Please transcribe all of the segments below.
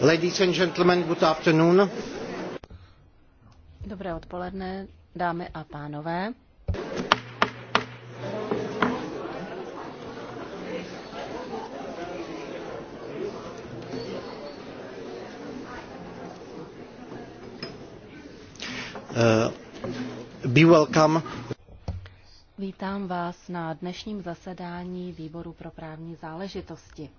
Ladies and gentlemen, good afternoon. Dobré odpoledne, dámy a pánové. Uh, be welcome. Vítám vás na dnešním zasedání Výboru pro právní záležitosti.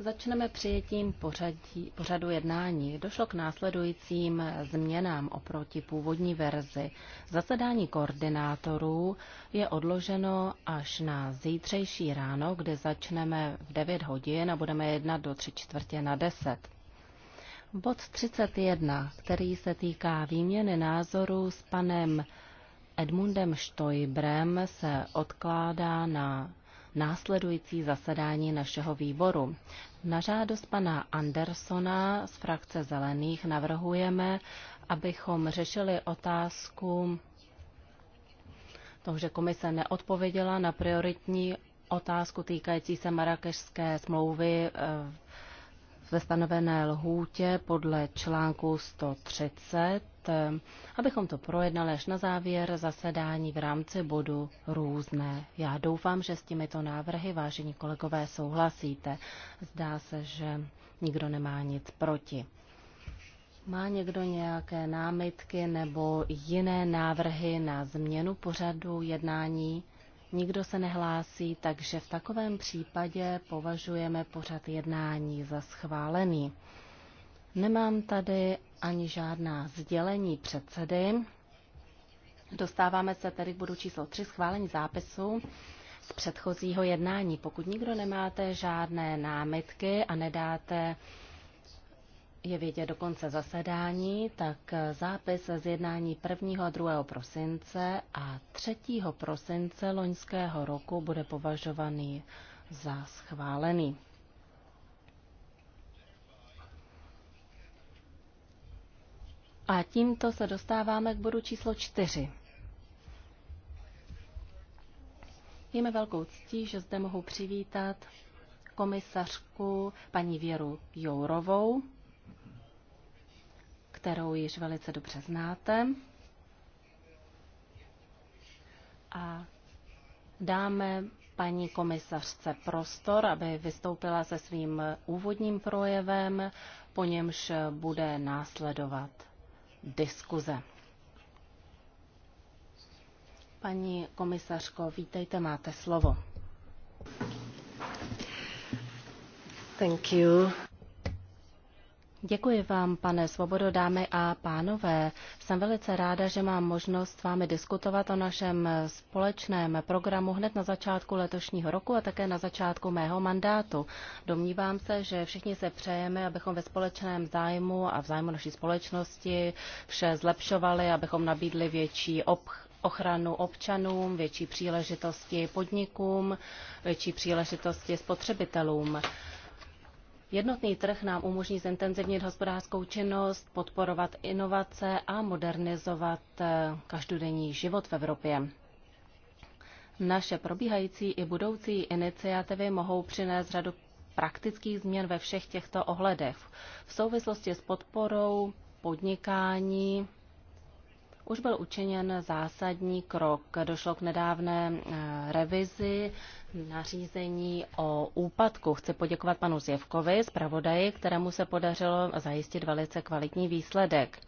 Začneme přijetím pořadí, pořadu jednání. Došlo k následujícím změnám oproti původní verzi. Zasedání koordinátorů je odloženo až na zítřejší ráno, kde začneme v 9 hodin a budeme jednat do 3 čtvrtě na 10. Bod 31, který se týká výměny názorů s panem Edmundem Štojbrem, se odkládá na následující zasedání našeho výboru. Na žádost pana Andersona z frakce Zelených navrhujeme, abychom řešili otázku toho, že komise neodpověděla na prioritní otázku týkající se marakešské smlouvy eh, ve stanovené lhůtě podle článku 130, abychom to projednali až na závěr zasedání v rámci bodu různé. Já doufám, že s těmito návrhy, vážení kolegové, souhlasíte. Zdá se, že nikdo nemá nic proti. Má někdo nějaké námitky nebo jiné návrhy na změnu pořadu jednání? Nikdo se nehlásí, takže v takovém případě považujeme pořad jednání za schválený. Nemám tady ani žádná sdělení předsedy. Dostáváme se tedy k bodu číslo 3 schválení zápisu z předchozího jednání. Pokud nikdo nemáte žádné námitky a nedáte je vidět do konce zasedání, tak zápis z jednání 1. a 2. prosince a 3. prosince loňského roku bude považovaný za schválený. A tímto se dostáváme k bodu číslo 4. Je mi velkou ctí, že zde mohu přivítat komisařku paní Věru Jourovou kterou již velice dobře znáte. A dáme paní komisařce prostor, aby vystoupila se svým úvodním projevem, po němž bude následovat diskuze. Paní komisařko, vítejte, máte slovo. Thank you. Děkuji vám, pane Svobodo, dámy a pánové. Jsem velice ráda, že mám možnost s vámi diskutovat o našem společném programu hned na začátku letošního roku a také na začátku mého mandátu. Domnívám se, že všichni se přejeme, abychom ve společném zájmu a v zájmu naší společnosti vše zlepšovali, abychom nabídli větší obch ochranu občanům, větší příležitosti podnikům, větší příležitosti spotřebitelům. Jednotný trh nám umožní zintenzivnit hospodářskou činnost, podporovat inovace a modernizovat eh, každodenní život v Evropě. Naše probíhající i budoucí iniciativy mohou přinést řadu praktických změn ve všech těchto ohledech. V souvislosti s podporou podnikání už byl učiněn zásadní krok. Došlo k nedávné eh, revizi nařízení o úpadku. Chci poděkovat panu Zjevkovi, zpravodaji, kterému se podařilo zajistit velice kvalitní výsledek.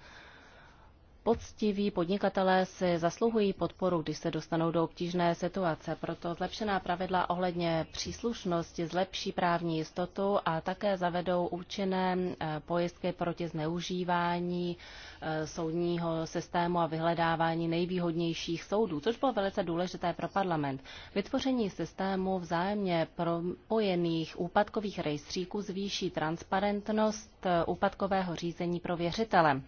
Poctiví podnikatelé si zasluhují podporu, když se dostanou do obtížné situace, proto zlepšená pravidla ohledně příslušnosti zlepší právní jistotu a také zavedou účinné eh, pojistky proti zneužívání eh, soudního systému a vyhledávání nejvýhodnějších soudů, což bylo velice důležité pro parlament. Vytvoření systému vzájemně propojených úpadkových rejstříků zvýší transparentnost eh, úpadkového řízení pro věřitele.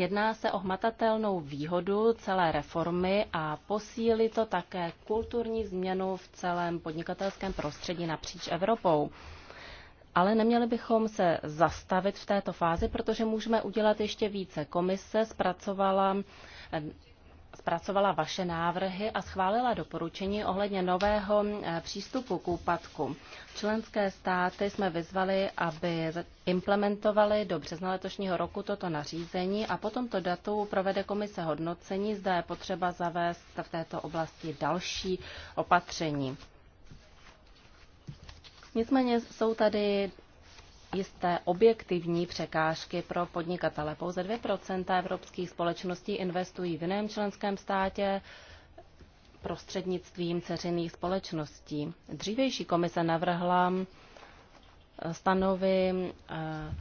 Jedná se o hmatatelnou výhodu celé reformy a posílí to také kulturní změnu v celém podnikatelském prostředí napříč Evropou. Ale neměli bychom se zastavit v této fázi, protože můžeme udělat ještě více. Komise zpracovala zpracovala vaše návrhy a schválila doporučení ohledně nového eh, přístupu k úpadku. Členské státy jsme vyzvali, aby implementovali do března letošního roku toto nařízení a po tomto datu provede komise hodnocení, zda je potřeba zavést v této oblasti další opatření. Nicméně jsou tady jisté objektivní překážky pro podnikatele. Pouze 2 evropských společností investují v jiném členském státě prostřednictvím ceřiných společností. Dřívejší komise navrhla eh, stanovy eh,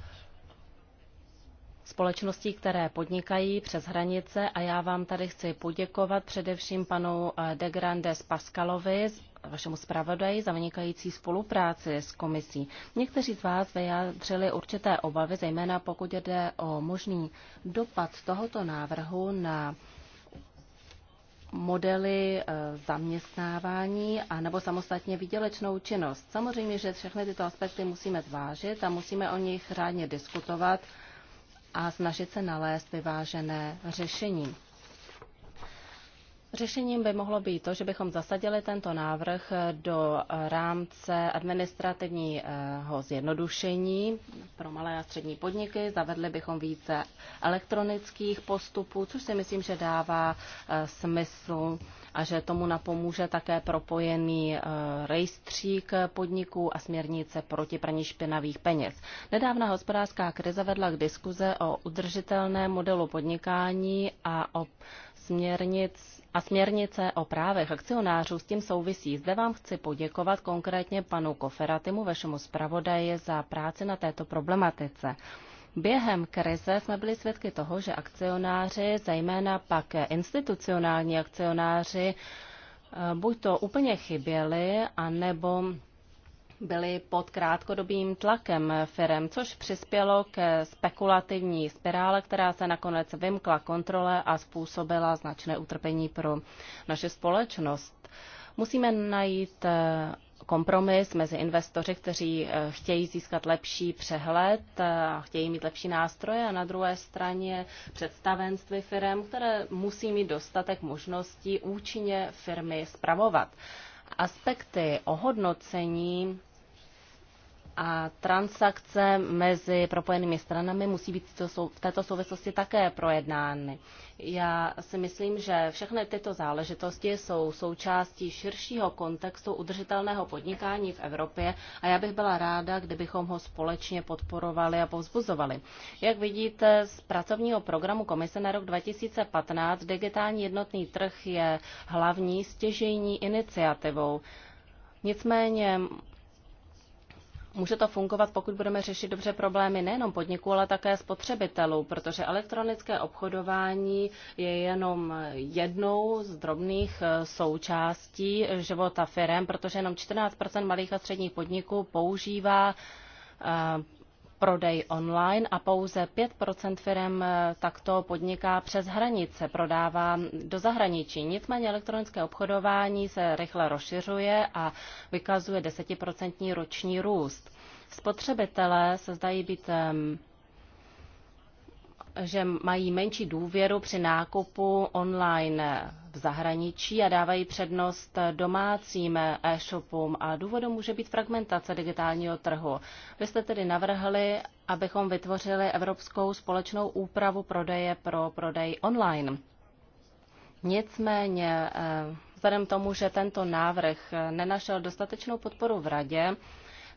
společností, které podnikají přes hranice a já vám tady chci poděkovat především panu eh, De Grandes Pascalovi vašemu zpravodaji za vynikající spolupráci s komisí. Někteří z vás vyjádřili určité obavy, zejména pokud jde o možný dopad tohoto návrhu na modely eh, zaměstnávání a nebo samostatně výdělečnou činnost. Samozřejmě, že všechny tyto aspekty musíme zvážit a musíme o nich rádně diskutovat a snažit se nalézt vyvážené řešení. Řešením by mohlo být to, že bychom zasadili tento návrh do rámce administrativního zjednodušení pro malé a střední podniky. Zavedli bychom více elektronických postupů, což si myslím, že dává eh, smysl a že tomu napomůže také propojený eh, rejstřík podniků a směrnice proti praní špinavých peněz. Nedávná hospodářská krize vedla k diskuze o udržitelném modelu podnikání a o směrnici a směrnice o právech akcionářů s tím souvisí. Zde vám chci poděkovat konkrétně panu Koferatimu, vašemu zpravodaji, za práci na této problematice. Během krize jsme byli svědky toho, že akcionáři, zejména pak institucionální akcionáři, eh, buď to úplně chyběli, anebo byly pod krátkodobým tlakem firem, což přispělo k spekulativní spirále, která se nakonec vymkla kontrole a způsobila značné utrpení pro naše společnost. Musíme najít eh, kompromis mezi investoři, kteří eh, chtějí získat lepší přehled eh, a chtějí mít lepší nástroje a na druhé straně představenství firm, které musí mít dostatek možností účinně firmy spravovat. Aspekty ohodnocení a transakce mezi propojenými stranami musí být v této souvislosti také projednány. Já si myslím, že všechny tyto záležitosti jsou součástí širšího kontextu udržitelného podnikání v Evropě a já bych byla ráda, kdybychom ho společně podporovali a povzbuzovali. Jak vidíte z pracovního programu Komise na rok 2015, digitální jednotný trh je hlavní stěžejní iniciativou. Nicméně Může to fungovat, pokud budeme řešit dobře problémy nejenom podniků, ale také spotřebitelů, protože elektronické obchodování je jenom jednou z drobných eh, součástí života firm, protože jenom 14 malých a středních podniků používá eh, prodej online a pouze 5 firm eh, takto podniká přes hranice, prodává do zahraničí. Nicméně elektronické obchodování se rychle rozšiřuje a vykazuje 10% roční růst. Spotřebitelé se zdají být že mají menší důvěru při nákupu online v zahraničí a dávají přednost domácím e-shopům a důvodem může být fragmentace digitálního trhu. Vy jste tedy navrhli, abychom vytvořili evropskou společnou úpravu prodeje pro prodej online. Nicméně, eh, vzhledem tomu, že tento návrh nenašel dostatečnou podporu v Radě,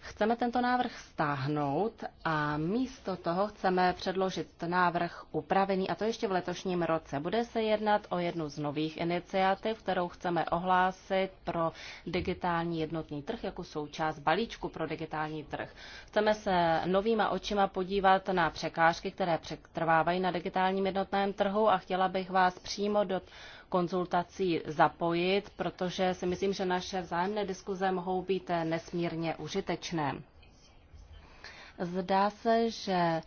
Chceme tento návrh stáhnout a místo toho chceme předložit návrh upravený, a to ještě v letošním roce. Bude se jednat o jednu z nových iniciativ, kterou chceme ohlásit pro digitální jednotný trh jako součást balíčku pro digitální trh. Chceme se novýma očima podívat na překážky, které přetrvávají na digitálním jednotném trhu a chtěla bych vás přímo do konzultací zapojit, protože si myslím, že naše vzájemné diskuze mohou být nesmírně užitečné. Zdá se, že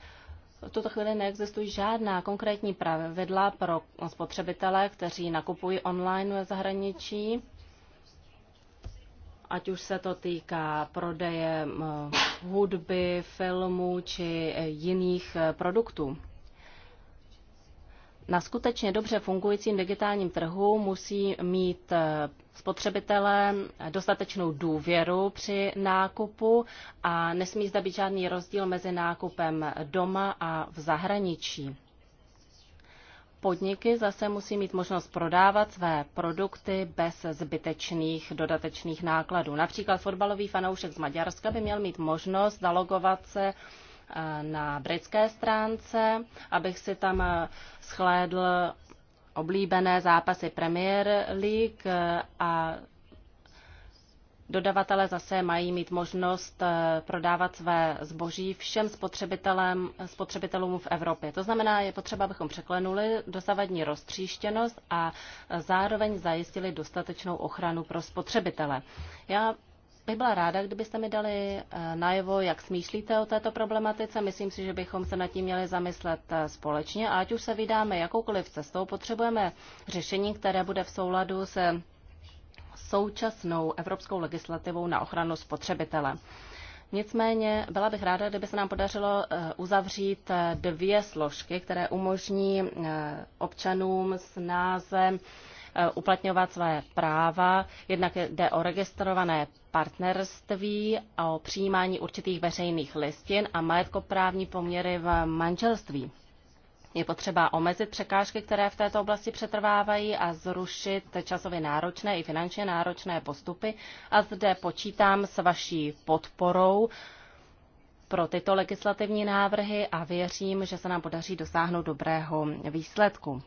v tuto chvíli neexistují žádná konkrétní pravidla pro spotřebitele, kteří nakupují online ve zahraničí, ať už se to týká prodeje eh, hudby, filmů či eh, jiných eh, produktů na skutečně dobře fungujícím digitálním trhu musí mít eh, spotřebitelé dostatečnou důvěru při nákupu a nesmí zde být žádný rozdíl mezi nákupem doma a v zahraničí. Podniky zase musí mít možnost prodávat své produkty bez zbytečných dodatečných nákladů. Například fotbalový fanoušek z Maďarska by měl mít možnost zalogovat se Eh, na britské stránce, abych si tam eh, schlédl oblíbené zápasy Premier League eh, a Dodavatele zase mají mít možnost prodávat své zboží všem spotřebitelům, spotřebitelům v Evropě. To znamená, je potřeba, abychom překlenuli dosavadní roztříštěnost a zároveň zajistili dostatečnou ochranu pro spotřebitele. Já bych byla ráda, kdybyste mi dali eh, najevo, jak smýšlíte o této problematice. Myslím si, že bychom se nad tím měli zamyslet eh, společně a ať už se vydáme jakoukoliv cestou, potřebujeme řešení, které bude v souladu se současnou evropskou legislativou na ochranu spotřebitele. Nicméně byla bych ráda, kdyby se nám podařilo eh, uzavřít dvě složky, které umožní občanům s názem Eh, uplatňovat své práva. Jednak jde o registrované partnerství a o přijímání určitých veřejných listin a majetkoprávní poměry v manželství. Je potřeba omezit překážky, které v této oblasti přetrvávají a zrušit časově náročné i finančně náročné postupy. A zde počítám s vaší podporou pro tyto legislativní návrhy a věřím, že se nám podaří dosáhnout dobrého výsledku.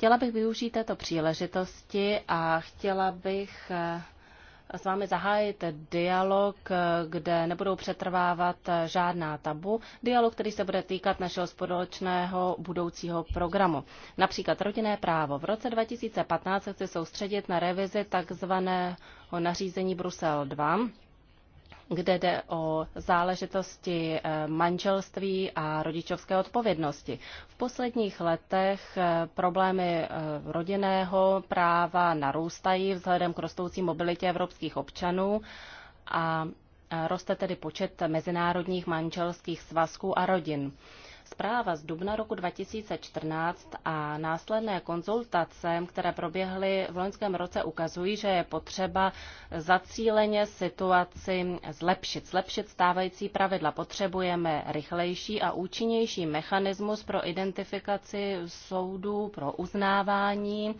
Chtěla bych využít této příležitosti a chtěla bych eh, s vámi zahájit dialog, eh, kde nebudou přetrvávat eh, žádná tabu. Dialog, který se bude týkat našeho společného budoucího programu. Například rodinné právo. V roce 2015 se chci soustředit na revizi takzvaného nařízení Brusel 2 kde jde o záležitosti eh, manželství a rodičovské odpovědnosti. V posledních letech eh, problémy eh, rodinného práva narůstají vzhledem k rostoucí mobilitě evropských občanů a roste tedy počet mezinárodních manželských svazků a rodin. Zpráva z dubna roku 2014 a následné konzultace, které proběhly v loňském roce, ukazují, že je potřeba zacíleně situaci zlepšit. Zlepšit stávající pravidla. Potřebujeme rychlejší a účinnější mechanismus pro identifikaci soudů, pro uznávání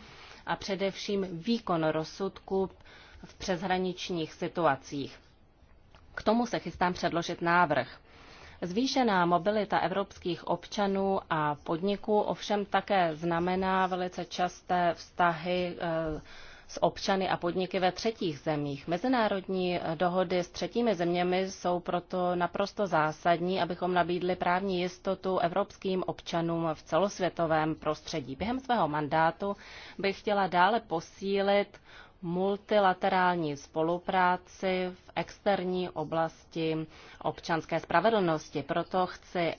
a především výkon rozsudku v přeshraničních situacích. K tomu se chystám předložit návrh. Zvýšená mobilita evropských občanů a podniků ovšem také znamená velice časté vztahy eh, s občany a podniky ve třetích zemích. Mezinárodní eh, dohody s třetími zeměmi jsou proto naprosto zásadní, abychom nabídli právní jistotu evropským občanům v celosvětovém prostředí. Během svého mandátu bych chtěla dále posílit multilaterální spolupráci v externí oblasti občanské spravedlnosti. Proto, chci,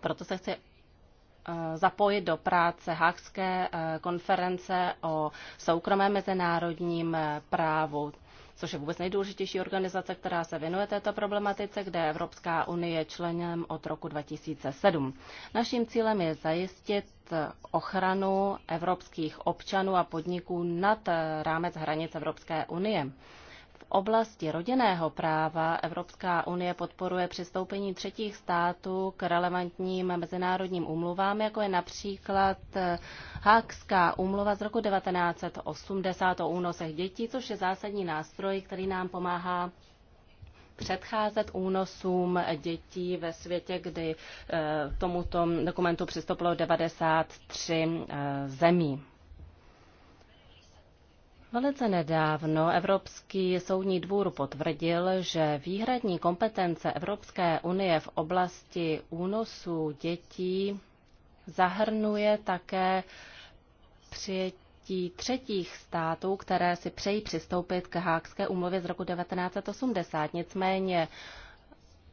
proto se chci eh, zapojit do práce Hákské eh, konference o soukromém mezinárodním eh, právu což je vůbec nejdůležitější organizace, která se věnuje této problematice, kde Evropská unie je členem od roku 2007. Naším cílem je zajistit ochranu evropských občanů a podniků nad rámec hranic Evropské unie oblasti rodinného práva Evropská unie podporuje přistoupení třetích států k relevantním mezinárodním umluvám, jako je například eh, Hákská umluva z roku 1980 o únosech dětí, což je zásadní nástroj, který nám pomáhá předcházet únosům dětí ve světě, kdy eh, tomuto dokumentu přistoupilo 93 eh, zemí. Velice nedávno Evropský soudní dvůr potvrdil, že výhradní kompetence Evropské unie v oblasti únosu dětí zahrnuje také přijetí třetích států, které si přejí přistoupit k Hákské úmluvě z roku 1980. Nicméně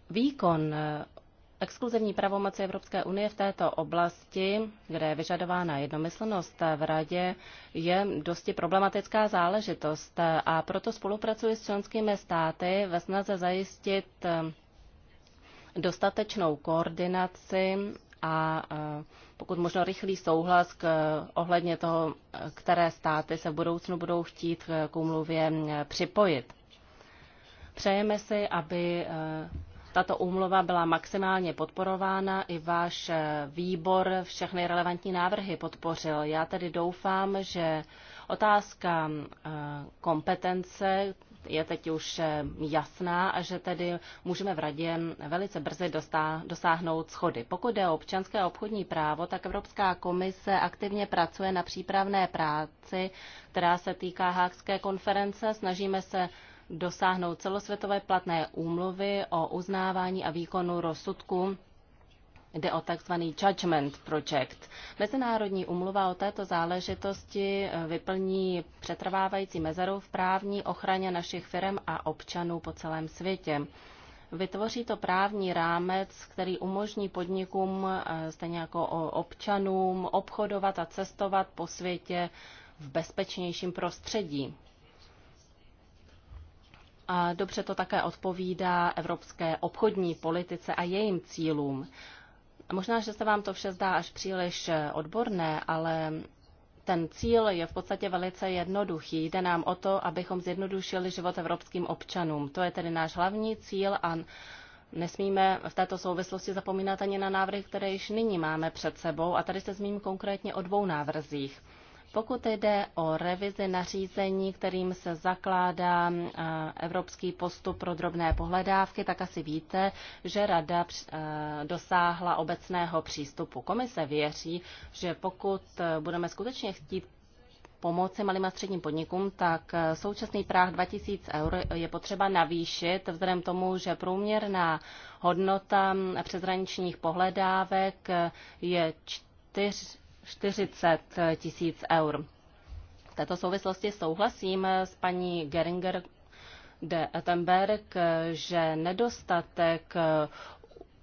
výkon Exkluzivní pravomoci Evropské unie v této oblasti, kde je vyžadována jednomyslnost v Radě, je dosti problematická záležitost a proto spolupracuji s členskými státy ve snaze zajistit eh, dostatečnou koordinaci a eh, pokud možno rychlý souhlas k, eh, ohledně toho, které státy se v budoucnu budou chtít k úmluvě připojit. Přejeme si, aby tato úmluva byla maximálně podporována. I váš eh, výbor všechny relevantní návrhy podpořil. Já tedy doufám, že otázka eh, kompetence je teď už eh, jasná a že tedy můžeme v radě velice brzy dosáhnout schody. Pokud je o občanské a obchodní právo, tak Evropská komise aktivně pracuje na přípravné práci, která se týká Hákské konference. Snažíme se dosáhnout celosvětové platné úmluvy o uznávání a výkonu rozsudku Jde o tzv. Judgment Project. Mezinárodní umluva o této záležitosti eh, vyplní přetrvávající mezeru v právní ochraně našich firm a občanů po celém světě. Vytvoří to právní rámec, který umožní podnikům, eh, stejně jako občanům, obchodovat a cestovat po světě v bezpečnějším prostředí a dobře to také odpovídá evropské obchodní politice a jejím cílům. Možná, že se vám to vše zdá až příliš odborné, ale ten cíl je v podstatě velice jednoduchý. Jde nám o to, abychom zjednodušili život evropským občanům. To je tedy náš hlavní cíl a nesmíme v této souvislosti zapomínat ani na návrhy, které již nyní máme před sebou. A tady se zmíním konkrétně o dvou návrzích. Pokud jde o revizi nařízení, kterým se zakládá eh, evropský postup pro drobné pohledávky, tak asi víte, že Rada eh, dosáhla obecného přístupu. Komise věří, že pokud eh, budeme skutečně chtít pomoci malým a středním podnikům, tak současný práh 2000 eur je potřeba navýšit vzhledem tomu, že průměrná hodnota přezraničních pohledávek je 4 40 tisíc eur. V této souvislosti souhlasím s paní Geringer de Ettenberg, že nedostatek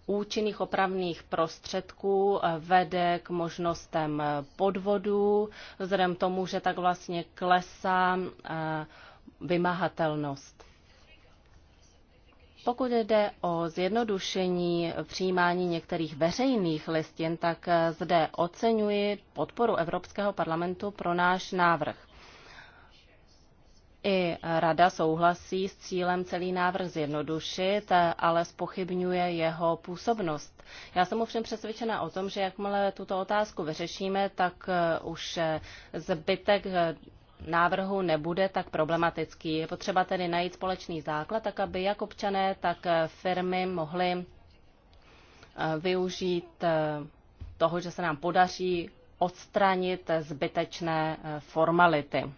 účinných opravných prostředků vede k možnostem podvodů, vzhledem tomu, že tak vlastně klesá eh, vymahatelnost. Pokud jde o zjednodušení přijímání některých veřejných listin, tak zde oceňuji podporu Evropského parlamentu pro náš návrh. I Rada souhlasí s cílem celý návrh zjednodušit, ale spochybňuje jeho působnost. Já jsem ovšem přesvědčena o tom, že jakmile tuto otázku vyřešíme, tak už zbytek návrhu nebude tak problematický. Je potřeba tedy najít společný základ, tak aby jak občané, tak firmy mohly eh, využít eh, toho, že se nám podaří odstranit zbytečné eh, formality.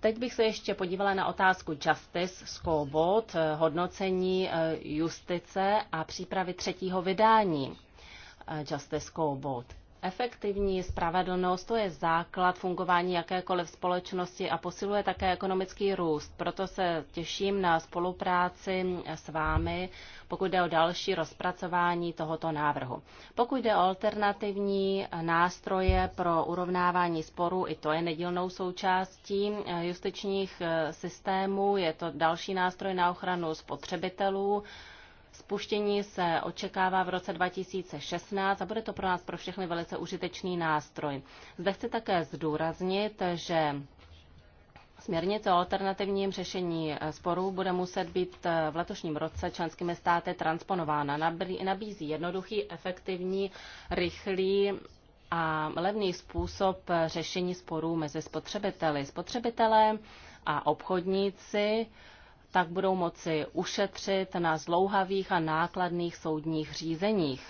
Teď bych se ještě podívala na otázku Justice Scoreboard, hodnocení justice a přípravy třetího vydání Justice Scoreboard. Efektivní spravedlnost to je základ fungování jakékoliv společnosti a posiluje také ekonomický růst. Proto se těším na spolupráci s vámi, pokud jde o další rozpracování tohoto návrhu. Pokud jde o alternativní nástroje pro urovnávání sporů, i to je nedílnou součástí eh, justičních eh, systémů, je to další nástroj na ochranu spotřebitelů, Spuštění se očekává v roce 2016 a bude to pro nás pro všechny velice užitečný nástroj. Zde chci také zdůraznit, že Směrnice o alternativním řešení eh, sporů bude muset být eh, v letošním roce členskými státy transponována. Nabízí jednoduchý, efektivní, rychlý a levný způsob eh, řešení sporů mezi spotřebiteli. Spotřebitelé a obchodníci tak budou moci ušetřit na zlouhavých a nákladných soudních řízeních.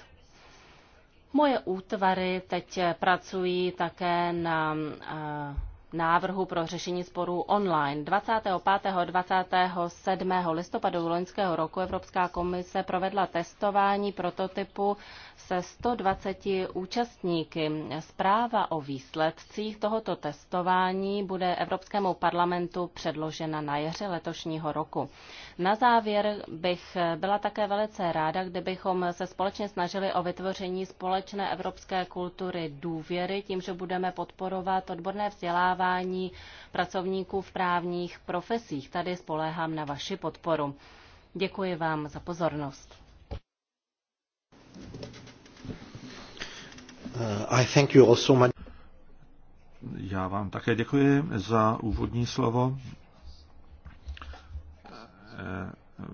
Moje útvary teď pracují také na eh, návrhu pro řešení sporů online. 25. 27. listopadu loňského roku Evropská komise provedla testování prototypu se 120 účastníky. Zpráva o výsledcích tohoto testování bude Evropskému parlamentu předložena na jaře letošního roku. Na závěr bych byla také velice ráda, kdybychom se společně snažili o vytvoření společné evropské kultury důvěry, tím, že budeme podporovat odborné vzdělávání vzdělávání pracovníků v právních profesích. Tady spoléhám na vaši podporu. Děkuji vám za pozornost. Uh, Já vám také děkuji za úvodní slovo, eh,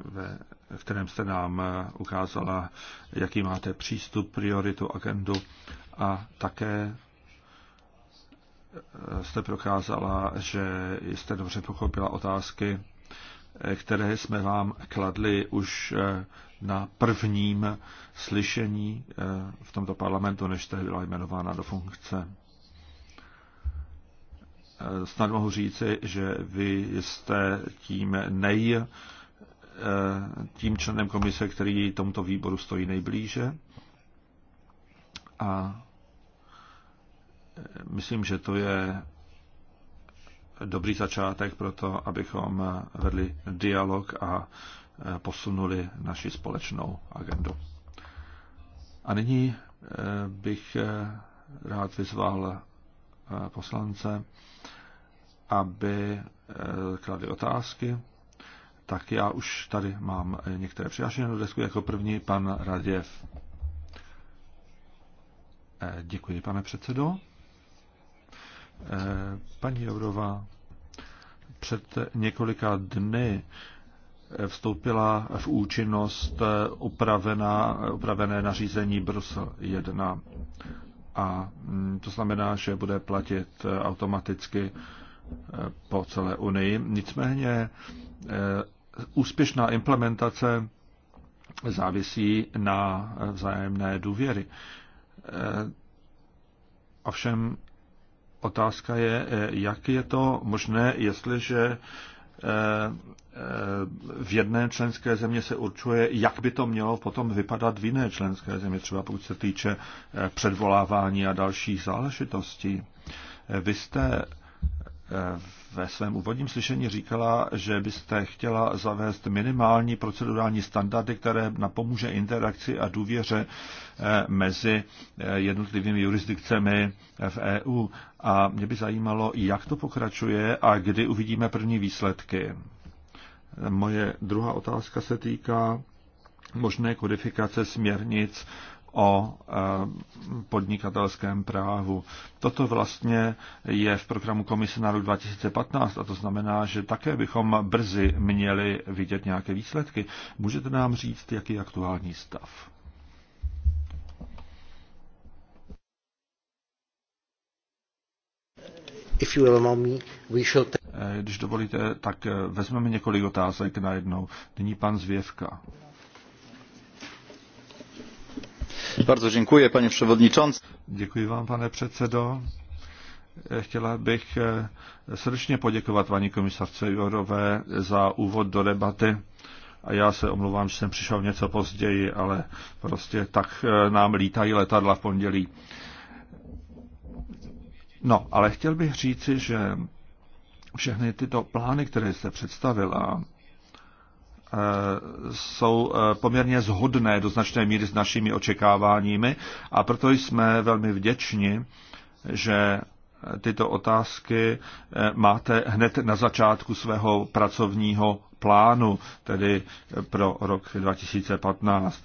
ve kterém jste nám eh, ukázala, jaký máte přístup, prioritu, agendu a také jste prokázala, že jste dobře pochopila otázky, které jsme vám kladli už eh, na prvním slyšení eh, v tomto parlamentu, než jste byla jmenována do funkce. Eh, snad mohu říci, že vy jste tím nej, tím členem komise, který tomuto výboru stojí nejblíže. A Myslím, že to je dobrý začátek pro to, abychom vedli dialog a posunuli naši společnou agendu. A nyní eh, bych eh, rád vyzval eh, poslance, aby kladli otázky. Tak já už tady mám některé přihlášené do desku. Jako první pan Raděv. Děkuji, pane předsedo. Eh, paní Jourová před několika dny eh, vstoupila v účinnost eh, upravená, upravené nařízení Brusel 1 a hm, to znamená, že bude platit automaticky po celé Unii. Nicméně úspěšná implementace závisí na vzájemné důvěry. Ovšem Otázka je, eh, jak je to možné, jestliže eh, eh, v jedné členské země se určuje, jak by to mělo potom vypadat v jiné členské zemi, třeba pokud se týče předvolávání a dalších záležitostí. Vy jste ve svém úvodním slyšení říkala, že byste chtěla zavést minimální procedurální standardy, které napomůže interakci a důvěře eh, mezi eh, jednotlivými jurisdikcemi v EU. A mě by zajímalo, jak to pokračuje a kdy uvidíme první výsledky. Moje druhá otázka se týká možné kodifikace směrnic o eh, podnikatelském právu. Toto vlastně je v programu Komise na rok 2015 a to znamená, že také bychom brzy měli vidět nějaké výsledky. Můžete nám říct, jaký je aktuální stav? If you allow me, we shall... Eh, když dovolíte, tak eh, vezmeme několik otázek najednou. Nyní pan Zvěvka. Bardzo dziękuję, Děkuji vám, pane předsedo. Chtěla bych e, srdečně poděkovat paní komisařce jourové za úvod do debaty. A já se omluvám, že jsem přišel něco později, ale prostě tak e, nám lítají letadla v pondělí. No, ale chtěl bych říci, že všechny tyto plány, které jste představila, Eh, jsou eh, poměrně zhodné do značné míry s našimi očekáváními a proto jsme velmi vděční, že tyto otázky eh, máte hned na začátku svého pracovního plánu, tedy pro rok 2015.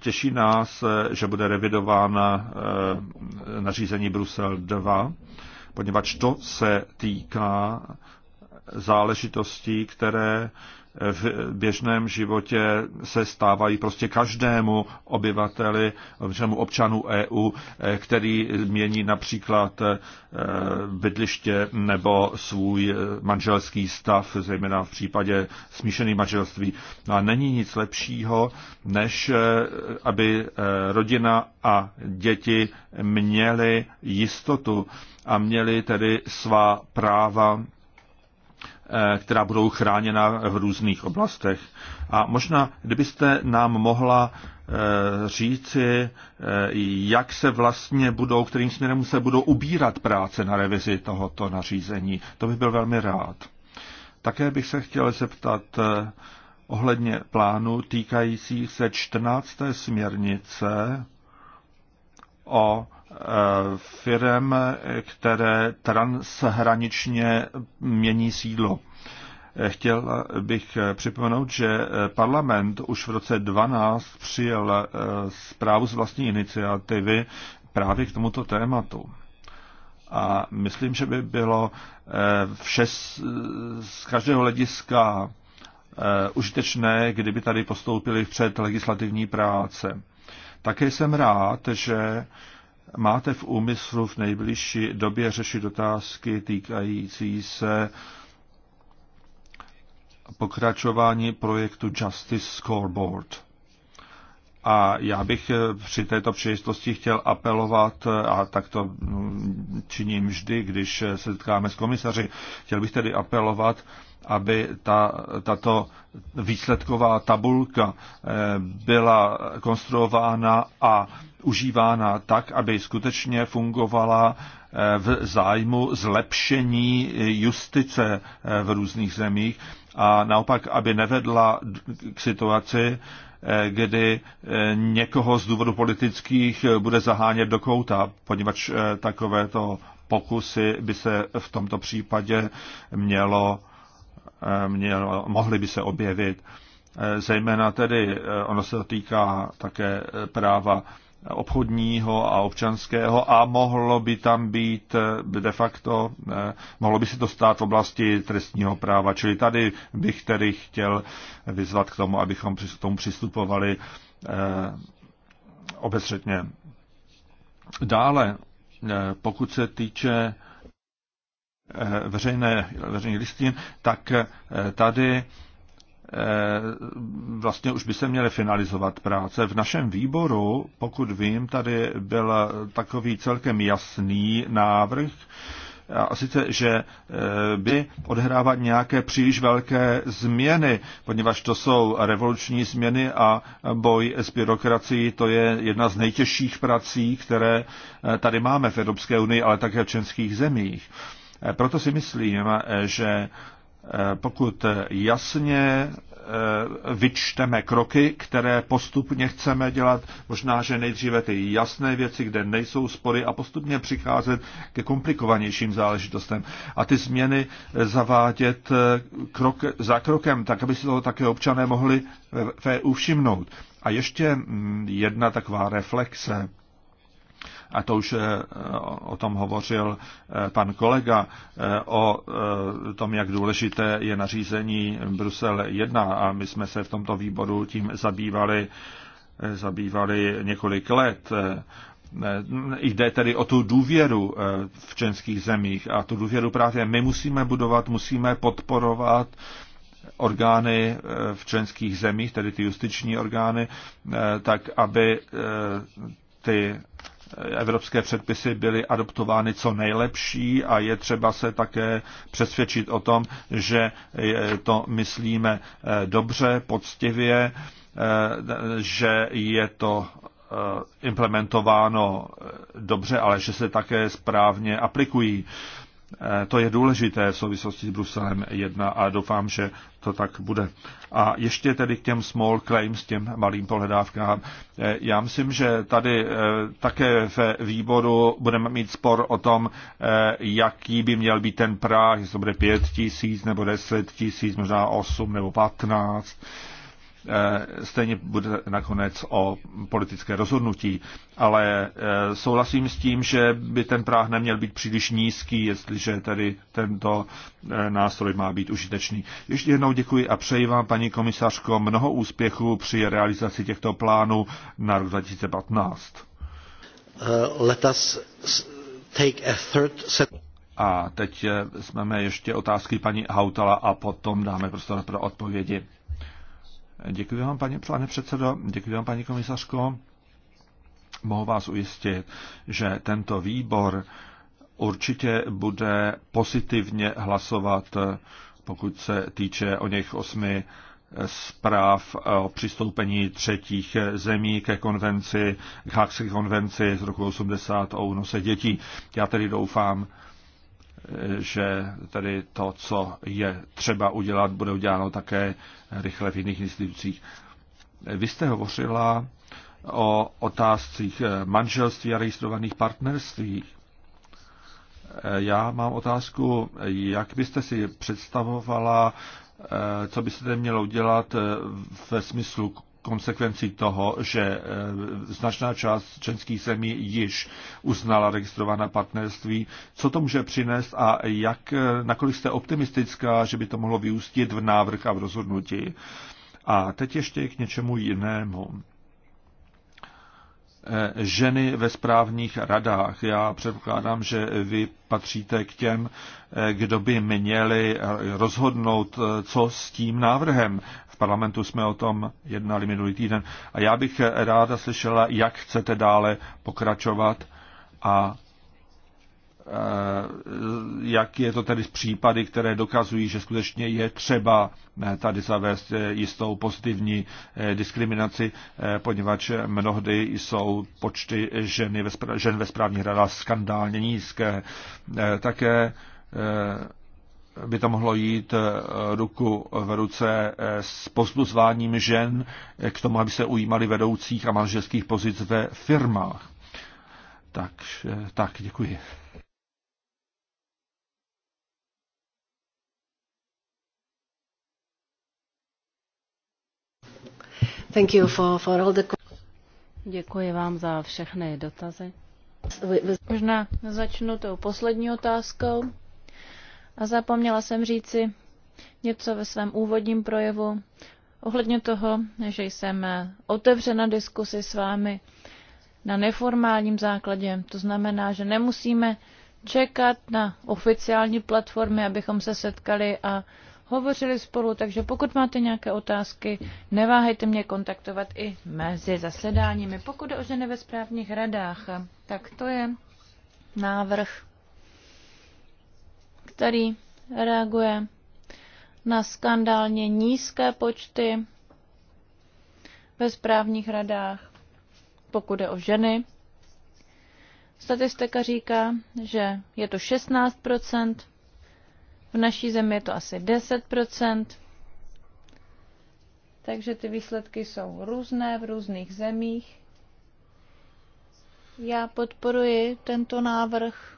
Těší nás, že bude revidována nařízení Brusel 2, poněvadž to se týká záležitostí, které v běžném životě se stávají prostě každému obyvateli, všemu občanu EU, který mění například eh, bydliště nebo svůj eh, manželský stav, zejména v případě smíšených manželství. No a není nic lepšího, než eh, aby rodina a děti měly jistotu a měly tedy svá práva Eh, která budou chráněna v různých oblastech. A možná, kdybyste nám mohla eh, říci, eh, jak se vlastně budou, kterým směrem se budou ubírat práce na revizi tohoto nařízení. To bych byl velmi rád. Také bych se chtěl zeptat ohledně plánu týkajících se 14. směrnice o firm, které transhraničně mění sídlo. Chtěl bych připomenout, že parlament už v roce 12 přijel eh, zprávu z vlastní iniciativy právě k tomuto tématu. A myslím, že by bylo eh, vše z každého hlediska eh, užitečné, kdyby tady postoupili před legislativní práce. Také jsem rád, že máte v úmyslu v nejbližší době řešit otázky týkající se pokračování projektu Justice Scoreboard. A já bych eh, při této příležitosti chtěl apelovat, eh, a tak to mm, činím vždy, když eh, se setkáme s komisaři, chtěl bych tedy apelovat, aby ta, tato výsledková tabulka byla konstruována a užívána tak, aby skutečně fungovala v zájmu zlepšení justice v různých zemích a naopak, aby nevedla k situaci, kdy eh, někoho z důvodu politických eh, bude zahánět do kouta, poněvadž eh, takovéto pokusy by se v tomto případě mělo, mělo mohly by se objevit. Zejména tedy ono se týká také práva obchodního a občanského a mohlo by tam být eh, de facto, eh, mohlo by se to stát v oblasti trestního práva. Čili tady bych tedy chtěl vyzvat k tomu, abychom k tomu přistupovali eh, obezřetně. Dále, pokud se týče veřejné, veřejných listin, tak tady Eh, vlastně už by se měly finalizovat práce. V našem výboru, pokud vím, tady byl takový celkem jasný návrh, a sice, že eh, by odhrávat nějaké příliš velké změny, poněvadž to jsou revoluční změny a boj s byrokracií, to je jedna z nejtěžších prací, které eh, tady máme v Evropské unii, ale také v českých zemích. Proto si myslím, že Eh, pokud jasně eh, vyčteme kroky, které postupně chceme dělat, možná, že nejdříve ty jasné věci, kde nejsou spory a postupně přicházet ke komplikovanějším záležitostem a ty změny eh, zavádět krok za krokem, tak aby si toho také občané mohli v EU všimnout. A ještě mm, jedna taková reflexe a to už eh, o tom hovořil eh, pan kolega, eh, o tom, jak důležité je nařízení Brusel 1 a my jsme se v tomto výboru tím zabývali, zabývali několik let. Jde tedy o tu důvěru v českých zemích a tu důvěru právě my musíme budovat, musíme podporovat orgány v členských zemích, tedy ty justiční orgány, tak aby ty evropské předpisy byly adoptovány co nejlepší a je třeba se také přesvědčit o tom, že to myslíme eh, dobře, poctivě, eh, že je to eh, implementováno dobře, ale že se také správně aplikují. Eh, to je důležité v souvislosti s Bruselem 1 a doufám, že to tak bude. A ještě tedy k těm small claims, těm malým pohledávkám. Eh, já myslím, že tady eh, také v výboru budeme mít spor o tom, jaký by měl být ten práh, jestli to bude 5 tisíc nebo 10 tisíc, možná 8 nebo 15. Eh, stejně bude nakonec o politické rozhodnutí. Ale eh, souhlasím s tím, že by ten práh neměl být příliš nízký, jestliže tedy tento eh, nástroj má být užitečný. Ještě jednou děkuji a přeji vám, paní komisařko, mnoho úspěchů při realizaci těchto plánů na rok 2015. Uh, let us take a third A teď jsme ještě otázky paní Hautala a potom dáme prostor pro odpovědi. Děkuji vám, paní, pane předsedo, děkuji vám, paní komisařko. Mohu vás ujistit, že tento výbor určitě bude pozitivně hlasovat, pokud se týče o něch osmi zpráv o přistoupení třetích zemí ke konvenci, k Haxi konvenci z roku 80 o únose dětí. Já tedy doufám, že tady to, co je třeba udělat, bude uděláno také rychle v jiných institucích. Vy jste hovořila o otázcích manželství a registrovaných partnerství. Já mám otázku, jak byste si představovala, co byste mělo udělat ve smyslu konsekvencí toho, že eh, značná část členských zemí již uznala registrovaná partnerství. Co to může přinést a jak, eh, nakolik jste optimistická, že by to mohlo vyústit v návrh a v rozhodnutí? A teď ještě k něčemu jinému eh, ženy ve správních radách. Já předpokládám, že vy patříte k těm, kdo by měli rozhodnout, co s tím návrhem parlamentu jsme o tom jednali minulý týden. A já bych ráda slyšela, jak chcete dále pokračovat a eh, jak je to tedy s případy, které dokazují, že skutečně je třeba eh, tady zavést eh, jistou pozitivní diskriminaci, poněvadž mnohdy jsou počty ženy, žen ve správních radách skandálně nízké. Také by to mohlo jít eh, ruku v ruce eh, s pozbuzováním žen k tomu, aby se ujímali vedoucích a manželských pozic ve firmách. Tak, tak děkuji. Thank you for, for all the... Děkuji vám za všechny dotazy. Možná začnu tou poslední otázkou. A zapomněla jsem říci něco ve svém úvodním projevu ohledně toho, že jsem otevřena diskusi s vámi na neformálním základě. To znamená, že nemusíme čekat na oficiální platformy, abychom se setkali a hovořili spolu, takže pokud máte nějaké otázky, neváhejte mě kontaktovat i mezi zasedáními. Pokud jde o ženy ve správních radách, tak to je návrh který reaguje na skandálně nízké počty ve správních radách, pokud je o ženy. Statistika říká, že je to 16 v naší zemi je to asi 10 takže ty výsledky jsou různé v různých zemích. Já podporuji tento návrh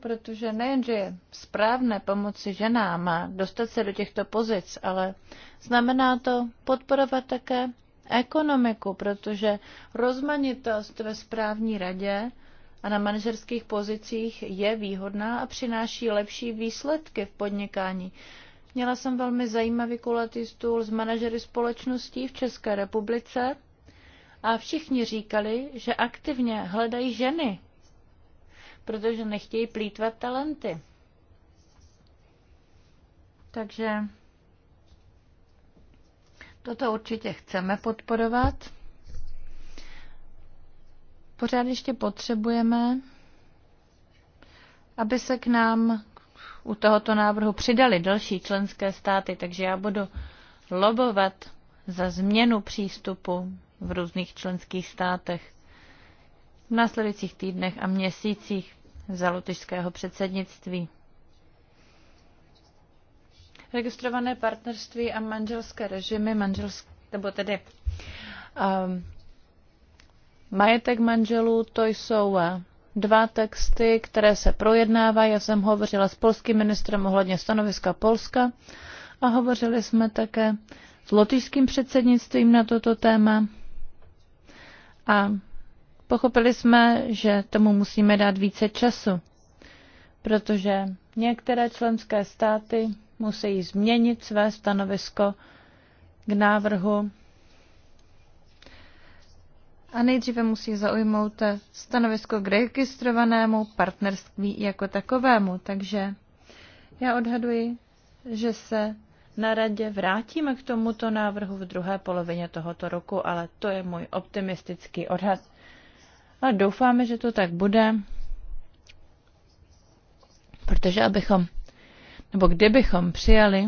protože nejenže je správné pomoci ženám a dostat se do těchto pozic, ale znamená to podporovat také ekonomiku, protože rozmanitost ve správní radě a na manažerských pozicích je výhodná a přináší lepší výsledky v podnikání. Měla jsem velmi zajímavý kulatý stůl s manažery společností v České republice a všichni říkali, že aktivně hledají ženy protože nechtějí plítvat talenty. Takže toto určitě chceme podporovat. Pořád ještě potřebujeme, aby se k nám u tohoto návrhu přidali další členské státy, takže já budu lobovat za změnu přístupu v různých členských státech v následujících týdnech a měsících za lotyšského předsednictví. Registrované partnerství a manželské režimy, manželské, nebo tedy um, majetek manželů, to jsou eh, dva texty, které se projednávají. Já jsem hovořila s polským ministrem ohledně stanoviska Polska a hovořili jsme také s lotyšským předsednictvím na toto téma. A Pochopili jsme, že tomu musíme dát více času, protože některé členské státy musí změnit své stanovisko k návrhu a nejdříve musí zaujmout stanovisko k registrovanému partnerství jako takovému. Takže já odhaduji, že se na radě vrátíme k tomuto návrhu v druhé polovině tohoto roku, ale to je můj optimistický odhad ale doufáme, že to tak bude, protože abychom, nebo kdybychom přijali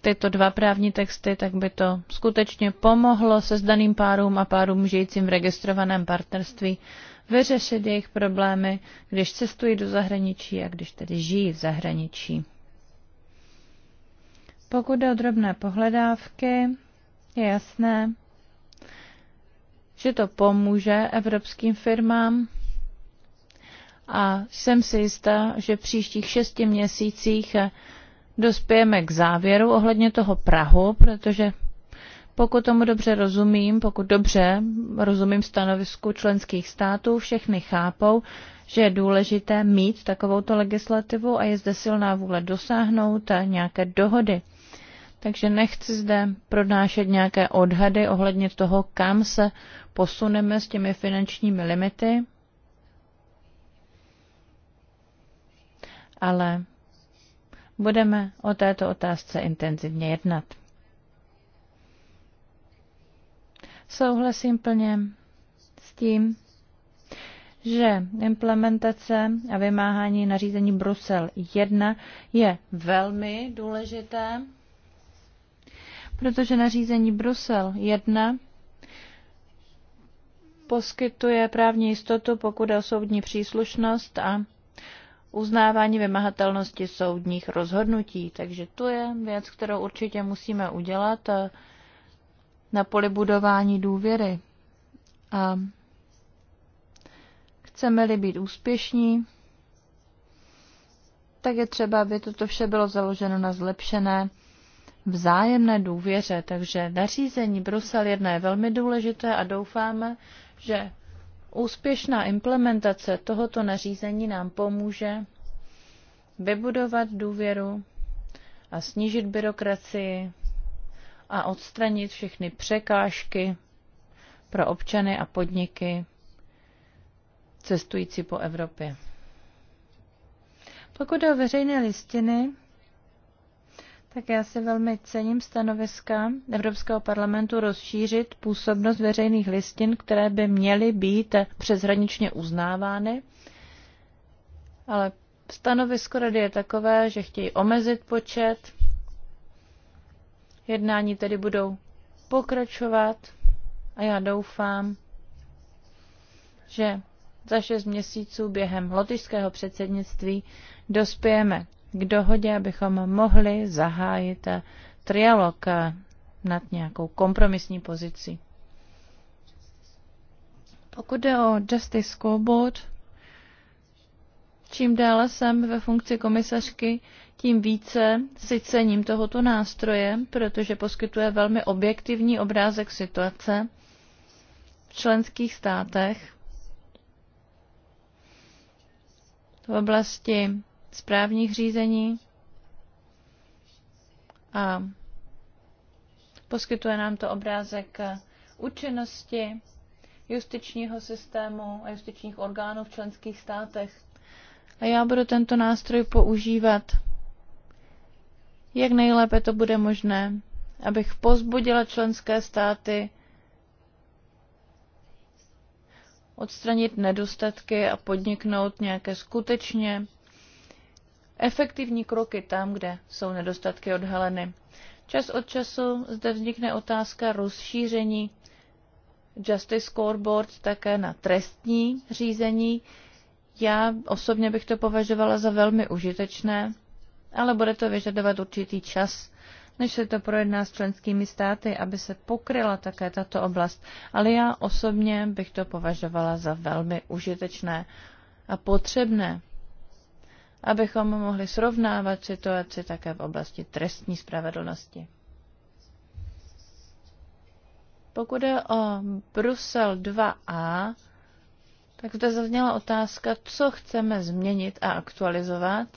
tyto dva právní texty, tak by to skutečně pomohlo sezdaným párům a párům žijícím v registrovaném partnerství vyřešit jejich problémy, když cestují do zahraničí a když tedy žijí v zahraničí. Pokud jde o drobné pohledávky, je jasné, že to pomůže evropským firmám a jsem si jistá, že v příštích šesti měsících dospějeme k závěru ohledně toho Prahu, protože pokud tomu dobře rozumím, pokud dobře rozumím stanovisku členských států, všechny chápou, že je důležité mít takovouto legislativu a je zde silná vůle dosáhnout nějaké dohody. Takže nechci zde pronášet nějaké odhady ohledně toho, kam se posuneme s těmi finančními limity, ale budeme o této otázce intenzivně jednat. Souhlasím plně s tím, že implementace a vymáhání nařízení Brusel 1 je velmi důležité, protože nařízení Brusel 1 poskytuje právní jistotu, pokud je o soudní příslušnost a uznávání vymahatelnosti soudních rozhodnutí. Takže to je věc, kterou určitě musíme udělat eh, na poli budování důvěry. A chceme-li být úspěšní, tak je třeba, aby toto vše bylo založeno na zlepšené vzájemné důvěře. Takže nařízení Brusel 1 je velmi důležité a doufáme, že úspěšná implementace tohoto nařízení nám pomůže vybudovat důvěru a snížit byrokracii a odstranit všechny překážky pro občany a podniky cestující po Evropě. Pokud jde o veřejné listiny, tak já si velmi cením stanoviska Evropského parlamentu rozšířit působnost veřejných listin, které by měly být přeshraničně uznávány. Ale stanovisko rady je takové, že chtějí omezit počet. Jednání tedy budou pokračovat a já doufám, že za šest měsíců během lotyšského předsednictví dospějeme k dohodě, abychom mohli zahájit trialog nad nějakou kompromisní pozici. Pokud jde o Justice Scoreboard, čím déle jsem ve funkci komisařky, tím více si cením tohoto nástroje, protože poskytuje velmi objektivní obrázek situace v členských státech v oblasti správních řízení a poskytuje nám to obrázek účinnosti justičního systému a justičních orgánů v členských státech. A já budu tento nástroj používat, jak nejlépe to bude možné, abych pozbudila členské státy odstranit nedostatky a podniknout nějaké skutečně efektivní kroky tam, kde jsou nedostatky odhaleny. Čas od času zde vznikne otázka rozšíření Justice Scoreboard také na trestní řízení. Já osobně bych to považovala za velmi užitečné, ale bude to vyžadovat určitý čas, než se to projedná s členskými státy, aby se pokryla také tato oblast. Ale já osobně bych to považovala za velmi užitečné a potřebné abychom mohli srovnávat situaci také v oblasti trestní spravedlnosti. Pokud je o Brusel 2a, tak zde zazněla otázka, co chceme změnit a aktualizovat.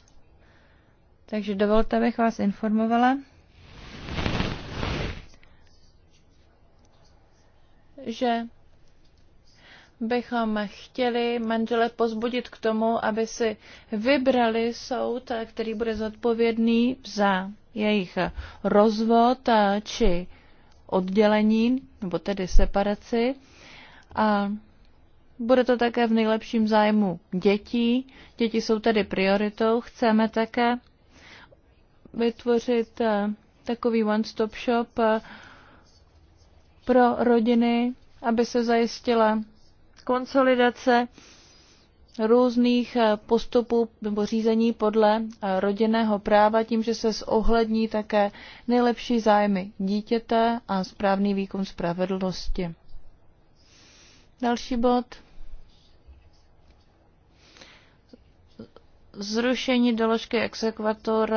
Takže dovolte, abych vás informovala, že bychom chtěli manžele pozbudit k tomu, aby si vybrali soud, který bude zodpovědný za jejich rozvod či oddělení, nebo tedy separaci. A bude to také v nejlepším zájmu dětí. Děti jsou tedy prioritou. Chceme také vytvořit eh, takový one-stop shop eh, pro rodiny, aby se zajistila konsolidace různých eh, postupů nebo řízení podle eh, rodinného práva tím, že se zohlední také nejlepší zájmy dítěte a správný výkon spravedlnosti. Další bod. Zrušení doložky exekvator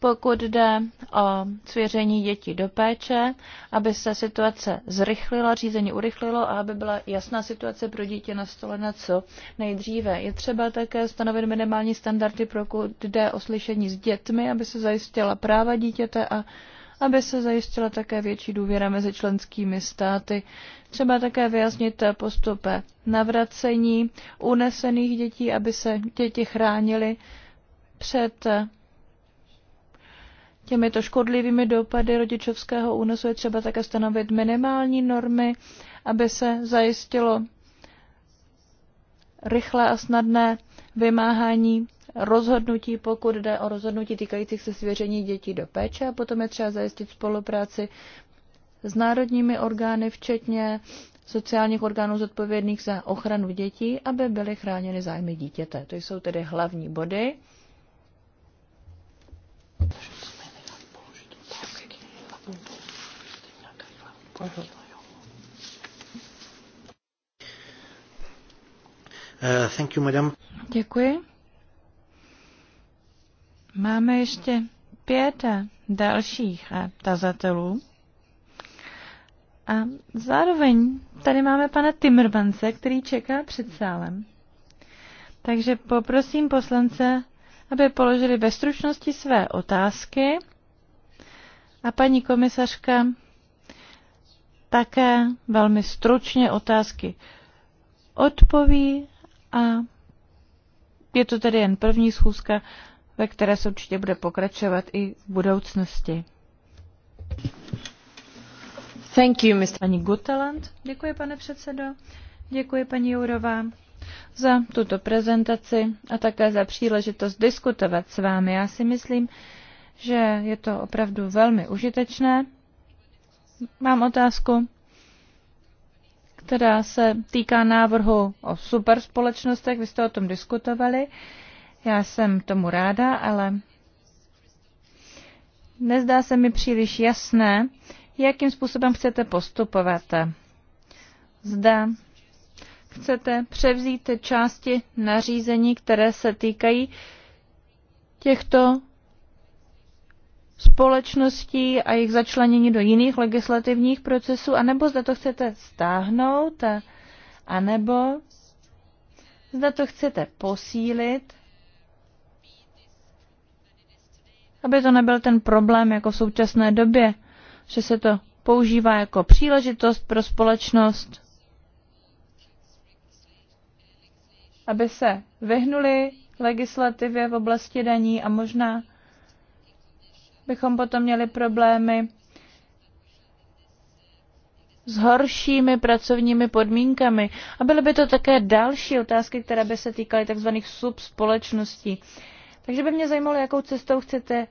pokud jde o svěření dětí do péče, aby se situace zrychlila, řízení urychlilo a aby byla jasná situace pro dítě na stole na co nejdříve. Je třeba také stanovit minimální standardy, pokud jde o slyšení s dětmi, aby se zajistila práva dítěte a aby se zajistila také větší důvěra mezi členskými státy. Třeba také vyjasnit postupe navracení unesených dětí, aby se děti chránily před těmito škodlivými dopady rodičovského únosu je třeba také stanovit minimální normy, aby se zajistilo rychlé a snadné vymáhání rozhodnutí, pokud jde o rozhodnutí týkajících se svěření dětí do péče a potom je třeba zajistit spolupráci s národními orgány, včetně sociálních orgánů zodpovědných za ochranu dětí, aby byly chráněny zájmy dítěte. To jsou tedy hlavní body Uh, thank you, madam. Děkuji. Máme ještě pět dalších eh, tazatelů. A zároveň tady máme pana Timmermanse, který čeká před sálem. Takže poprosím poslance, aby položili ve stručnosti své otázky a paní komisařka také velmi stručně otázky odpoví a je to tedy jen první schůzka, ve které se určitě bude pokračovat i v budoucnosti. Thank you, Mr. Pani Guteland. Děkuji, pane předsedo. Děkuji, paní Jourová, za tuto prezentaci a také za příležitost diskutovat s vámi. Já si myslím, že je to opravdu velmi užitečné Mám otázku, která se týká návrhu o superspolečnostech. Vy jste o tom diskutovali. Já jsem tomu ráda, ale nezdá se mi příliš jasné, jakým způsobem chcete postupovat. Zda chcete převzít části nařízení, které se týkají těchto společností a jejich začlenění do jiných legislativních procesů, anebo zda to chcete stáhnout, a, anebo zda to chcete posílit, aby to nebyl ten problém jako v současné době, že se to používá jako příležitost pro společnost, aby se vyhnuli legislativě v oblasti daní a možná bychom potom měli problémy s horšími pracovními podmínkami. A byly by to také další otázky, které by se týkaly tzv. subspolečností. Takže by mě zajímalo, jakou cestou chcete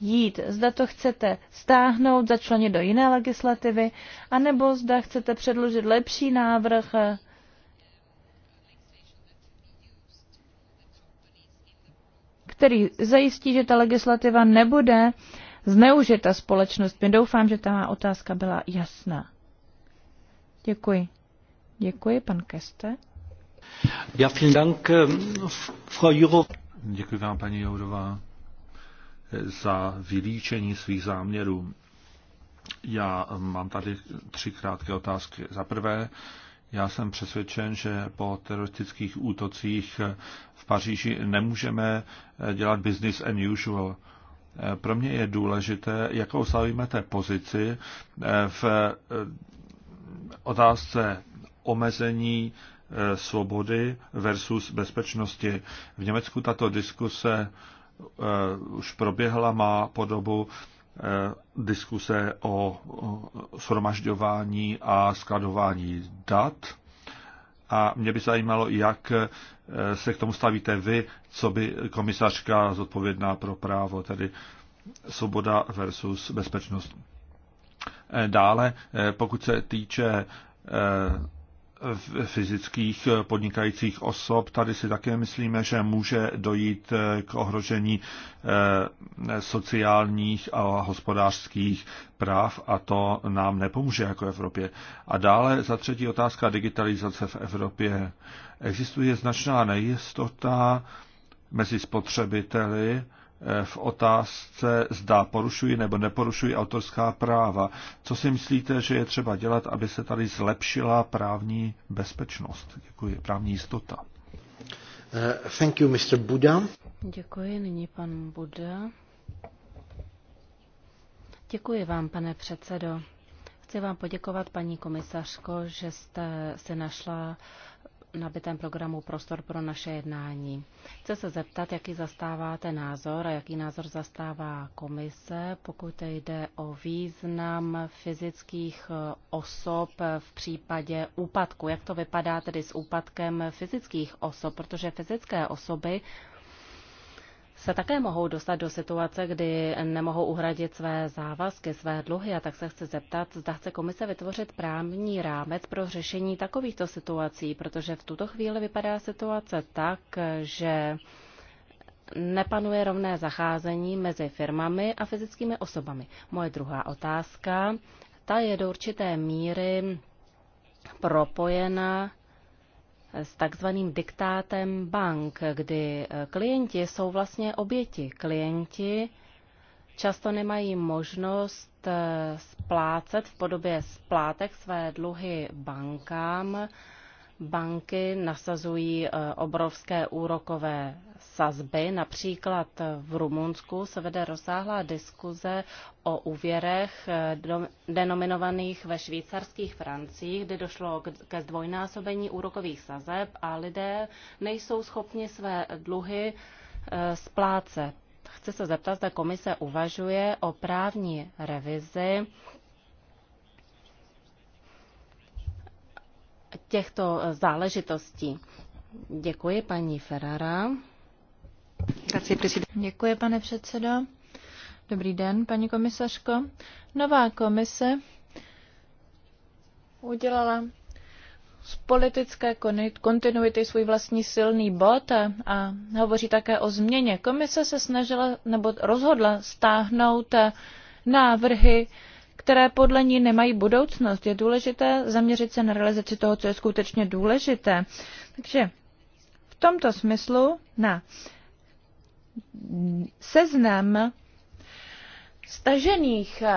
jít. Zda to chcete stáhnout, začlenit do jiné legislativy, anebo zda chcete předložit lepší návrh, který zajistí, že ta legislativa nebude zneužita společnostmi. Doufám, že ta má otázka byla jasná. Děkuji. Děkuji, pan Keste. Ja, vielen Dank, eh, Frau Jurov. Děkuji vám, paní Jourová, za vylíčení svých záměrů. Já mám tady tři krátké otázky. Za prvé, já jsem přesvědčen, že po teroristických útocích v Paříži nemůžeme dělat business as usual. Pro mě je důležité, jakou té pozici v otázce omezení eh, svobody versus bezpečnosti. V Německu tato diskuse eh, už proběhla, má podobu Eh, diskuse o shromažďování a skladování dat. A mě by zajímalo, jak eh, se k tomu stavíte vy, co by komisařka zodpovědná pro právo, tedy svoboda versus bezpečnost. Eh, dále, pokud se týče fyzických eh, podnikajících osob. Tady si také myslíme, že může dojít eh, k ohrožení eh, sociálních a hospodářských práv a to nám nepomůže jako Evropě. A dále za třetí otázka digitalizace v Evropě. Existuje značná nejistota mezi spotřebiteli, Eh, v otázce, zda porušují nebo neporušují autorská práva. Co si myslíte, že je třeba dělat, aby se tady zlepšila právní bezpečnost? Děkuji, právní jistota. Uh, thank you, Mr. Buda. Děkuji, nyní pan Buda. Děkuji vám, pane předsedo. Chci vám poděkovat, paní komisařko, že jste se našla uh, nabitém programu prostor pro naše jednání. Chce se zeptat, jaký zastáváte názor a jaký názor zastává komise, pokud jde o význam fyzických eh, osob v případě úpadku. Jak to vypadá tedy s úpadkem fyzických osob, protože fyzické osoby se také mohou dostat do situace, kdy nemohou uhradit své závazky, své dluhy. A tak se chci zeptat, zda chce komise vytvořit právní rámec pro řešení takovýchto situací, protože v tuto chvíli vypadá situace tak, že nepanuje rovné zacházení mezi firmami a fyzickými osobami. Moje druhá otázka, ta je do určité míry propojena s takzvaným diktátem bank, kdy eh, klienti jsou vlastně oběti. Klienti často nemají možnost eh, splácet v podobě splátek své dluhy bankám banky nasazují eh, obrovské úrokové sazby. Například eh, v Rumunsku se vede rozsáhlá diskuze o úvěrech eh, denominovaných ve švýcarských francích, kde došlo ke zdvojnásobení úrokových sazeb a lidé nejsou schopni své dluhy splácet. Chci se zeptat, zda komise uvažuje o právní revizi těchto eh, záležitostí. Děkuji paní Ferrara. Děkuji, pane předsedo. Dobrý den, paní komisařko. Nová komise udělala z politické kontinuity svůj vlastní silný bod a, a hovoří také o změně. Komise se snažila nebo rozhodla stáhnout eh, návrhy které podle ní nemají budoucnost. Je důležité zaměřit se na realizaci toho, co je skutečně důležité. Takže v tomto smyslu na seznam stažených eh,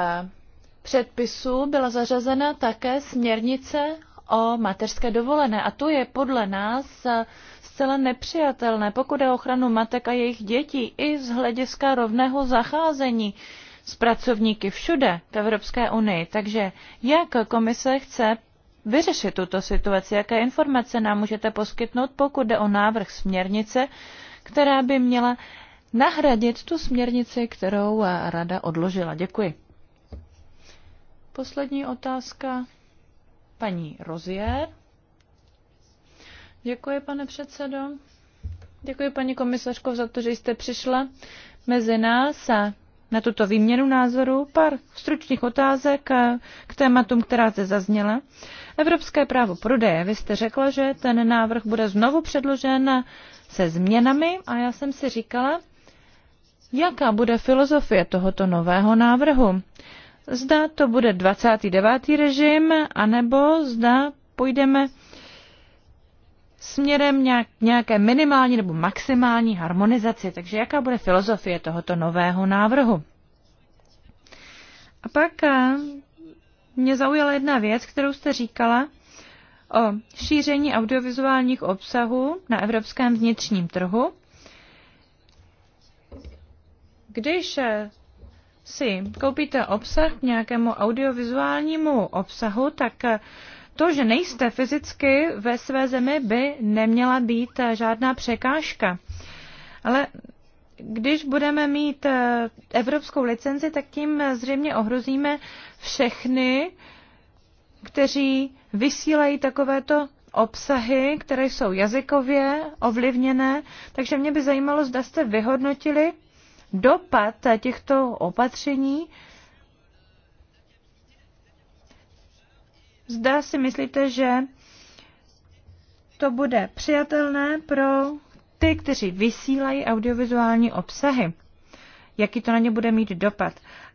předpisů byla zařazena také směrnice o mateřské dovolené a to je podle nás eh, zcela nepřijatelné, pokud je ochranu matek a jejich dětí i z hlediska rovného zacházení s pracovníky všude v Evropské unii. Takže jak komise chce vyřešit tuto situaci? Jaké informace nám můžete poskytnout, pokud jde o návrh směrnice, která by měla nahradit tu směrnici, kterou rada odložila? Děkuji. Poslední otázka paní Rozier. Děkuji, pane předsedo. Děkuji, paní komisařko, za to, že jste přišla mezi nás a na tuto výměnu názoru. Pár stručných otázek eh, k tématům, která zde zazněla. Evropské právo prodeje. Vy jste řekla, že ten návrh bude znovu předložen se změnami a já jsem si říkala, jaká bude filozofie tohoto nového návrhu. Zda to bude 29. režim, anebo zda půjdeme směrem nějak, nějaké minimální nebo maximální harmonizaci. Takže jaká bude filozofie tohoto nového návrhu? A pak eh, mě zaujala jedna věc, kterou jste říkala o šíření audiovizuálních obsahů na evropském vnitřním trhu. Když eh, si koupíte obsah k nějakému audiovizuálnímu obsahu, tak eh, to, že nejste fyzicky ve své zemi, by neměla být eh, žádná překážka. Ale když budeme mít eh, evropskou licenci, tak tím eh, zřejmě ohrozíme všechny, kteří vysílají takovéto obsahy, které jsou jazykově ovlivněné. Takže mě by zajímalo, zda jste vyhodnotili dopad těchto opatření Zda si myslíte, že to bude přijatelné pro ty, kteří vysílají audiovizuální obsahy. Jaký to na ně bude mít dopad.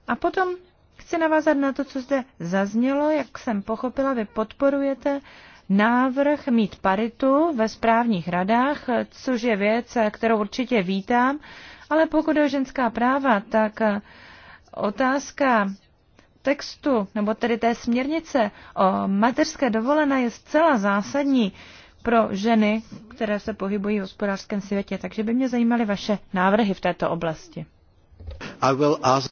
A potom chci navázat na to, co zde zaznělo. Jak jsem pochopila, vy podporujete návrh mít paritu ve správních radách, což je věc, kterou určitě vítám, ale pokud je o ženská práva, tak otázka textu, nebo tedy té směrnice o mateřské dovolené je zcela zásadní pro ženy, které se pohybují v hospodářském světě. Takže by mě zajímaly vaše návrhy v této oblasti. I will ask...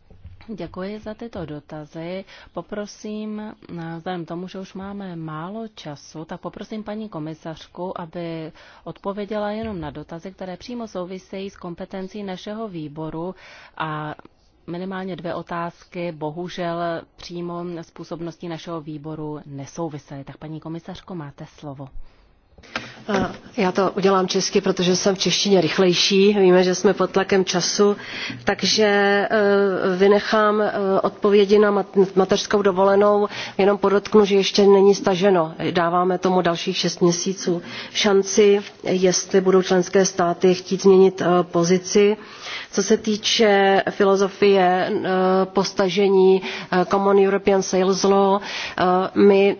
Děkuji za tyto dotazy. Poprosím, eh, vzhledem tomu, že už máme málo času, tak poprosím paní komisařku, aby odpověděla jenom na dotazy, které přímo souvisejí s kompetencí našeho výboru a minimálně dvě otázky bohužel přímo s působností našeho výboru nesouvisely. Tak paní komisařko, máte slovo. Eh, já to udělám česky, protože jsem v češtině rychlejší. Víme, že jsme pod tlakem času, takže eh, vynechám eh, odpovědi na mateřskou dovolenou. Jenom podotknu, že ještě není staženo. Dáváme tomu dalších šest měsíců šanci, jestli budou členské státy chtít změnit pozici. Co se týče filozofie postažení Common European Sales Law, my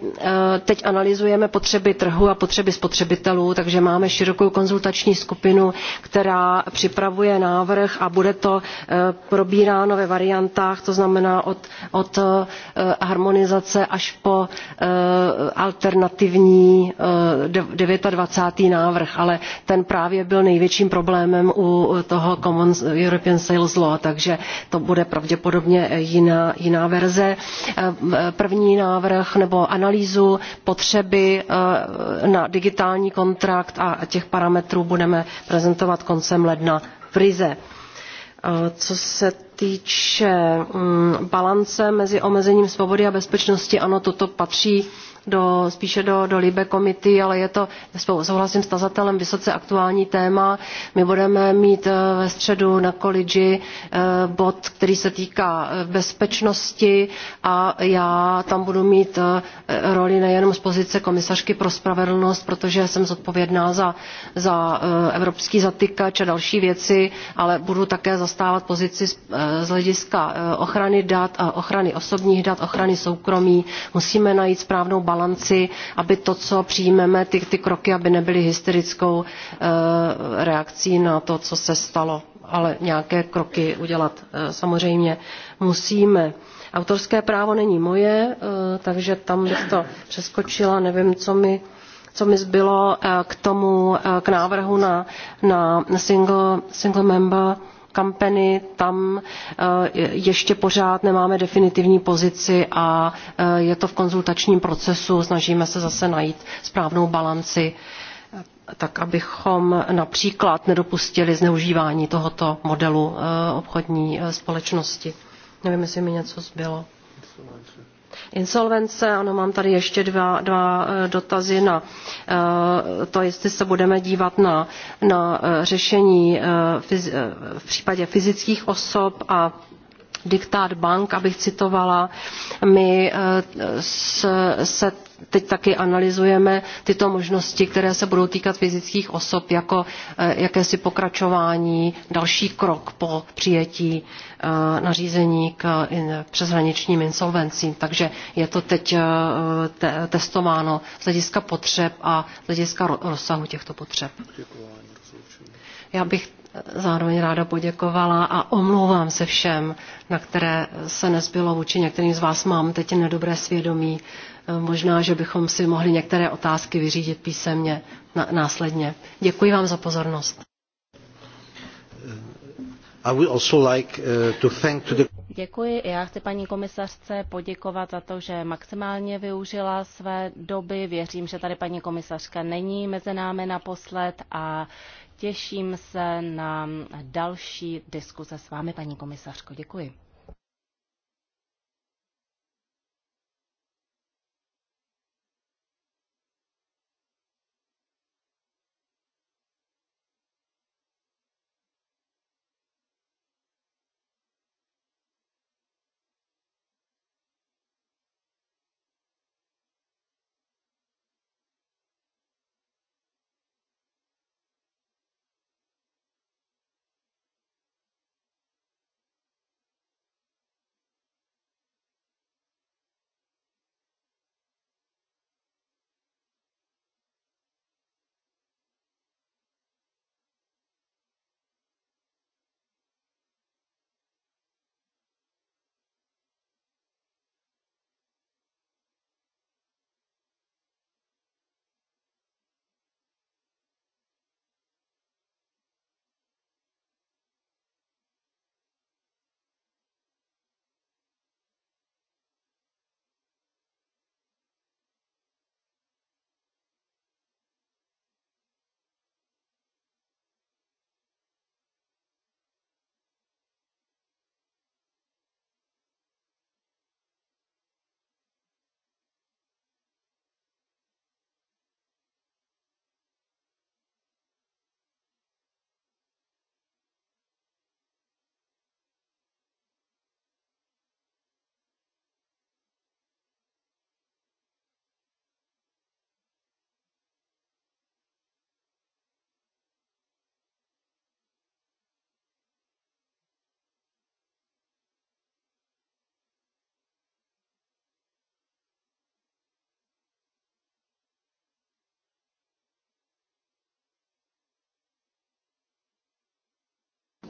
teď analyzujeme potřeby trhu a potřeby spotřebitelů spotřebitelů, takže máme širokou konzultační skupinu, která připravuje návrh a bude to eh, probíráno ve variantách, to znamená od, od eh, harmonizace až po eh, alternativní 29. návrh, ale ten právě byl největším problémem u toho Common European Sales Law, takže to bude pravděpodobně jiná, jiná verze. První návrh nebo analýzu potřeby na digitální digitální kontrakt a těch parametrů budeme prezentovat koncem ledna v rize. E, co se týče mm, balance mezi omezením svobody a bezpečnosti, ano, toto patří do, spíše do, do Libe komity, ale je to, souhlasím s tazatelem, vysoce aktuální téma. My budeme mít eh, ve středu na koliži eh, bod, který se týká eh, bezpečnosti a já tam budu mít roli nejenom z pozice komisařky pro spravedlnost, protože jsem zodpovědná za, za evropský zatykač a další věci, ale budu také zastávat pozici z hlediska ochrany dat a ochrany osobních dat, ochrany soukromí. Musíme najít správnou balanci, aby to, co přijmeme, ty, kroky, aby nebyly hysterickou eh, reakcí na to, co se stalo. Ale nějaké kroky udělat eh, samozřejmě musíme. Autorské právo není moje, eh, takže tam bych to přeskočila, nevím, co mi co mi zbylo k tomu, k návrhu na, na single, single member kampany, tam eh, ještě pořád nemáme definitivní pozici a eh, je to v konzultačním procesu, snažíme se zase najít správnou balanci eh, tak abychom například nedopustili zneužívání tohoto modelu obchodní společnosti. Nevím, jestli mi něco zbylo insolvence. Ano, mám tady ještě dva, dva eh, dotazy na eh, to, jestli se budeme dívat na, na eh, řešení v případě fyzických osob a diktát bank, abych citovala. My se teď taky analyzujeme tyto možnosti, které se budou týkat fyzických osob, jako jakési pokračování, další krok po přijetí Eh, nařízení k přeshraničním insolvencím. Takže je to teď eh, testováno z hlediska potřeb a z hlediska rozsahu těchto potřeb. Já bych zároveň ráda poděkovala a omlouvám se všem, na které se nezbylo vůči některým z vás. Mám teď nedobré svědomí. Eh, možná, že bychom si mohli některé otázky vyřídit písemně následně. Děkuji vám za pozornost. I uh, Děkuji. Já chci paní komisařce poděkovat za to, že maximálně využila své doby. Věřím, že tady paní komisařka není mezi námi naposled a těším se na další diskuze s vámi, paní komisařko. Děkuji.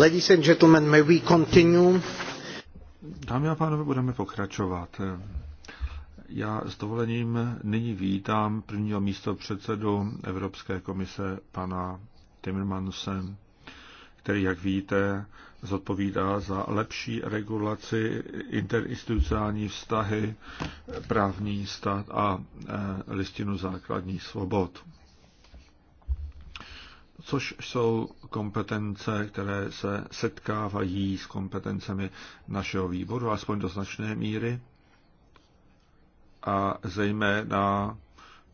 Ladies and gentlemen, may we continue? Dámy a pánové, budeme pokračovat. Já s dovolením nyní vítám prvního místo předsedu Evropské komise pana Timmermanse, který, jak víte, zodpovídá za lepší regulaci interinstitucionální vztahy, právní stát a eh, listinu základních svobod což jsou kompetence, které se setkávají s kompetencemi našeho výboru, alespoň do značné míry, a zejména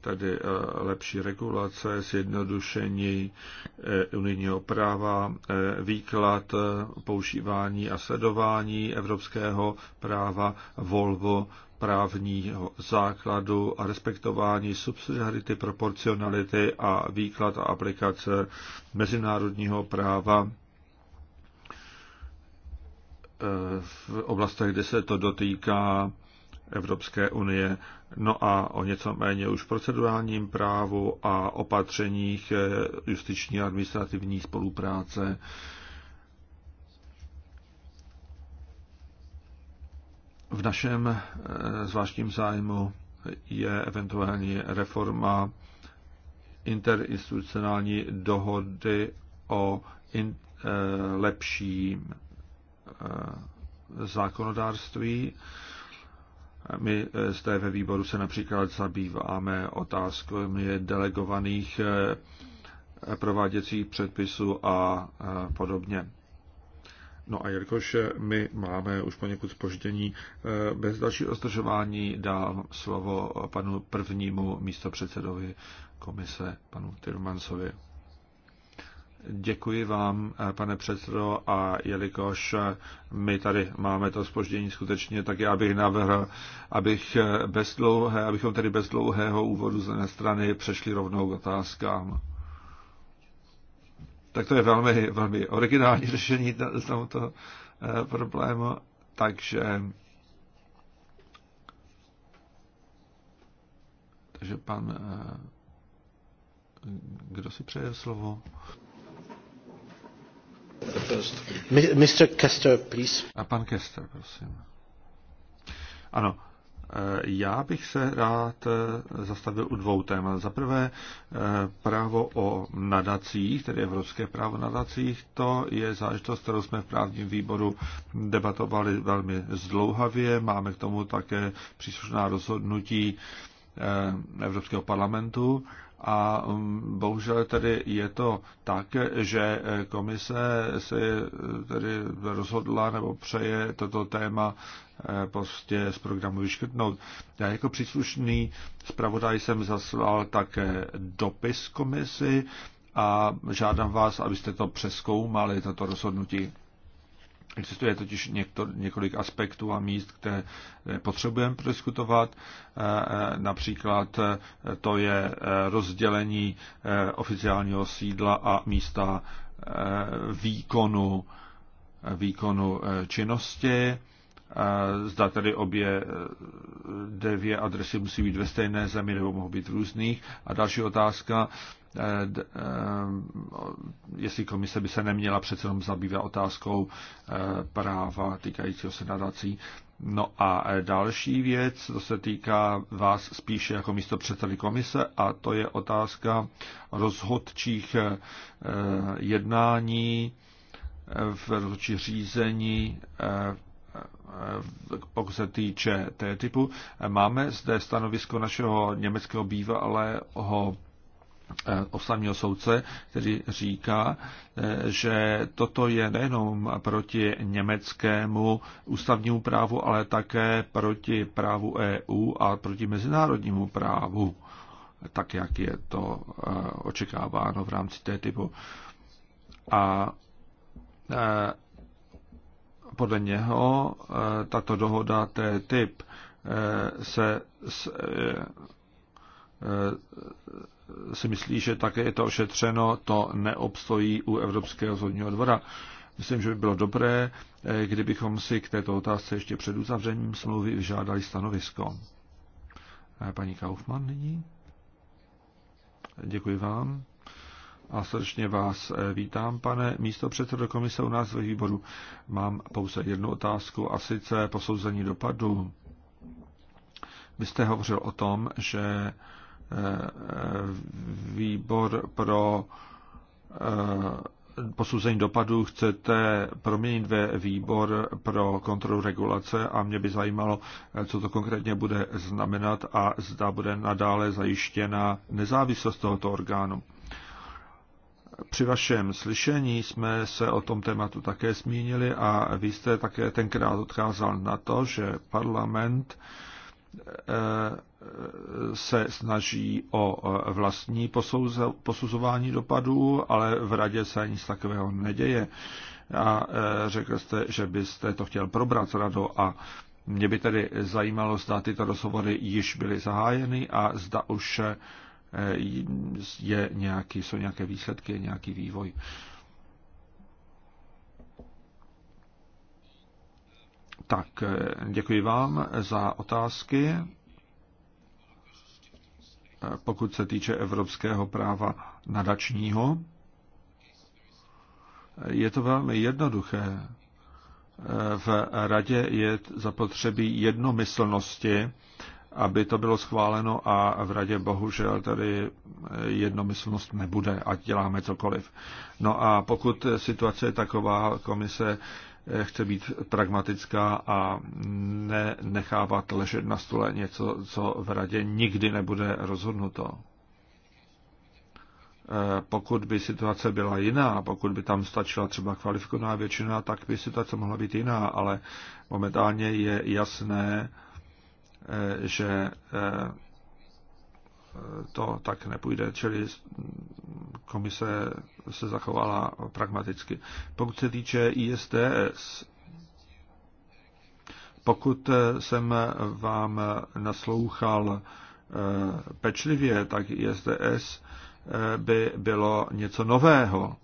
tedy eh, lepší regulace, zjednodušení eh, unijního práva, eh, výklad, používání a sledování evropského práva, volvo, právního základu a respektování subsidiarity, proporcionality a výklad a aplikace mezinárodního práva eh, v oblastech, kde se to dotýká Evropské unie. No a o něco méně už v procedurálním právu a opatřeních eh, justiční a administrativní spolupráce V našem eh, zvláštním zájmu je eventuální reforma interinstitucionální dohody o in, eh, lepším eh, zákonodárství. My zde ve výboru se například zabýváme otázkami delegovaných prováděcích předpisů a podobně. No a jelikož my máme už poněkud spoždění, eh, bez dalšího ostržování dám slovo panu prvnímu místopředsedovi komise, panu Tilmansovi. Děkuji vám, eh, pane předsedo, a jelikož eh, my tady máme to spoždění skutečně, tak já bych navrhl, abych bez dlouhé, abychom tedy bez dlouhého úvodu z strany přešli rovnou k otázkám tak to je velmi, velmi originální řešení tohoto eh, problému. Takže, takže pan, eh, kdo si přeje slovo? Mr. Kester, please. A pan Kester, prosím. Ano, Eh, já bych se rád eh, zastavil u dvou témat. Za prvé eh, právo o nadacích, tedy evropské právo nadacích, to je zážitost, kterou jsme v právním výboru debatovali velmi zdlouhavě. Máme k tomu také příslušná rozhodnutí Evropského parlamentu. A mm, bohužel tedy je to tak, že komise se tedy rozhodla nebo přeje toto téma Eh, prostě z programu vyškrtnout. Já jako příslušný zpravodaj jsem zaslal také dopis komisi a žádám vás, abyste to přeskoumali, tato rozhodnutí. Existuje totiž někdo, několik aspektů a míst, které eh, potřebujeme prodiskutovat. Eh, například to je rozdělení oficiálního sídla a místa výkonu, výkonu činnosti zda tedy obě e, dvě adresy musí být ve stejné zemi nebo mohou být různých. A další otázka, e, e, jestli komise by se neměla přece jenom zabývat otázkou práva týkajícího se nadací. No a další věc, to se týká vás spíše jako místo předsedy komise, a to je otázka rozhodčích jednání v rozhodčí řízení Eh, pokud se týče té typu. Eh, máme zde stanovisko našeho německého bývalého eh, oslavního soudce, který říká, že toto je nejenom proti německému ústavnímu právu, ale také proti právu EU a proti mezinárodnímu právu, tak jak je to očekáváno v rámci té typu. A podle něho eh, tato dohoda TTIP eh, se eh, si myslí, že také je to ošetřeno, to neobstojí u Evropského soudního dvora. Myslím, že by bylo dobré, kdybychom si k této otázce ještě před uzavřením smlouvy vyžádali stanovisko. Paní Kaufmann nyní. Děkuji vám a srdečně vás eh, vítám, pane místo předsedo komise u nás ve výboru. Mám pouze jednu otázku a sice posouzení dopadu. Vy jste hovořil o tom, že eh, výbor pro eh, posouzení dopadů chcete proměnit ve výbor pro kontrolu regulace a mě by zajímalo, co to konkrétně bude znamenat a zda bude nadále zajištěna nezávislost tohoto orgánu. Při vašem slyšení jsme se o tom tématu také zmínili a vy jste také tenkrát odkázal na to, že parlament eh, se snaží o eh, vlastní posuzování dopadů, ale v radě se nic takového neděje. A eh, řekl jste, že byste to chtěl probrat s radou a mě by tedy zajímalo, zda tyto rozhovory již byly zahájeny a zda už Eh, je nějaký, jsou nějaké výsledky, je nějaký vývoj. Tak, eh, děkuji vám za otázky. Eh, pokud se týče evropského práva nadačního, je to velmi jednoduché. V radě je zapotřebí jednomyslnosti aby to bylo schváleno a v radě bohužel tady jednomyslnost nebude, ať děláme cokoliv. No a pokud situace je taková, komise eh, chce být pragmatická a ne, nechávat ležet na stole něco, co v radě nikdy nebude rozhodnuto. Eh, pokud by situace byla jiná, pokud by tam stačila třeba kvalifikovaná většina, tak by situace mohla být jiná, ale momentálně je jasné, Eh, že eh, to tak nepůjde, čili komise se zachovala pragmaticky. Pokud se týče ISDS, pokud eh, jsem vám naslouchal pečlivě, tak ISDS by bylo něco nového.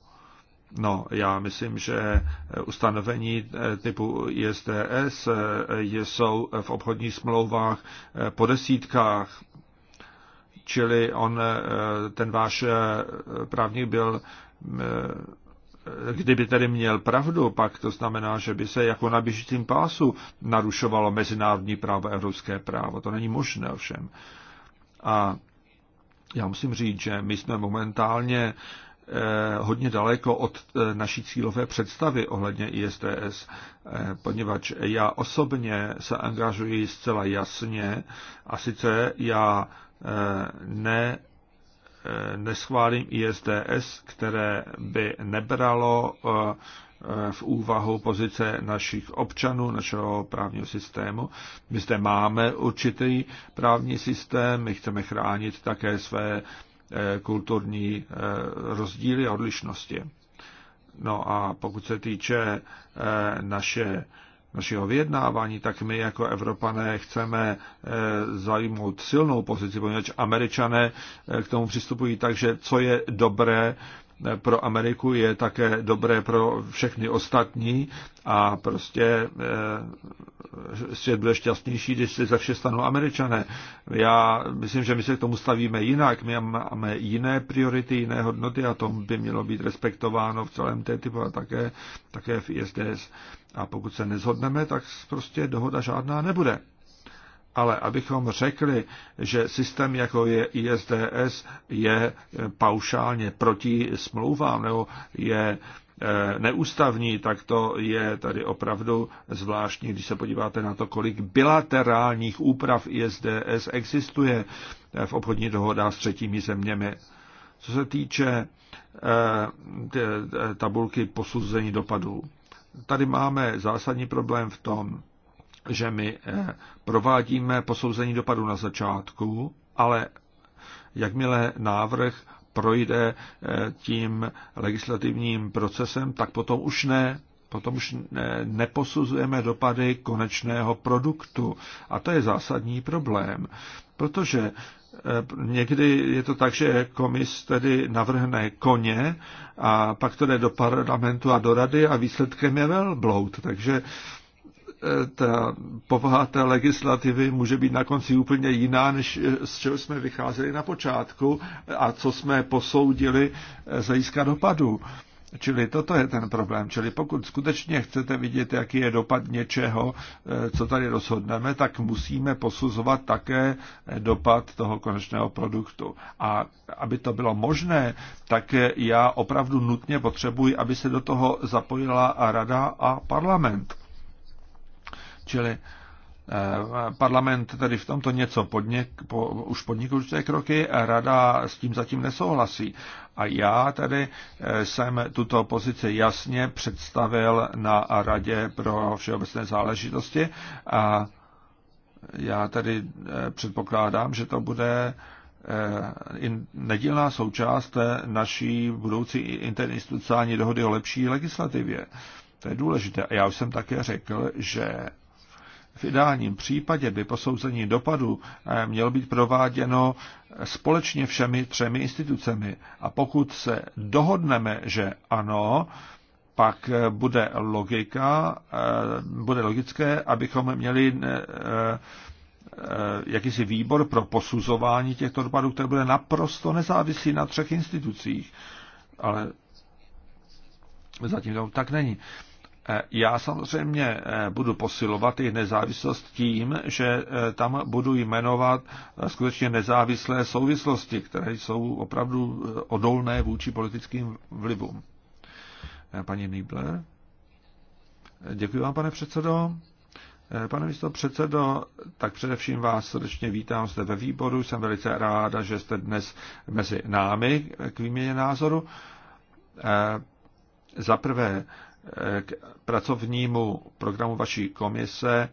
No, já myslím, že eh, ustanovení eh, typu ISDS eh, jsou v obchodních smlouvách po desítkách, čili on, ten váš právník byl kdyby tedy měl pravdu, pak to znamená, že by se jako na běžícím pásu narušovalo mezinárodní právo, evropské právo. To není možné ovšem. A já musím říct, že my jsme momentálně Eh, hodně daleko od eh, naší cílové představy ohledně ISDS, eh, poněvadž já osobně se angažuji zcela jasně a sice já ne, neschválím ISDS, které by nebralo v úvahu pozice našich občanů, našeho právního systému. My zde máme určitý právní systém, my chceme chránit také své Eh, kulturní eh, rozdíly a odlišnosti. No a pokud se týče eh, naše, našeho vyjednávání, tak my jako Evropané chceme zajmout silnou pozici, poněvadž Američané k tomu přistupují tak, že co je dobré pro Ameriku je také dobré pro všechny ostatní a prostě eh, svět bude šťastnější, když se za vše stanou američané. Já myslím, že my se k tomu stavíme jinak. My máme jiné priority, jiné hodnoty a to by mělo být respektováno v celém té typu a také, také v ISDS. A pokud se nezhodneme, tak prostě dohoda žádná nebude. Ale abychom řekli, že systém jako je ISDS je paušálně proti smlouvám nebo je eh, neústavní, tak to je tady opravdu zvláštní, když se podíváte na to, kolik bilaterálních úprav ISDS existuje eh, v obchodní dohodách s třetími zeměmi. Co se týče eh, tabulky posuzení dopadů, tady máme zásadní problém v tom, že my eh, provádíme posouzení dopadu na začátku, ale jakmile návrh projde eh, tím legislativním procesem, tak potom už ne, potom už eh, neposuzujeme dopady konečného produktu. A to je zásadní problém, protože Někdy je to tak, že komis tedy navrhne koně a pak to jde do parlamentu a do rady a výsledkem je velbloud. Takže ta povaha té legislativy může být na konci úplně jiná, než z čeho jsme vycházeli na počátku a co jsme posoudili eh, z hlediska dopadu. Čili toto je ten problém. Čili pokud skutečně chcete vidět, jaký je dopad něčeho, eh, co tady rozhodneme, tak musíme posuzovat také eh, dopad toho konečného produktu. A aby to bylo možné, tak já opravdu nutně potřebuji, aby se do toho zapojila a rada a parlament. Čili eh, parlament tedy v tomto něco podnik, po, už podnikl určité kroky, rada s tím zatím nesouhlasí. A já tedy eh, jsem tuto pozici jasně představil na Radě pro všeobecné záležitosti a já tedy eh, předpokládám, že to bude nedílná součást naší budoucí interinstitucionální dohody o lepší legislativě. To je důležité. A já už jsem také řekl, že v ideálním případě by posouzení dopadu eh, mělo být prováděno společně všemi třemi institucemi. A pokud se dohodneme, že ano, pak eh, bude logika, eh, bude logické, abychom měli jakýsi výbor pro posuzování těchto dopadů, který bude naprosto nezávislý na třech institucích. Ale zatím to tak není. Eh, já samozřejmě eh, budu posilovat jejich nezávislost tím, že eh, tam budu jmenovat skutečně nezávislé souvislosti, které jsou opravdu odolné vůči politickým vlivům. Paní Nýbler. Děkuji vám, pane předsedo. Pane místo předsedo, tak především vás srdečně vítám zde ve výboru. Jsem velice ráda, že jste dnes mezi námi k výměně názoru. Za prvé, k pracovnímu programu vaší komise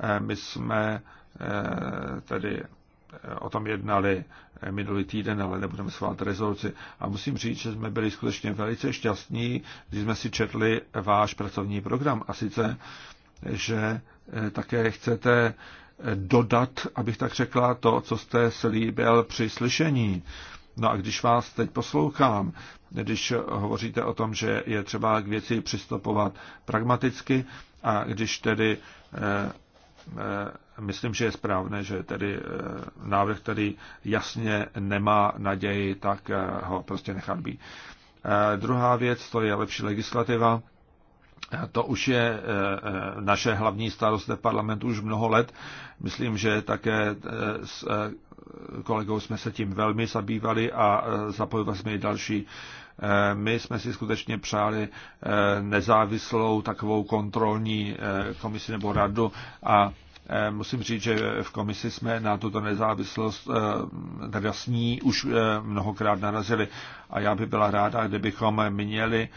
eh, my jsme eh, tedy eh, o tom jednali minulý týden, ale nebudeme schválit rezoluci. A musím říct, že jsme byli skutečně velice šťastní, když jsme si četli váš pracovní program. A sice, že také chcete dodat, abych tak řekla, to, co jste slíbil při slyšení. No a když vás teď poslouchám, když hovoříte o tom, že je třeba k věci přistupovat pragmaticky a když tedy eh, eh, myslím, že je správné, že tedy eh, návrh, který jasně nemá naději, tak ho prostě nechat být. Druhá věc, to je lepší legislativa. To už je naše hlavní starost v parlamentu už mnoho let. Myslím, že také s kolegou jsme se tím velmi zabývali a e, zapojovali jsme i další. E, my jsme si skutečně přáli e, nezávislou takovou kontrolní komisi nebo radu a Musím říct, že v komisi jsme na tuto nezávislost teda s ní už mnohokrát narazili a já bych byla ráda, kdybychom měli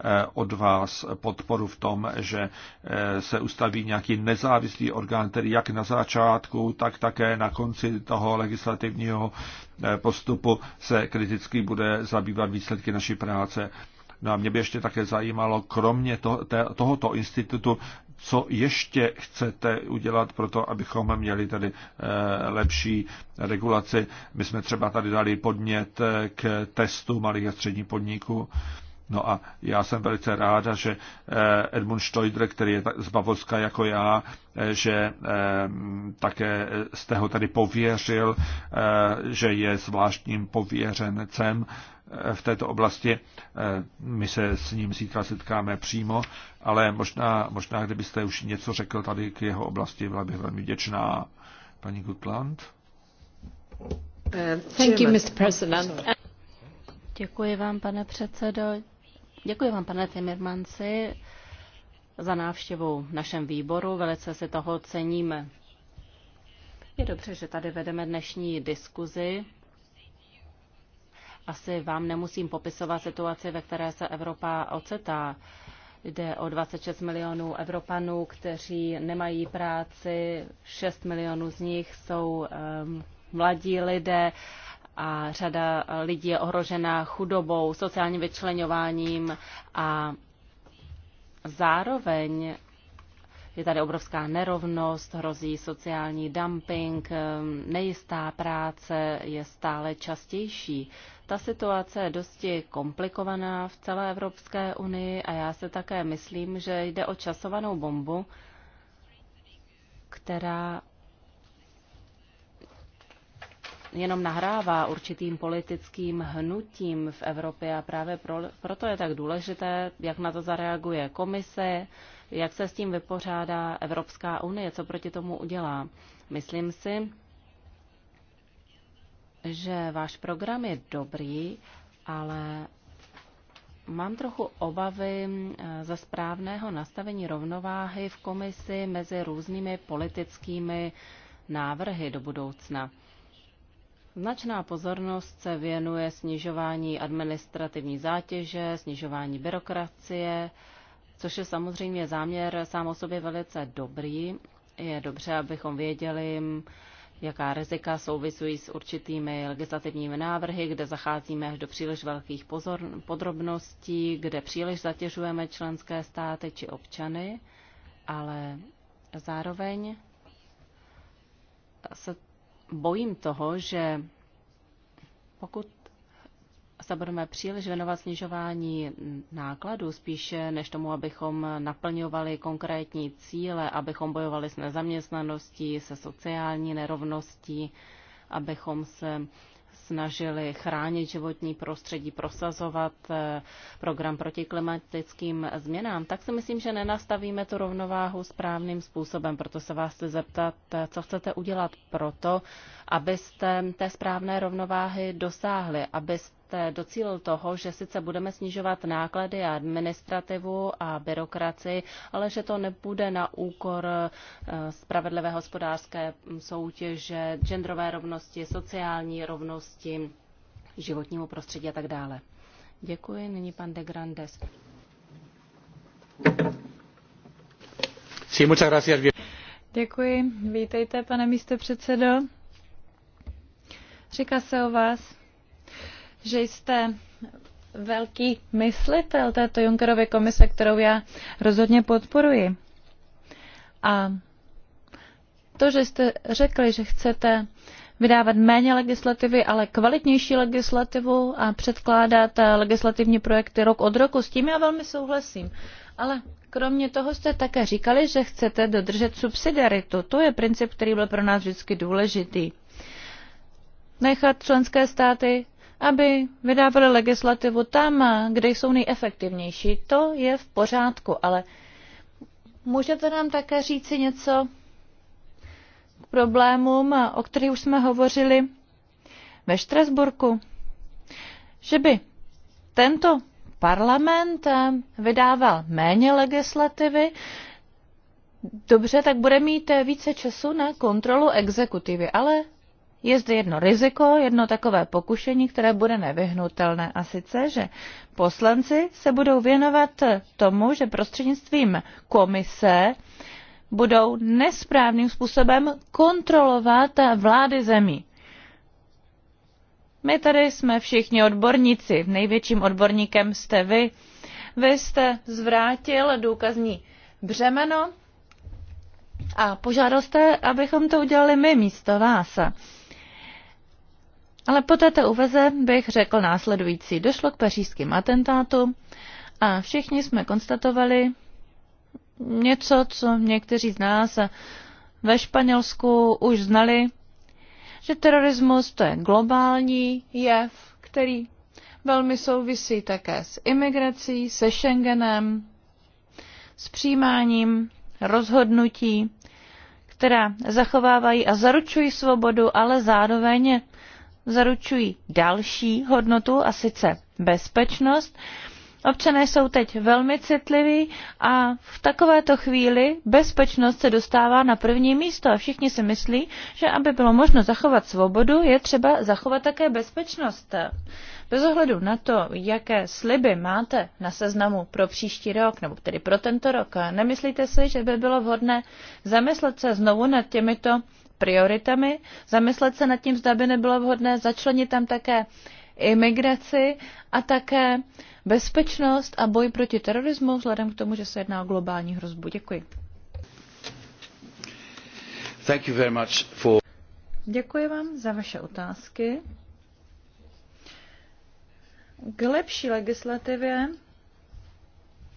Eh, od vás podporu v tom, že eh, se ustaví nějaký nezávislý orgán, který jak na začátku, tak také na konci toho legislativního eh, postupu se kriticky bude zabývat výsledky naší práce. No a mě by ještě také zajímalo, kromě tohoto institutu, co ještě chcete udělat pro to, abychom měli tady lepší regulaci. My jsme třeba tady dali podnět k testu malých a středních podniků. No a já jsem velice ráda, že eh, Edmund Stoidr, který je z Bavorska jako já, eh, že eh, také jste ho tady pověřil, že je zvláštním pověřencem v této oblasti. My se s ním zítra setkáme přímo, ale možná, možná kdybyste už něco řekl tady k jeho oblasti, byla bych velmi vděčná. Paní Gutland? Thank you, Mr. President. Děkuji vám, pane předsedo. Děkuji vám, pane Timmermansi, za návštěvu v našem výboru. Velice si toho ceníme. Je dobře, že tady vedeme dnešní diskuzi. Asi vám nemusím popisovat situaci, ve které se Evropa ocetá. Jde o 26 milionů Evropanů, kteří nemají práci, 6 milionů z nich jsou um, mladí lidé a řada lidí je ohrožena chudobou, sociálním vyčleňováním a zároveň je tady obrovská nerovnost, hrozí sociální dumping, ehm, nejistá práce je stále častější. Ta situace je dosti komplikovaná v celé Evropské unii a já se také myslím, že jde o časovanou bombu, která jenom nahrává určitým politickým hnutím v Evropě a právě pro, proto je tak důležité, jak na to zareaguje komise, jak se s tím vypořádá Evropská unie, co proti tomu udělá. Myslím si, že váš program je dobrý, ale Mám trochu obavy eh, ze správného nastavení rovnováhy v komisi mezi různými politickými návrhy do budoucna. Značná pozornost se věnuje snižování administrativní zátěže, snižování byrokracie, což je samozřejmě záměr sám o sobě velice dobrý. Je dobře, abychom věděli, jaká rizika souvisují s určitými legislativními návrhy, kde zacházíme až do příliš velkých pozor- podrobností, kde příliš zatěžujeme členské státy či občany, ale zároveň se bojím toho, že pokud se budeme příliš věnovat snižování nákladů, spíše než tomu, abychom naplňovali konkrétní cíle, abychom bojovali s nezaměstnaností, se sociální nerovností, abychom se snažili chránit životní prostředí, prosazovat eh, program proti klimatickým změnám, tak si myslím, že nenastavíme tu rovnováhu správným způsobem. Proto se vás chci zeptat, eh, co chcete udělat proto, abyste té správné rovnováhy dosáhli, abyste docílil toho, že sice budeme snižovat náklady a administrativu a byrokraci, ale že to nebude na úkor eh, spravedlivé hospodářské soutěže, genderové rovnosti, sociální rovnosti, životnímu prostředí a tak dále. Děkuji. Nyní pan de Grandes. Děkuji. Vítejte, pane místopředsedo. Říká se o vás, že jste velký myslitel této Junckerovy komise, kterou já rozhodně podporuji. A to, že jste řekli, že chcete vydávat méně legislativy, ale kvalitnější legislativu a předkládat eh, legislativní projekty rok od roku, s tím já velmi souhlasím. Ale kromě toho jste také říkali, že chcete dodržet subsidiaritu. To je princip, který byl pro nás vždycky důležitý. Nechat členské státy aby vydávali legislativu tam, kde jsou nejefektivnější. To je v pořádku, ale můžete nám také říci něco k problémům, o kterých už jsme hovořili ve Štrasburku? Že by tento parlament vydával méně legislativy, dobře, tak bude mít více času na kontrolu exekutivy, ale je zde jedno riziko, jedno takové pokušení, které bude nevyhnutelné a sice, že poslanci se budou věnovat tomu, že prostřednictvím komise budou nesprávným způsobem kontrolovat vlády zemí. My tady jsme všichni odborníci. Největším odborníkem jste vy. Vy jste zvrátil důkazní břemeno a požádal jste, abychom to udělali my místo vás. Ale po této uveze bych řekl následující. Došlo k pařížským atentátům a všichni jsme konstatovali něco, co někteří z nás ve Španělsku už znali, že terorismus to je globální jev, který velmi souvisí také s imigrací, se Schengenem, s přijímáním rozhodnutí, která zachovávají a zaručují svobodu, ale zároveň zaručují další hodnotu, a sice bezpečnost. Občané jsou teď velmi citliví a v takovéto chvíli bezpečnost se dostává na první místo a všichni si myslí, že aby bylo možno zachovat svobodu, je třeba zachovat také bezpečnost. Bez ohledu na to, jaké sliby máte na seznamu pro příští rok, nebo tedy pro tento rok, nemyslíte si, že by bylo vhodné zamyslet se znovu nad těmito prioritami, zamyslet se nad tím, zda by nebylo vhodné začlenit tam také imigraci a také bezpečnost a boj proti terorismu, vzhledem k tomu, že se jedná o globální hrozbu. Děkuji. Thank you very much for... Děkuji vám za vaše otázky. K lepší legislativě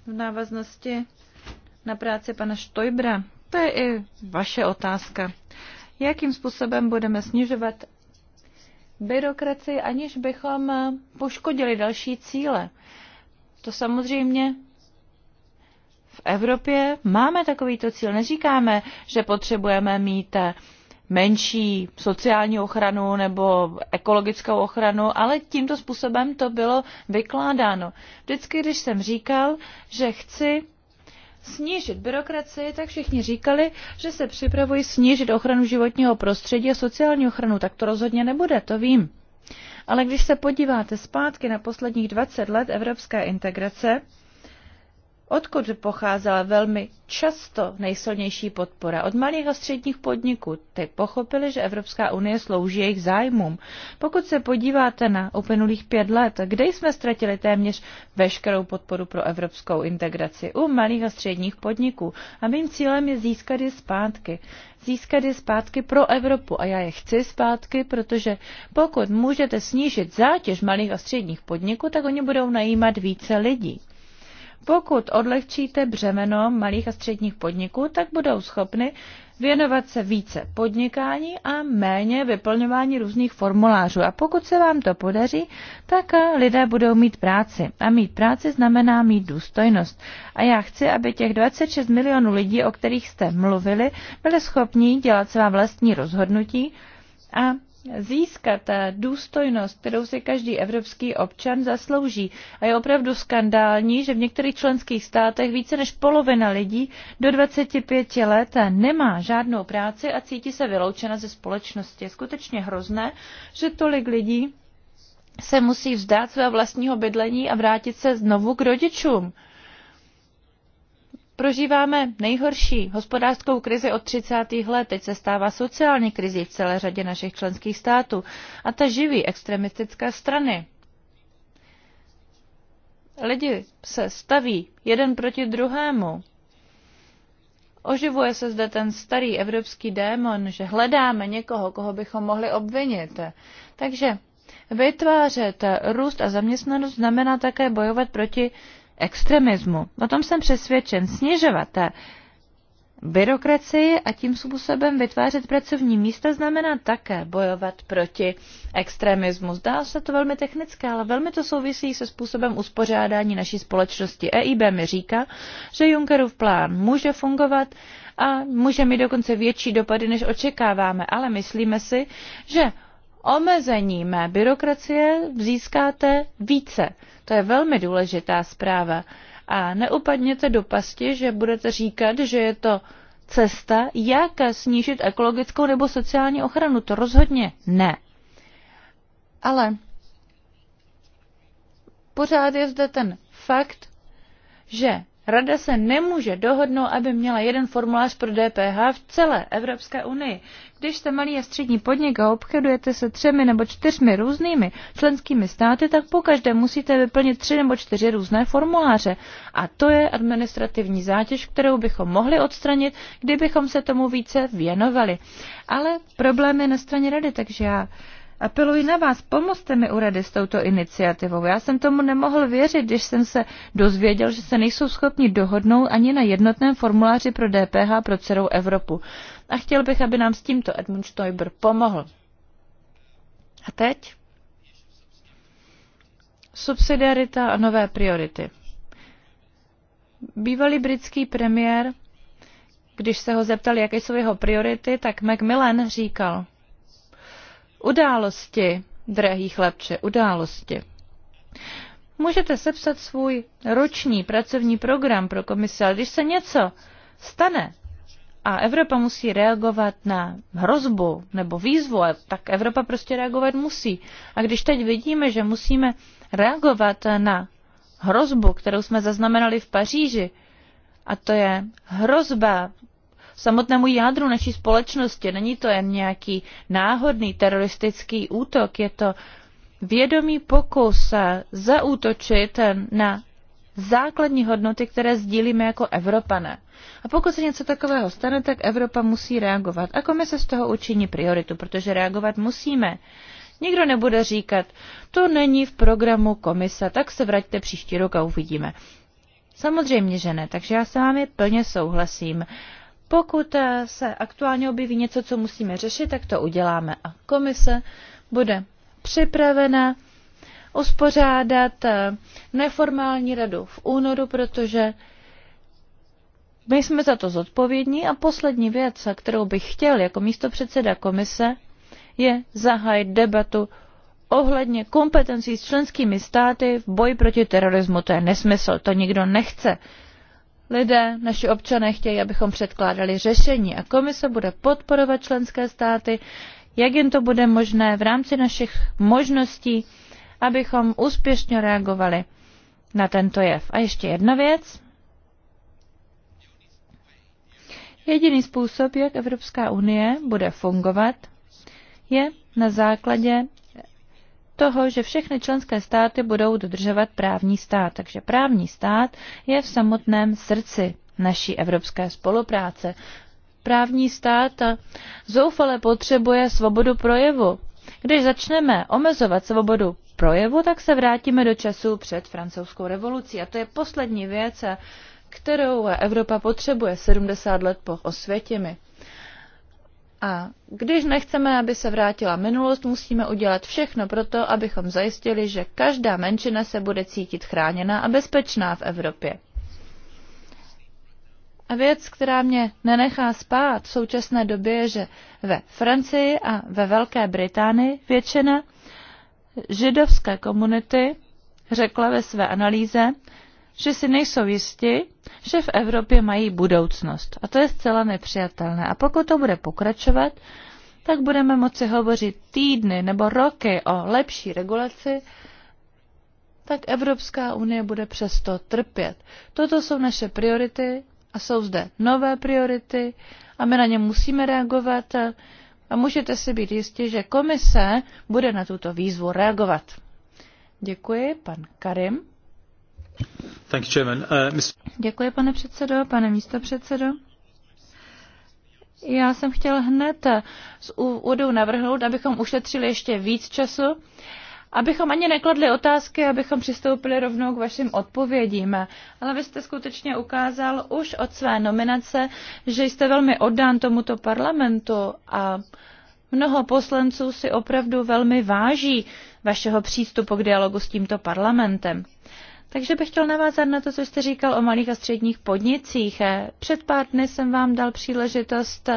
v návaznosti na práci pana Štojbra. To je i vaše otázka jakým způsobem budeme snižovat byrokraci, aniž bychom poškodili další cíle. To samozřejmě v Evropě máme takovýto cíl. Neříkáme, že potřebujeme mít menší sociální ochranu nebo ekologickou ochranu, ale tímto způsobem to bylo vykládáno. Vždycky, když jsem říkal, že chci snížit byrokracii, tak všichni říkali, že se připravují snížit ochranu životního prostředí a sociální ochranu. Tak to rozhodně nebude, to vím. Ale když se podíváte zpátky na posledních 20 let evropské integrace, odkud pocházela velmi často nejsilnější podpora. Od malých a středních podniků. Ty pochopili, že Evropská unie slouží jejich zájmům. Pokud se podíváte na uplynulých pět let, kde jsme ztratili téměř veškerou podporu pro evropskou integraci? U malých a středních podniků. A mým cílem je získat je zpátky. Získat je zpátky pro Evropu. A já je chci zpátky, protože pokud můžete snížit zátěž malých a středních podniků, tak oni budou najímat více lidí. Pokud odlehčíte břemeno malých a středních podniků, tak budou schopny věnovat se více podnikání a méně vyplňování různých formulářů. A pokud se vám to podaří, tak lidé budou mít práci. A mít práci znamená mít důstojnost. A já chci, aby těch 26 milionů lidí, o kterých jste mluvili, byli schopni dělat svá vlastní rozhodnutí a získat důstojnost, kterou si každý evropský občan zaslouží. A je opravdu skandální, že v některých členských státech více než polovina lidí do 25 let nemá žádnou práci a cítí se vyloučena ze společnosti. Je skutečně hrozné, že tolik lidí se musí vzdát svého vlastního bydlení a vrátit se znovu k rodičům. Prožíváme nejhorší hospodářskou krizi od 30. let, teď se stává sociální krizi v celé řadě našich členských států a ta živí extremistické strany. Lidi se staví jeden proti druhému. Oživuje se zde ten starý evropský démon, že hledáme někoho, koho bychom mohli obvinit. Takže vytvářet růst a zaměstnanost znamená také bojovat proti uh, extremismu. O tom jsem přesvědčen. Snižovat byrokracii a tím způsobem vytvářet pracovní místa znamená také bojovat proti extremismu. Zdá se to velmi technické, ale velmi to souvisí se způsobem uspořádání naší společnosti. EIB mi říká, že Junckerův plán může fungovat a může mít dokonce větší dopady, než očekáváme, ale myslíme si, že omezením byrokracie získáte více. To je velmi důležitá zpráva. A neupadněte do pasti, že budete říkat, že je to cesta, jak snížit ekologickou nebo sociální ochranu. To rozhodně ne. Ale pořád je zde ten fakt, že Rada se nemůže dohodnout, aby měla jeden formulář pro DPH v celé Evropské unii. Když jste malý a střední podnik a obchodujete se třemi nebo čtyřmi různými členskými státy, tak po každé musíte vyplnit tři nebo čtyři různé formuláře. A to je administrativní zátěž, kterou bychom mohli odstranit, kdybychom se tomu více věnovali. Ale problém je na straně rady, takže já Apeluji na vás, pomozte mi u rady s touto iniciativou. Já jsem tomu nemohl věřit, když jsem se dozvěděl, že se nejsou schopni dohodnout ani na jednotném formuláři pro DPH pro celou Evropu. A chtěl bych, aby nám s tímto Edmund Stoiber pomohl. A teď? Subsidiarita a nové priority. Bývalý britský premiér, když se ho zeptali, jaké jsou jeho priority, tak Macmillan říkal – Události, drahý chlapče, události. Můžete sepsat svůj roční pracovní program pro komise, ale když se něco stane a Evropa musí reagovat na hrozbu nebo výzvu, tak Evropa prostě reagovat musí. A když teď vidíme, že musíme reagovat na hrozbu, kterou jsme zaznamenali v Paříži, a to je hrozba samotnému jádru naší společnosti. Není to jen nějaký náhodný teroristický útok, je to vědomý pokus zaútočit na základní hodnoty, které sdílíme jako Evropané. A pokud se něco takového stane, tak Evropa musí reagovat. A komise z toho učiní prioritu, protože reagovat musíme. Nikdo nebude říkat, to není v programu komise, tak se vraťte příští rok a uvidíme. Samozřejmě, že ne, takže já s vámi plně souhlasím. Pokud eh, se aktuálně objeví něco, co musíme řešit, tak to uděláme. A komise bude připravena uspořádat eh, neformální radu v únoru, protože my jsme za to zodpovědní a poslední věc, kterou bych chtěl jako místo předseda komise, je zahájit debatu ohledně kompetencí s členskými státy v boji proti terorismu. To je nesmysl, to nikdo nechce lidé, naši občané chtějí, abychom předkládali řešení a komise bude podporovat členské státy, jak jen to bude možné v rámci našich možností, abychom úspěšně reagovali na tento jev. A ještě jedna věc. Jediný způsob, jak Evropská unie bude fungovat, je na základě toho, že všechny členské státy budou dodržovat právní stát. Takže právní stát je v samotném srdci naší evropské spolupráce. Právní stát zoufale potřebuje svobodu projevu. Když začneme omezovat svobodu projevu, tak se vrátíme do času před francouzskou revolucí. A to je poslední věc, kterou Evropa potřebuje 70 let po osvětěmi. A když nechceme, aby se vrátila minulost, musíme udělat všechno pro to, abychom zajistili, že každá menšina se bude cítit chráněná a bezpečná v Evropě. A věc, která mě nenechá spát v současné době, je, že ve Francii a ve Velké Británii většina židovské komunity řekla ve své analýze, že si nejsou jisti, že v Evropě mají budoucnost. A to je zcela nepřijatelné. A pokud to bude pokračovat, tak budeme moci hovořit týdny nebo roky o lepší regulaci, tak Evropská unie bude přesto trpět. Toto jsou naše priority a jsou zde nové priority a my na ně musíme reagovat a můžete si být jistí, že komise bude na tuto výzvu reagovat. Děkuji, pan Karim. Uh, Děkuji, pane předsedo, pane místopředsedo. Já jsem chtěl hned z úvodu navrhnout, abychom ušetřili ještě víc času, abychom ani nekladli otázky, abychom přistoupili rovnou k vašim odpovědím. Ale vy jste skutečně ukázal už od své nominace, že jste velmi oddán tomuto parlamentu a mnoho poslanců si opravdu velmi váží vašeho přístupu k dialogu s tímto parlamentem. Takže bych chtěl navázat na to, co jste říkal o malých a středních podnicích. Před pár dny jsem vám dal příležitost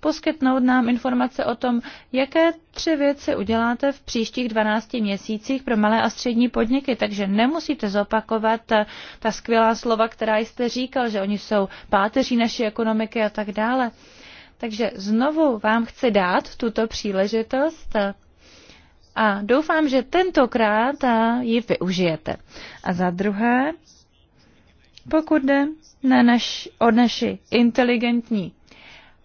poskytnout nám informace o tom, jaké tři věci uděláte v příštích 12 měsících pro malé a střední podniky, takže nemusíte zopakovat ta skvělá slova, která jste říkal, že oni jsou páteří naší ekonomiky a tak dále. Takže znovu vám chci dát tuto příležitost a doufám, že tentokrát ji využijete. A za druhé, pokud jde na naš, o naši inteligentní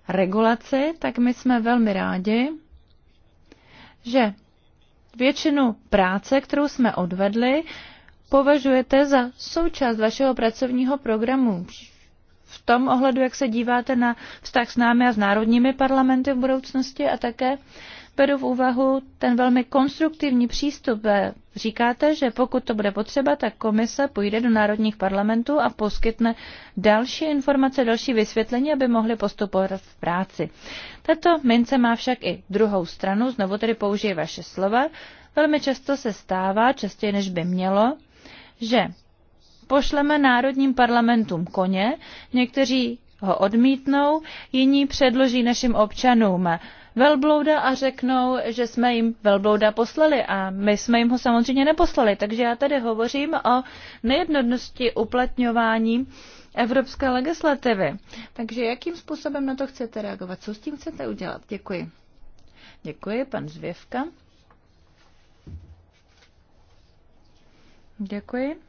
regulaci, tak my jsme velmi rádi, že většinu práce, kterou jsme odvedli, považujete za součást vašeho pracovního programu. V tom ohledu, jak se díváte na vztah s námi a s národními parlamenty v budoucnosti a také beru v úvahu ten velmi konstruktivní přístup. Říkáte, že pokud to bude potřeba, tak komise půjde do národních parlamentů a poskytne další informace, další vysvětlení, aby mohli postupovat v práci. Tato mince má však i druhou stranu, znovu tedy použije vaše slova. Velmi často se stává, častěji než by mělo, že pošleme národním parlamentům koně, někteří ho odmítnou, jiní předloží našim občanům velblouda a řeknou, že jsme jim velblouda poslali a my jsme jim ho samozřejmě neposlali. Takže já tady hovořím o nejednodnosti uplatňování evropské legislativy. Takže jakým způsobem na to chcete reagovat? Co s tím chcete udělat? Děkuji. Děkuji, pan Zvěvka. Děkuji.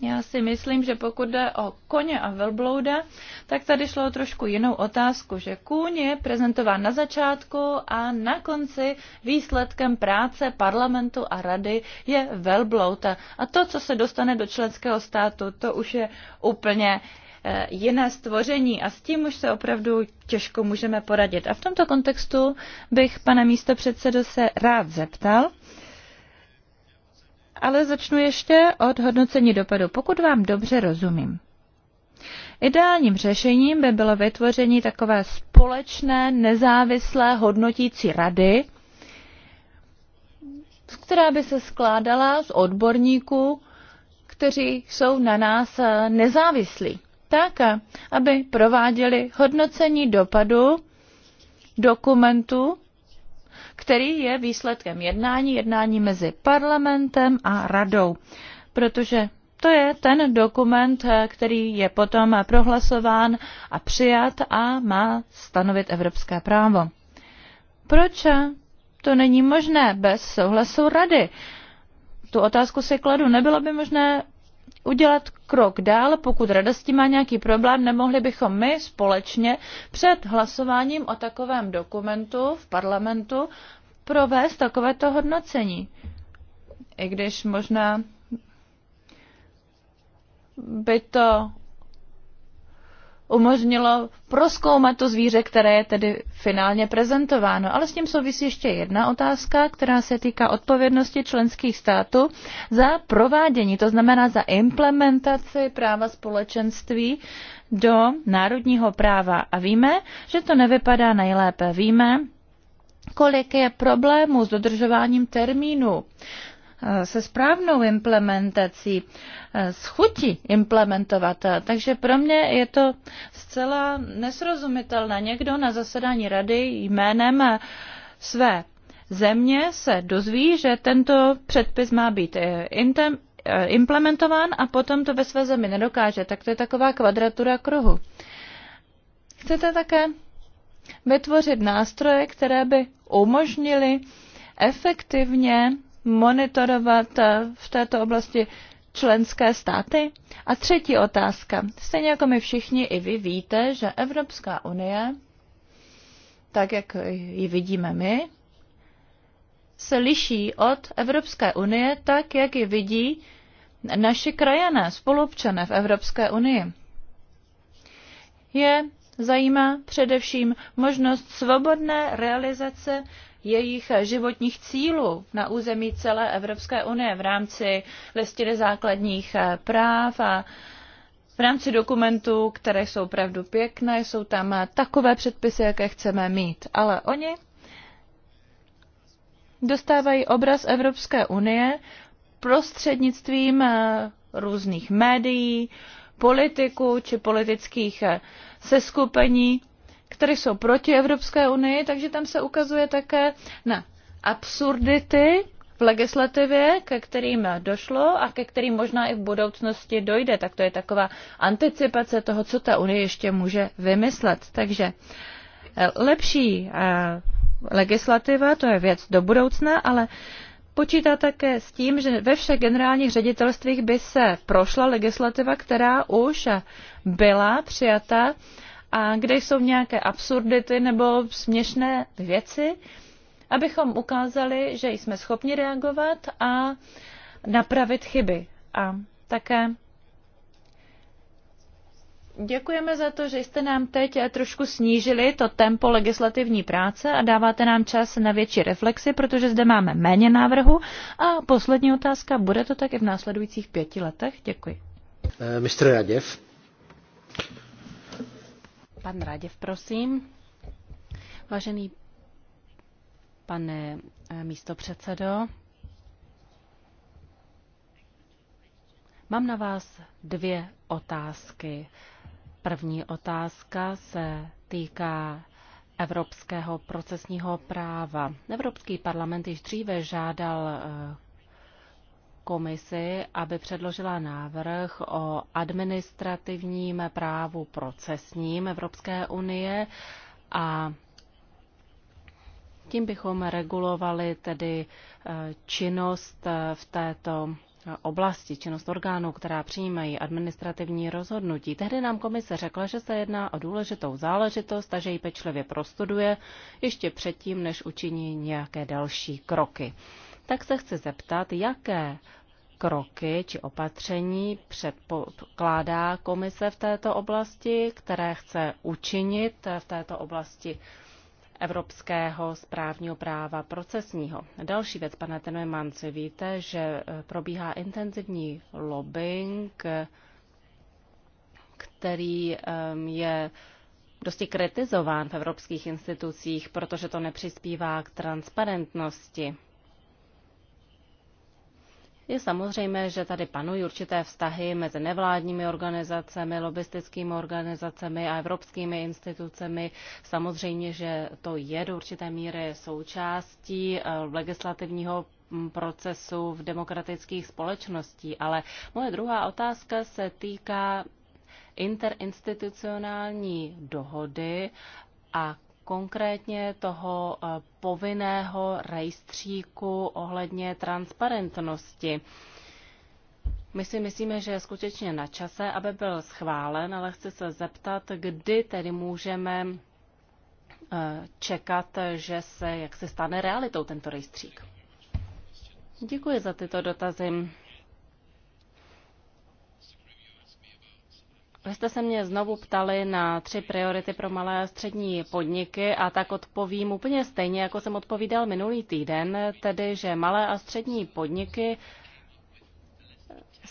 Já si myslím, že pokud jde o koně a velblouda, tak tady šlo o trošku jinou otázku, že kůň je prezentován na začátku a na konci výsledkem práce parlamentu a rady je velblouda. A to, co se dostane do členského státu, to už je úplně eh, jiné stvoření a s tím už se opravdu těžko můžeme poradit. A v tomto kontextu bych, pane místo předsedo, se rád zeptal, ale začnu ještě od hodnocení dopadu, pokud vám dobře rozumím. Ideálním řešením by bylo vytvoření takové společné nezávislé hodnotící rady, která by se skládala z odborníků, kteří jsou na nás eh, nezávislí, tak, eh, aby prováděli hodnocení dopadu dokumentu který je výsledkem jednání, jednání mezi parlamentem a radou. Protože to je ten dokument, eh, který je potom prohlasován a přijat a má stanovit evropské právo. Proč eh, to není možné bez souhlasu rady? Tu otázku si kladu. Nebylo by možné udělat krok dál, pokud rada s tím má nějaký problém, nemohli bychom my společně před hlasováním o takovém dokumentu v parlamentu provést takovéto hodnocení. I když možná by to umožnilo proskoumat to zvíře, které je tedy finálně prezentováno. Ale s tím souvisí ještě jedna otázka, která se týká odpovědnosti členských států za provádění, to znamená za implementaci práva společenství do národního práva. A víme, že to nevypadá nejlépe. Víme, kolik je problémů s dodržováním termínu. Eh, se správnou implementací, eh, s chutí implementovat. Takže pro mě je to zcela nesrozumitelné. Někdo na zasedání rady jménem eh, své země se dozví, že tento předpis má být intem, implementován a potom to ve své zemi nedokáže. Tak to je taková kvadratura kruhu. Chcete také vytvořit nástroje, které by umožnily efektivně monitorovat eh, v této oblasti členské státy? A třetí otázka. Stejně jako my všichni i vy víte, že Evropská unie, tak jak ji vidíme my, se liší od Evropské unie tak, jak ji vidí naši krajané, spolupčané v Evropské unii. Je zajímá především možnost svobodné realizace jejich životních cílů na území celé Evropské unie v rámci listiny základních eh, práv a v rámci dokumentů, které jsou opravdu pěkné, jsou tam eh, takové předpisy, jaké chceme mít. Ale oni dostávají obraz Evropské unie prostřednictvím eh, různých médií, politiků či politických seskupení, které jsou proti Evropské unii, takže tam se ukazuje také na absurdity v legislativě, ke kterým došlo a ke kterým možná i v budoucnosti dojde. Tak to je taková anticipace toho, co ta Unie ještě může vymyslet. Takže eh, lepší eh, legislativa, to je věc do budoucna, ale počítá také s tím, že ve všech generálních ředitelstvích by se prošla legislativa, která už byla přijata a kde jsou nějaké absurdity nebo směšné věci, abychom ukázali, že jsme schopni reagovat a napravit chyby. A také děkujeme za to, že jste nám teď trošku snížili to tempo legislativní práce a dáváte nám čas na větší reflexy, protože zde máme méně návrhu. A poslední otázka, bude to tak i v následujících pěti letech? Děkuji. Eh, Mistr Raděv. Pan Raděv, prosím. Vážený pane eh, místopředsedo, mám na vás dvě otázky. První otázka se týká evropského procesního práva. Evropský parlament již dříve žádal eh, komisi, aby předložila návrh o administrativním právu procesním Evropské unie a tím bychom regulovali tedy e, činnost e, v této oblasti, činnost orgánů, která přijímají administrativní rozhodnutí. Tehdy nám komise řekla, že se jedná o důležitou záležitost a že ji pečlivě prostuduje ještě předtím, než učiní nějaké další kroky tak se chci zeptat, jaké kroky či opatření předpokládá komise v této oblasti, které chce učinit v této oblasti evropského správního práva procesního. Další věc, pane Tenemanci, víte, že eh, probíhá intenzivní lobbying, který ehm, je dosti kritizován v evropských institucích, protože to nepřispívá k transparentnosti. Je samozřejmé, že tady panují určité vztahy mezi nevládními organizacemi, lobistickými organizacemi a evropskými institucemi. Samozřejmě, že to je do určité míry součástí eh, legislativního mm, procesu v demokratických společností. Ale moje druhá otázka se týká interinstitucionální dohody a konkrétně toho eh, povinného rejstříku ohledně transparentnosti. My si myslíme, že je skutečně na čase, aby byl schválen, ale chci se zeptat, kdy tedy můžeme eh, čekat, že se, jak se stane realitou tento rejstřík. Děkuji za tyto dotazy. Vy jste se mě znovu ptali na tři priority pro malé a střední podniky a tak odpovím úplně stejně, jako jsem odpovídal minulý týden, tedy že malé a střední podniky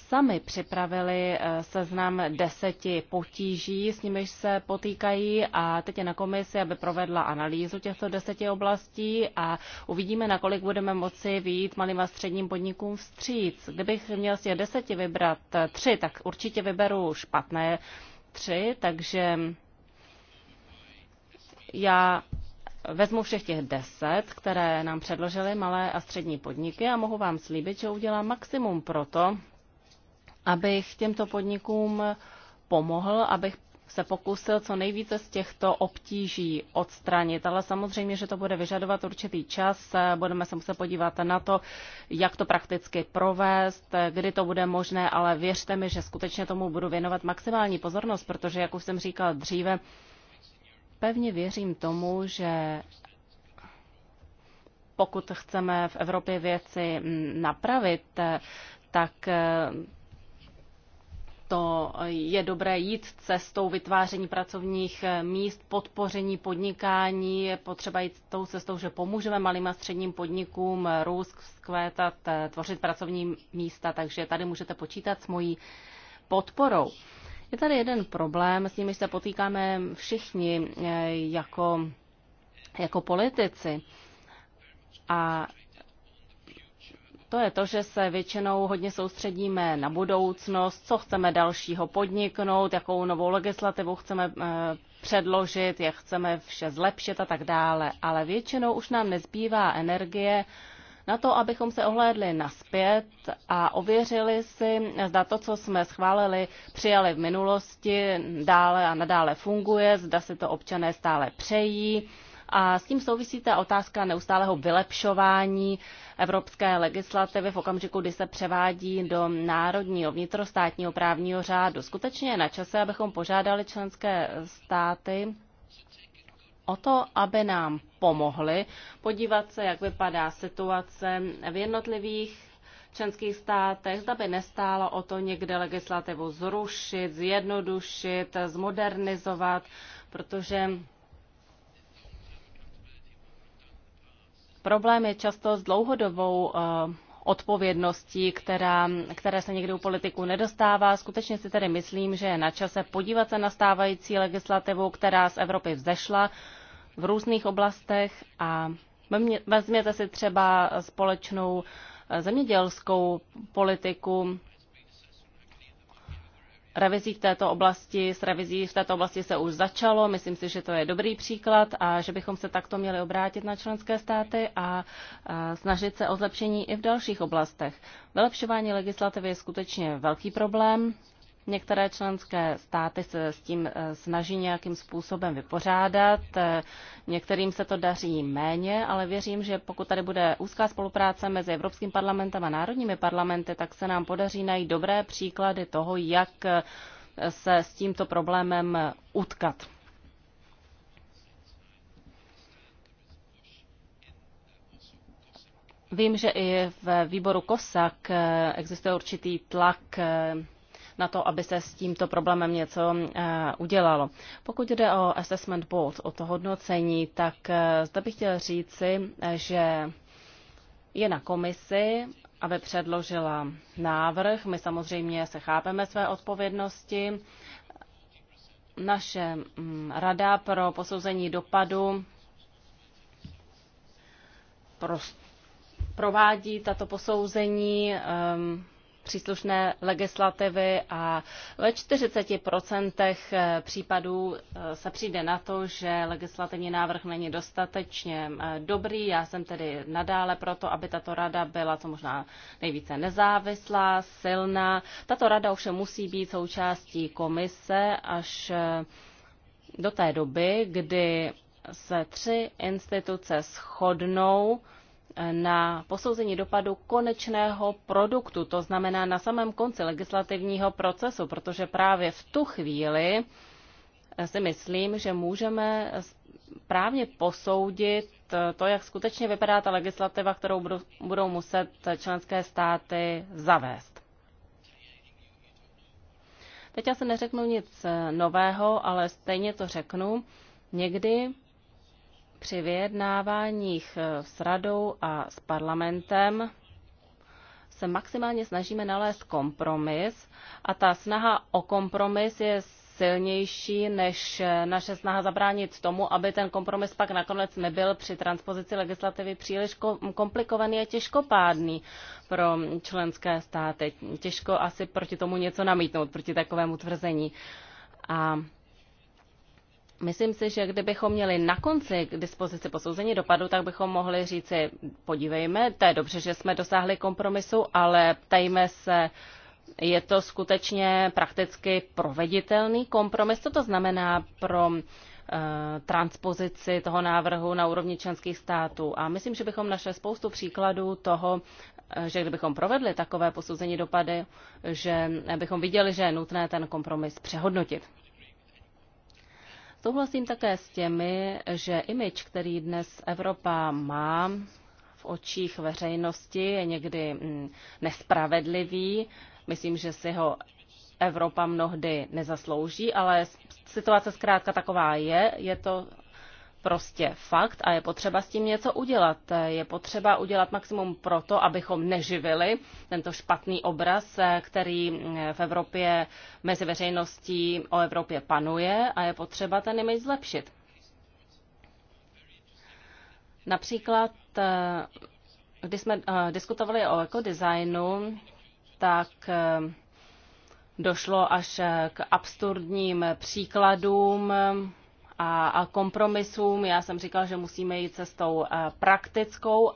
sami připravili eh, seznam deseti potíží, s nimiž se potýkají a teď je na komisi, aby provedla analýzu těchto deseti oblastí a uvidíme, nakolik budeme moci výjít malým a středním podnikům vstříc. Kdybych měl z těch deseti vybrat eh, tři, tak určitě vyberu špatné tři, takže já vezmu všech těch deset, které nám předložily malé a střední podniky a mohu vám slíbit, že udělám maximum pro to, abych těmto podnikům pomohl, abych se pokusil co nejvíce z těchto obtíží odstranit. Ale samozřejmě, že to bude vyžadovat určitý čas. Budeme se muset podívat na to, jak to prakticky provést, kdy to bude možné, ale věřte mi, že skutečně tomu budu věnovat maximální pozornost, protože, jak už jsem říkal dříve, pevně věřím tomu, že pokud chceme v Evropě věci mm, napravit, tak to je dobré jít cestou vytváření pracovních míst, podpoření podnikání, je potřeba jít tou cestou, že pomůžeme malým a středním podnikům růst, zkvétat, eh, tvořit pracovní místa, takže tady můžete počítat s mojí podporou. Je tady jeden problém, s nimiž se potýkáme všichni eh, jako, jako politici. A to je to, že se většinou hodně soustředíme na budoucnost, co chceme dalšího podniknout, jakou novou legislativu chceme eh, předložit, jak chceme vše zlepšit a tak dále. Ale většinou už nám nezbývá energie na to, abychom se ohlédli naspět a ověřili si, zda to, co jsme schválili, přijali v minulosti, dále a nadále funguje, zda si to občané stále přejí, a s tím souvisí ta otázka neustálého vylepšování evropské legislativy v okamžiku, kdy se převádí do národního vnitrostátního právního řádu. Skutečně je na čase, abychom požádali členské státy o to, aby nám pomohli podívat se, jak vypadá situace v jednotlivých členských státech, zda by nestálo o to někde legislativu zrušit, zjednodušit, zmodernizovat, protože Problém je často s dlouhodobou eh, odpovědností, která, které se někdy u politiků nedostává. Skutečně si tedy myslím, že je na čase podívat se na stávající legislativu, která z Evropy vzešla v různých oblastech a vezměte si třeba společnou eh, zemědělskou politiku, revizí v této oblasti, s revizí v této oblasti se už začalo. Myslím si, že to je dobrý příklad a že bychom se takto měli obrátit na členské státy a, a snažit se o zlepšení i v dalších oblastech. Vylepšování legislativy je skutečně velký problém Některé členské státy se s tím eh, snaží nějakým způsobem vypořádat, eh, některým se to daří méně, ale věřím, že pokud tady bude úzká spolupráce mezi Evropským parlamentem a národními parlamenty, tak se nám podaří najít dobré příklady toho, jak eh, se s tímto problémem utkat. Vím, že i v výboru COSAC existuje určitý tlak na to, aby se s tímto problémem něco eh, udělalo. Pokud jde o assessment board, o to hodnocení, tak eh, zde bych chtěl říci, eh, že je na komisi, aby předložila návrh. My samozřejmě se chápeme své odpovědnosti. Naše mm, rada pro posouzení dopadu provádí tato posouzení. Ehm, příslušné legislativy a ve 40% eh, případů eh, se přijde na to, že legislativní návrh není dostatečně eh, dobrý. Já jsem tedy nadále proto, aby tato rada byla co možná nejvíce nezávislá, silná. Tato rada ovšem musí být součástí komise až do té doby, kdy se tři instituce shodnou na posouzení dopadu konečného produktu, to znamená na samém konci legislativního procesu, protože právě v tu chvíli si myslím, že můžeme právně posoudit to, jak skutečně vypadá ta legislativa, kterou budou muset členské státy zavést. Teď se neřeknu nic nového, ale stejně to řeknu. Někdy při vyjednáváních eh, s radou a s parlamentem se maximálně snažíme nalézt kompromis a ta snaha o kompromis je silnější než eh, naše snaha zabránit tomu, aby ten kompromis pak nakonec nebyl při transpozici legislativy příliš komplikovaný a těžkopádný pro členské státy. Těžko asi proti tomu něco namítnout, proti takovému tvrzení. A Myslím si, že kdybychom měli na konci k dispozici posouzení dopadu, tak bychom mohli říci, podívejme, to je dobře, že jsme dosáhli kompromisu, ale ptejme se, je to skutečně prakticky proveditelný kompromis? Co to znamená pro eh, transpozici toho návrhu na úrovni členských států. A myslím, že bychom našli spoustu příkladů toho, eh, že kdybychom provedli takové posouzení dopady, že bychom viděli, že je nutné ten kompromis přehodnotit. Souhlasím také s těmi, že imič, který dnes Evropa má v očích veřejnosti, je někdy mm, nespravedlivý. Myslím, že si ho Evropa mnohdy nezaslouží, ale situace zkrátka taková je. Je to prostě fakt a je potřeba s tím něco udělat. Je potřeba udělat maximum proto, abychom neživili tento špatný obraz, který v Evropě mezi veřejností o Evropě panuje a je potřeba ten image zlepšit. Například, když jsme eh, diskutovali o ekodesignu, tak eh, došlo až eh, k absurdním příkladům a, a kompromisům. Já jsem říkal, že musíme jít cestou eh, praktickou,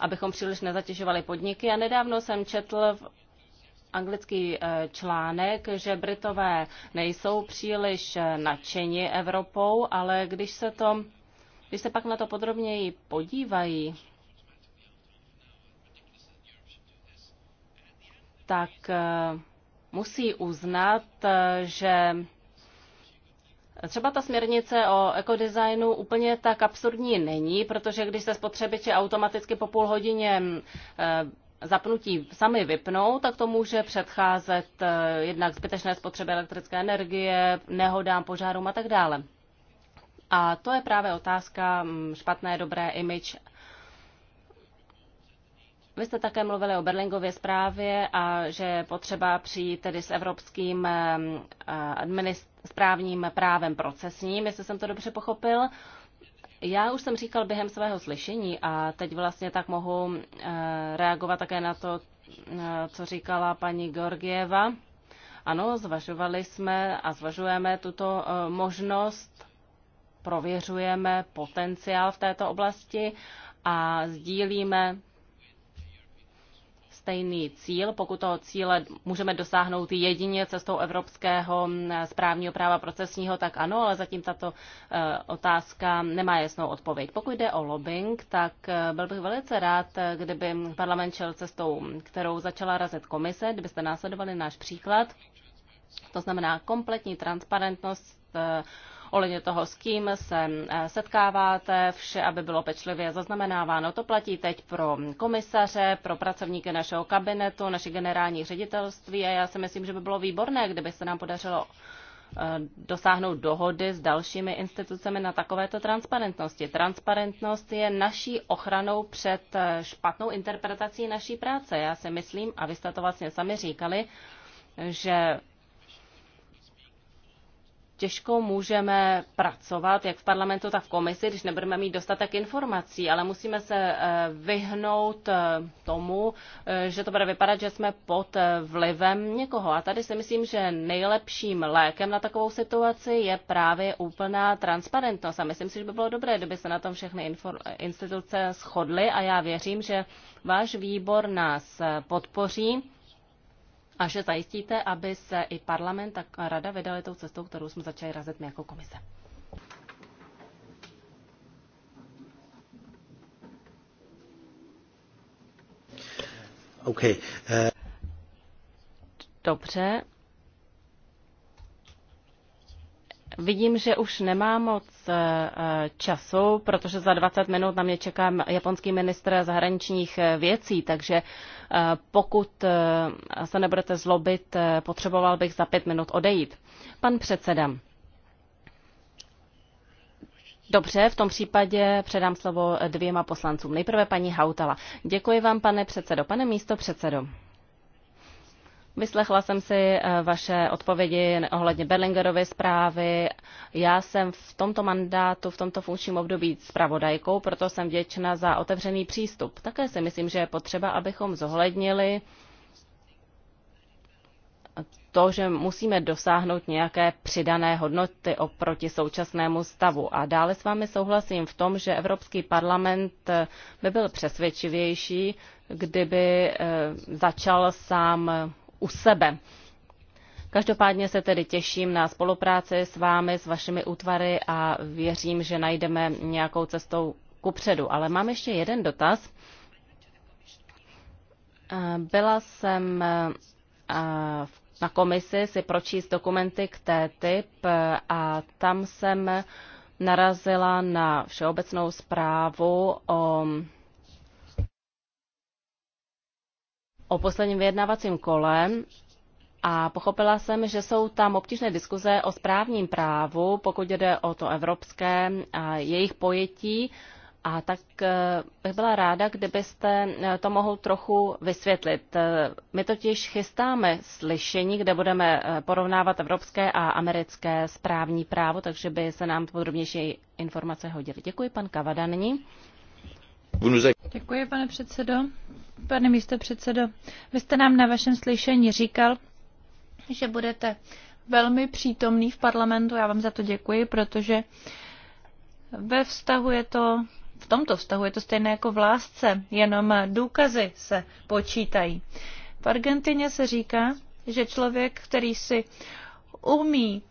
abychom příliš nezatěžovali podniky. A nedávno jsem četl v anglický eh, článek, že Britové nejsou příliš eh, nadšeni Evropou, ale když se, to, když se pak na to podrobněji podívají, tak musí uznat, že Třeba ta směrnice o ekodesignu úplně tak absurdní není, protože když se spotřebiče automaticky po půl hodině mm, eh, zapnutí sami vypnou, tak to může předcházet eh, jednak zbytečné spotřeby elektrické energie, nehodám, požárům a tak dále. A to je právě otázka mm, špatné, dobré image vy jste také mluvili o Berlingově zprávě a že je potřeba přijít tedy s evropským eh, správním právem procesním, jestli jsem to dobře pochopil. Já už jsem říkal během svého slyšení a teď vlastně tak mohu eh, reagovat také na to, eh, co říkala paní Georgieva. Ano, zvažovali jsme a zvažujeme tuto možnost, prověřujeme potenciál v této oblasti a sdílíme stejný cíl, pokud toho cíle můžeme dosáhnout jedině cestou evropského eh, správního práva procesního, tak ano, ale zatím tato eh, otázka nemá jasnou odpověď. Pokud jde o lobbying, tak eh, byl bych velice rád, kdyby parlament šel cestou, kterou začala razit komise, kdybyste následovali náš příklad, to znamená kompletní transparentnost ohledně toho, s kým se eh, setkáváte, vše, aby bylo pečlivě zaznamenáváno. To platí teď pro komisaře, pro pracovníky našeho kabinetu, naše generální ředitelství a já si myslím, že by bylo výborné, kdyby se nám podařilo eh, dosáhnout dohody s dalšími institucemi na takovéto transparentnosti. Transparentnost je naší ochranou před eh, špatnou interpretací naší práce. Já si myslím, a vy jste to vlastně sami říkali, že těžko můžeme pracovat, jak v parlamentu, tak v komisi, když nebudeme mít dostatek informací, ale musíme se eh, vyhnout eh, tomu, eh, že to bude vypadat, že jsme pod vlivem někoho. A tady si myslím, že nejlepším lékem na takovou situaci je právě úplná transparentnost. A myslím si, že by bylo dobré, kdyby se na tom všechny instituce shodly a já věřím, že váš výbor nás podpoří a že zajistíte, aby se i parlament a rada vydali tou cestou, kterou jsme začali razit my jako komise. Okay. Uh... Dobře, Vidím, že už nemám moc eh, eh, času, protože za 20 minut na mě čeká japonský ministr zahraničních eh, věcí, takže pokud se nebudete zlobit, potřeboval bych za pět minut odejít. Pan předseda. Dobře, v tom případě předám slovo dvěma poslancům. Nejprve paní Hautala. Děkuji vám, pane předsedo. Pane místo předsedo. Vyslechla jsem si eh, vaše odpovědi ohledně Berlingerovy zprávy. Já jsem v tomto mandátu, v tomto funkčním období zpravodajkou, proto jsem vděčna za otevřený přístup. Také si myslím, že je potřeba, abychom zohlednili to, že musíme dosáhnout nějaké přidané hodnoty oproti současnému stavu. A dále s vámi souhlasím v tom, že Evropský parlament eh, by byl přesvědčivější, kdyby eh, začal sám u sebe. Každopádně se tedy těším na spolupráci s vámi, s vašimi útvary a věřím, že najdeme nějakou cestou kupředu. Ale mám ještě jeden dotaz. Eh, byla jsem eh, na komisi si pročíst dokumenty k té typ eh, a tam jsem narazila na všeobecnou zprávu o o posledním vyjednávacím kole a pochopila jsem, že jsou tam obtížné diskuze o správním právu, pokud jde o to evropské a jejich pojetí. A tak eh, bych byla ráda, kdybyste eh, to mohl trochu vysvětlit. Eh, my totiž chystáme slyšení, kde budeme porovnávat evropské a americké správní právo, takže by se nám podrobnější informace hodily. Děkuji, pan Kavadaní. Děkuji, pane předsedo. Pane místo předsedo, vy jste nám na vašem slyšení říkal, že budete velmi přítomný v parlamentu. Já vám za to děkuji, protože ve vztahu je to, v tomto vztahu je to stejné jako v lásce, jenom důkazy se počítají. V Argentině se říká, že člověk, který si umí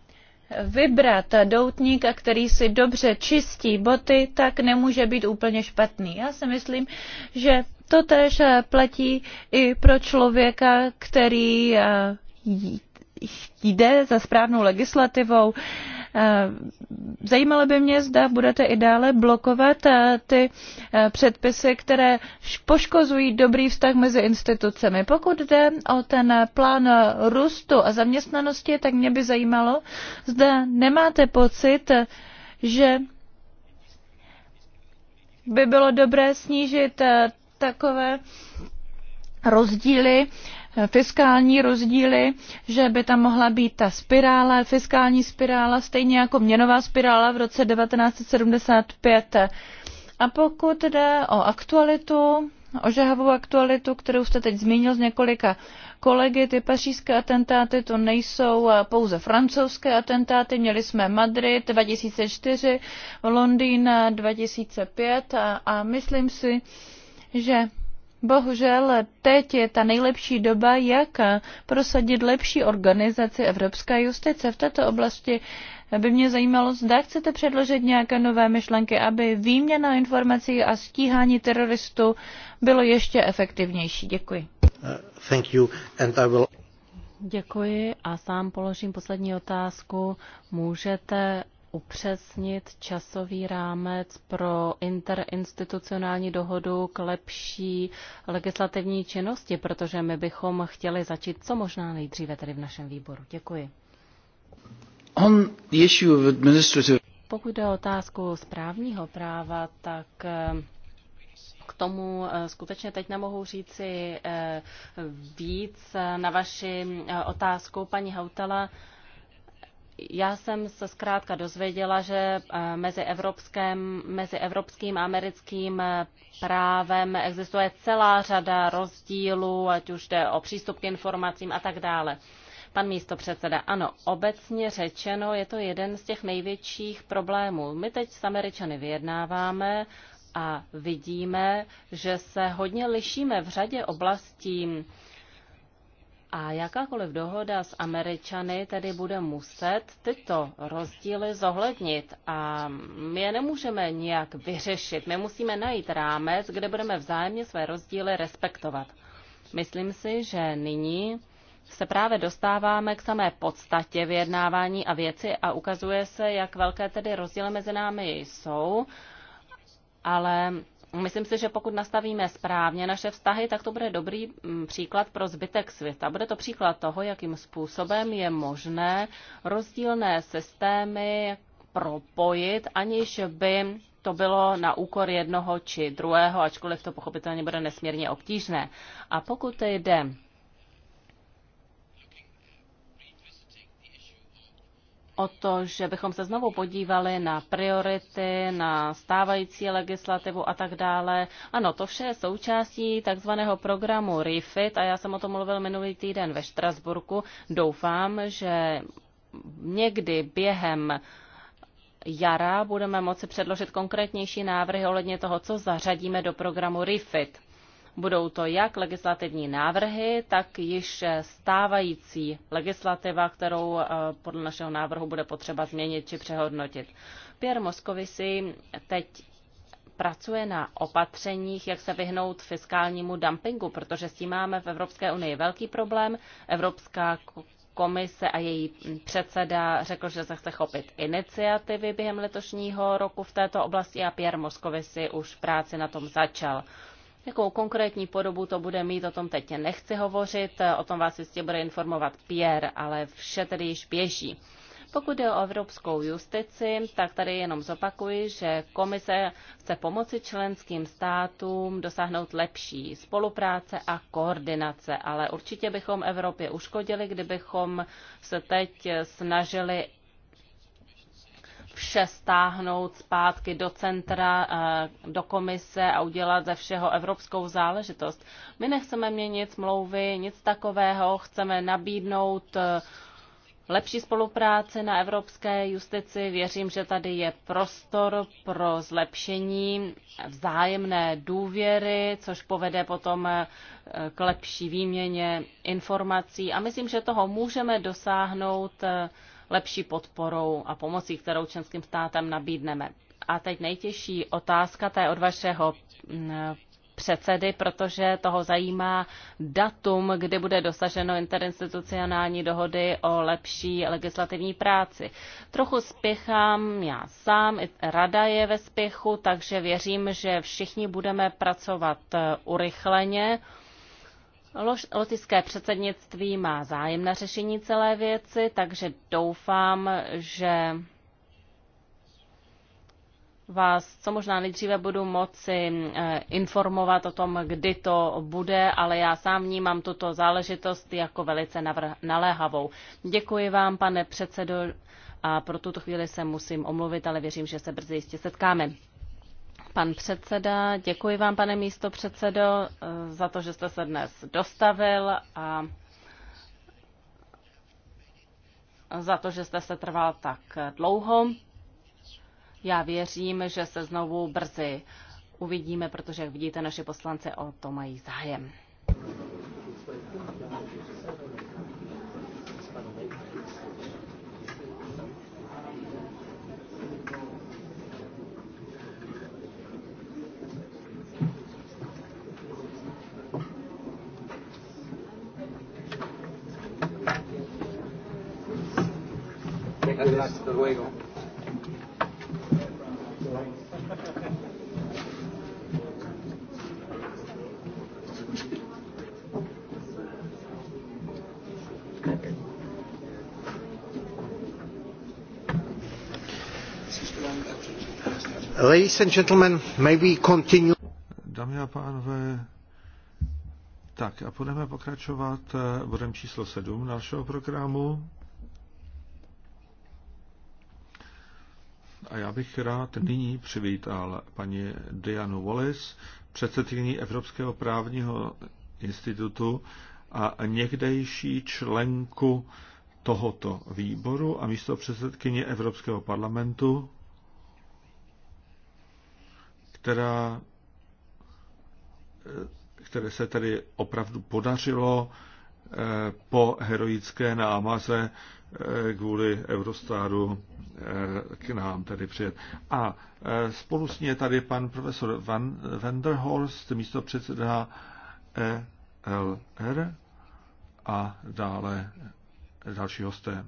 vybrat doutníka, který si dobře čistí boty, tak nemůže být úplně špatný. Já si myslím, že to tež platí i pro člověka, který eh, jde za správnou legislativou, Eh, zajímalo by mě, zda budete i dále blokovat eh, ty eh, předpisy, které poškozují dobrý vztah mezi institucemi. Pokud jde o ten plán růstu a zaměstnanosti, tak mě by zajímalo, zda nemáte pocit, že by bylo dobré snížit takové rozdíly fiskální rozdíly, že by tam mohla být ta spirála, fiskální spirála, stejně jako měnová spirála v roce 1975. A pokud jde o aktualitu, ožehavou aktualitu, kterou jste teď zmínil z několika kolegy, ty pařížské atentáty, to nejsou pouze francouzské atentáty, měli jsme Madrid 2004, Londýn 2005 a, a myslím si, že Bohužel teď je ta nejlepší doba, jak prosadit lepší organizaci Evropské justice. V této oblasti by mě zajímalo, zda chcete předložit nějaké nové myšlenky, aby výměna informací a stíhání teroristů bylo ještě efektivnější. Děkuji. Uh, thank you and I will... Děkuji a sám položím poslední otázku. Můžete upřesnit časový rámec pro interinstitucionální dohodu k lepší legislativní činnosti, protože my bychom chtěli začít co možná nejdříve tady v našem výboru. Děkuji. On the issue of administrative... Pokud jde o otázku správního práva, tak eh, k tomu eh, skutečně teď nemohu říci eh, víc na vaši otázku, paní Hautala já jsem se zkrátka dozvěděla, že eh, mezi evropským, mezi evropským a americkým eh, právem existuje celá řada rozdílů, ať už jde o přístup k informacím a tak dále. Pan místo předseda, ano, obecně řečeno je to jeden z těch největších problémů. My teď s Američany vyjednáváme a vidíme, že se hodně lišíme v řadě oblastí a jakákoliv dohoda s Američany tedy bude muset tyto rozdíly zohlednit a my je nemůžeme nijak vyřešit. My musíme najít rámec, kde budeme vzájemně své rozdíly respektovat. Myslím si, že nyní se právě dostáváme k samé podstatě vyjednávání a věci a ukazuje se, jak velké tedy rozdíly mezi námi jsou, ale Myslím si, že pokud nastavíme správně naše vztahy, tak to bude dobrý mm, příklad pro zbytek světa. Bude to příklad toho, jakým způsobem je možné rozdílné systémy propojit, aniž by to bylo na úkor jednoho či druhého, ačkoliv to pochopitelně bude nesmírně obtížné. A pokud jde o to, že bychom se znovu podívali na priority, na stávající legislativu a tak dále. Ano, to vše je součástí takzvaného programu REFIT a já jsem o tom mluvil minulý týden ve Štrasburku. Doufám, že někdy během jara budeme moci předložit konkrétnější návrhy ohledně toho, co zařadíme do programu REFIT. Budou to jak legislativní návrhy, tak již stávající legislativa, kterou eh, podle našeho návrhu bude potřeba změnit či přehodnotit. Pierre Moscovici teď pracuje na opatřeních, jak se vyhnout fiskálnímu dumpingu, protože s tím máme v Evropské unii velký problém. Evropská komise a její předseda řekl, že se chce chopit iniciativy během letošního roku v této oblasti a Pierre Moscovici už práci na tom začal. Jakou konkrétní podobu to bude mít, o tom teď nechci hovořit, o tom vás jistě bude informovat Pierre, ale vše tedy již běží. Pokud jde o evropskou justici, tak tady jenom zopakuji, že komise chce pomoci členským státům dosáhnout lepší spolupráce a koordinace, ale určitě bychom Evropě uškodili, kdybychom se teď snažili vše stáhnout zpátky do centra, eh, do komise a udělat ze všeho evropskou záležitost. My nechceme měnit smlouvy, nic takového, chceme nabídnout eh, lepší spolupráci na evropské justici. Věřím, že tady je prostor pro zlepšení vzájemné důvěry, což povede potom eh, k lepší výměně informací. A myslím, že toho můžeme dosáhnout lepší podporou a pomocí, kterou členským státem nabídneme. A teď nejtěžší otázka, to je od vašeho mm, předsedy, protože toho zajímá datum, kdy bude dosaženo interinstitucionální dohody o lepší legislativní práci. Trochu spěchám já sám, i rada je ve spěchu, takže věřím, že všichni budeme pracovat eh, urychleně. Lotyšské předsednictví má zájem na řešení celé věci, takže doufám, že vás co možná nejdříve budu moci eh, informovat o tom, kdy to bude, ale já sám vnímám tuto záležitost jako velice naléhavou. Děkuji vám, pane předsedo, a pro tuto chvíli se musím omluvit, ale věřím, že se brzy jistě setkáme. Pan předseda, děkuji vám, pane místo předsedo, za to, že jste se dnes dostavil a za to, že jste se trval tak dlouho. Já věřím, že se znovu brzy uvidíme, protože, jak vidíte, naši poslanci o to mají zájem. hasta luego. Ladies and gentlemen, may we continue? Dámy a pánové, tak a budeme pokračovat eh, bodem číslo 7 našeho programu. A já bych rád nyní přivítal paní Dianu Wallis, předsedkyní Evropského právního institutu a někdejší členku tohoto výboru a místo předsedkyně Evropského parlamentu, která, které se tedy opravdu podařilo eh, po heroické námaze Eh, kvůli Eurostaru eh, k nám tedy přijet. A eh, spolu s ní je tady pan profesor Van Vanderhorst, místo předseda ELR a dále další hosté.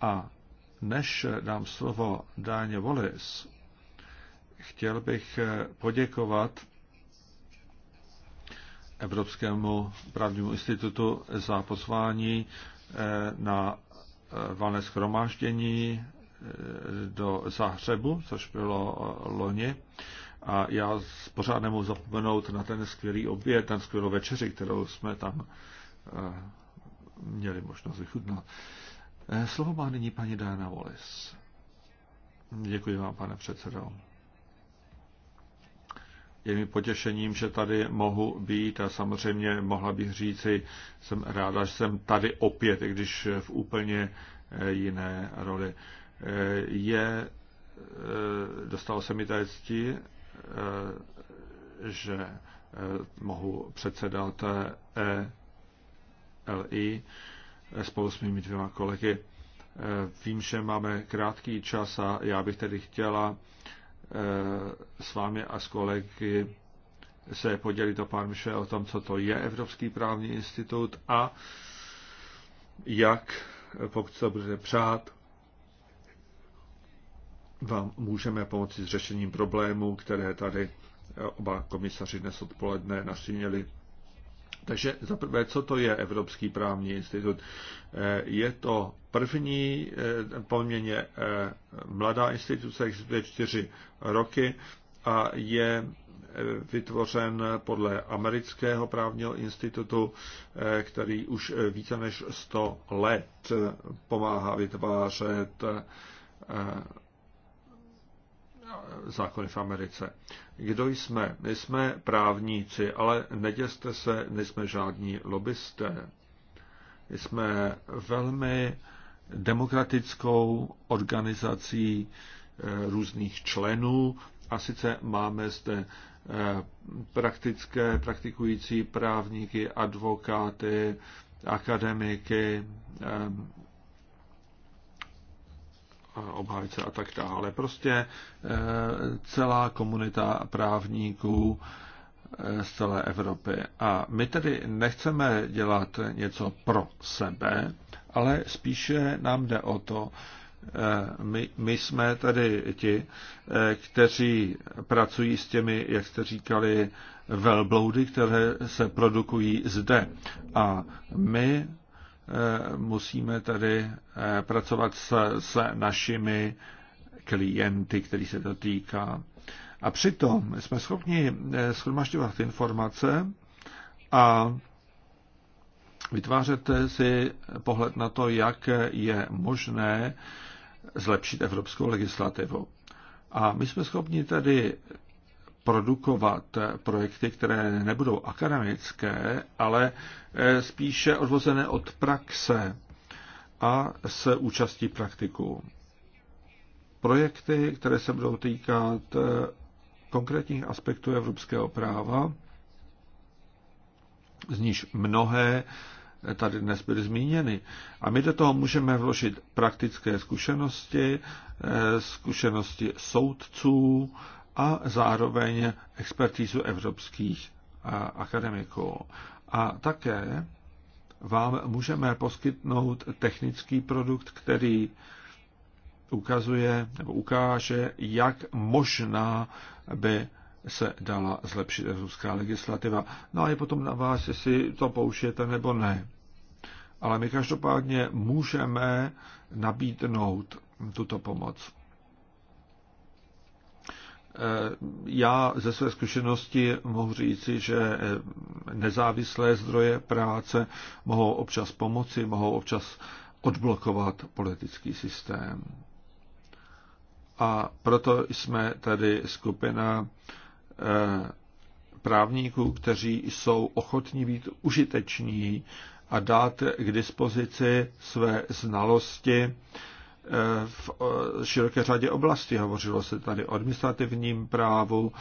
A než dám slovo Dáně Volis, chtěl bych poděkovat Evropskému právnímu institutu za pozvání na Eh, valné schromáždění eh, do Zahřebu, což bylo eh, loni. A já pořád nemůžu zapomenout na ten skvělý oběd, ten skvělou večeři, kterou jsme tam měli možnost vychutnat. Slovo má nyní paní Diana Wallace. Děkuji vám, pane předsedo je mi potěšením, že tady mohu být a samozřejmě mohla bych říci, jsem ráda, že jsem tady opět, i když v úplně eh, jiné roli. Eh, je, eh, dostalo se mi té cti, že mohu předsedat ELI e spolu s mými dvěma kolegy. Vím, že máme krátký čas a já bych tedy chtěla s vámi a s kolegy se podělit o pár myšle o tom, co to je Evropský právní institut a jak, pokud se bude přát, vám můžeme pomoci s řešením problémů, které tady oba komisaři dnes odpoledne nastínili. Takže za prvé, co to je Evropský právní institut? Eh, je to První eh, poměrně eh, mladá instituce existuje čtyři roky a je eh, vytvořen podle amerického právního institutu, který už více než 100 let pomáhá vytvářet zákony v Americe. Kdo jsme? My jsme právníci, ale neděste se, nejsme žádní lobbysté. Jsme velmi demokratickou organizací eh, různých členů a sice máme zde eh, praktické, praktikující právníky, advokáty, akademiky, eh, obhájce a tak dále. Prostě celá komunita právníků z celé Evropy. A my tedy nechceme dělat něco pro sebe, ale spíše nám jde o to, eh, my, my jsme tady ti, eh, kteří pracují s těmi, jak jste říkali, velbloudy, které se produkují zde. A my eh, musíme tady pracovat s, se našimi klienty, který se to týká. A přitom jsme schopni schromažďovat informace a vytvářete si pohled na to, jak je možné zlepšit evropskou legislativu. A my jsme schopni tedy produkovat projekty, které nebudou akademické, ale eh, spíše odvozené od praxe a s účastí praktiků. Projekty, které se budou týkat eh, konkrétních aspektů evropského práva z níž mnohé tady dnes byly zmíněny. A my do toho můžeme vložit praktické zkušenosti, eh, zkušenosti soudců a zároveň expertízu evropských eh, akademiků. A také vám můžeme poskytnout technický produkt, který ukazuje nebo ukáže, jak možná by se dala zlepšit evropská legislativa. No a je potom na vás, jestli to použijete nebo ne. Ale my každopádně můžeme nabídnout tuto pomoc. Eh, já ze své zkušenosti mohu říci, že eh, nezávislé zdroje práce mohou občas pomoci, mohou občas odblokovat politický systém. A proto jsme tady skupina Eh, právníků, kteří jsou ochotní být užiteční a dát k dispozici své znalosti eh, v eh, široké řadě oblasti. Hovořilo se tady o administrativním právu,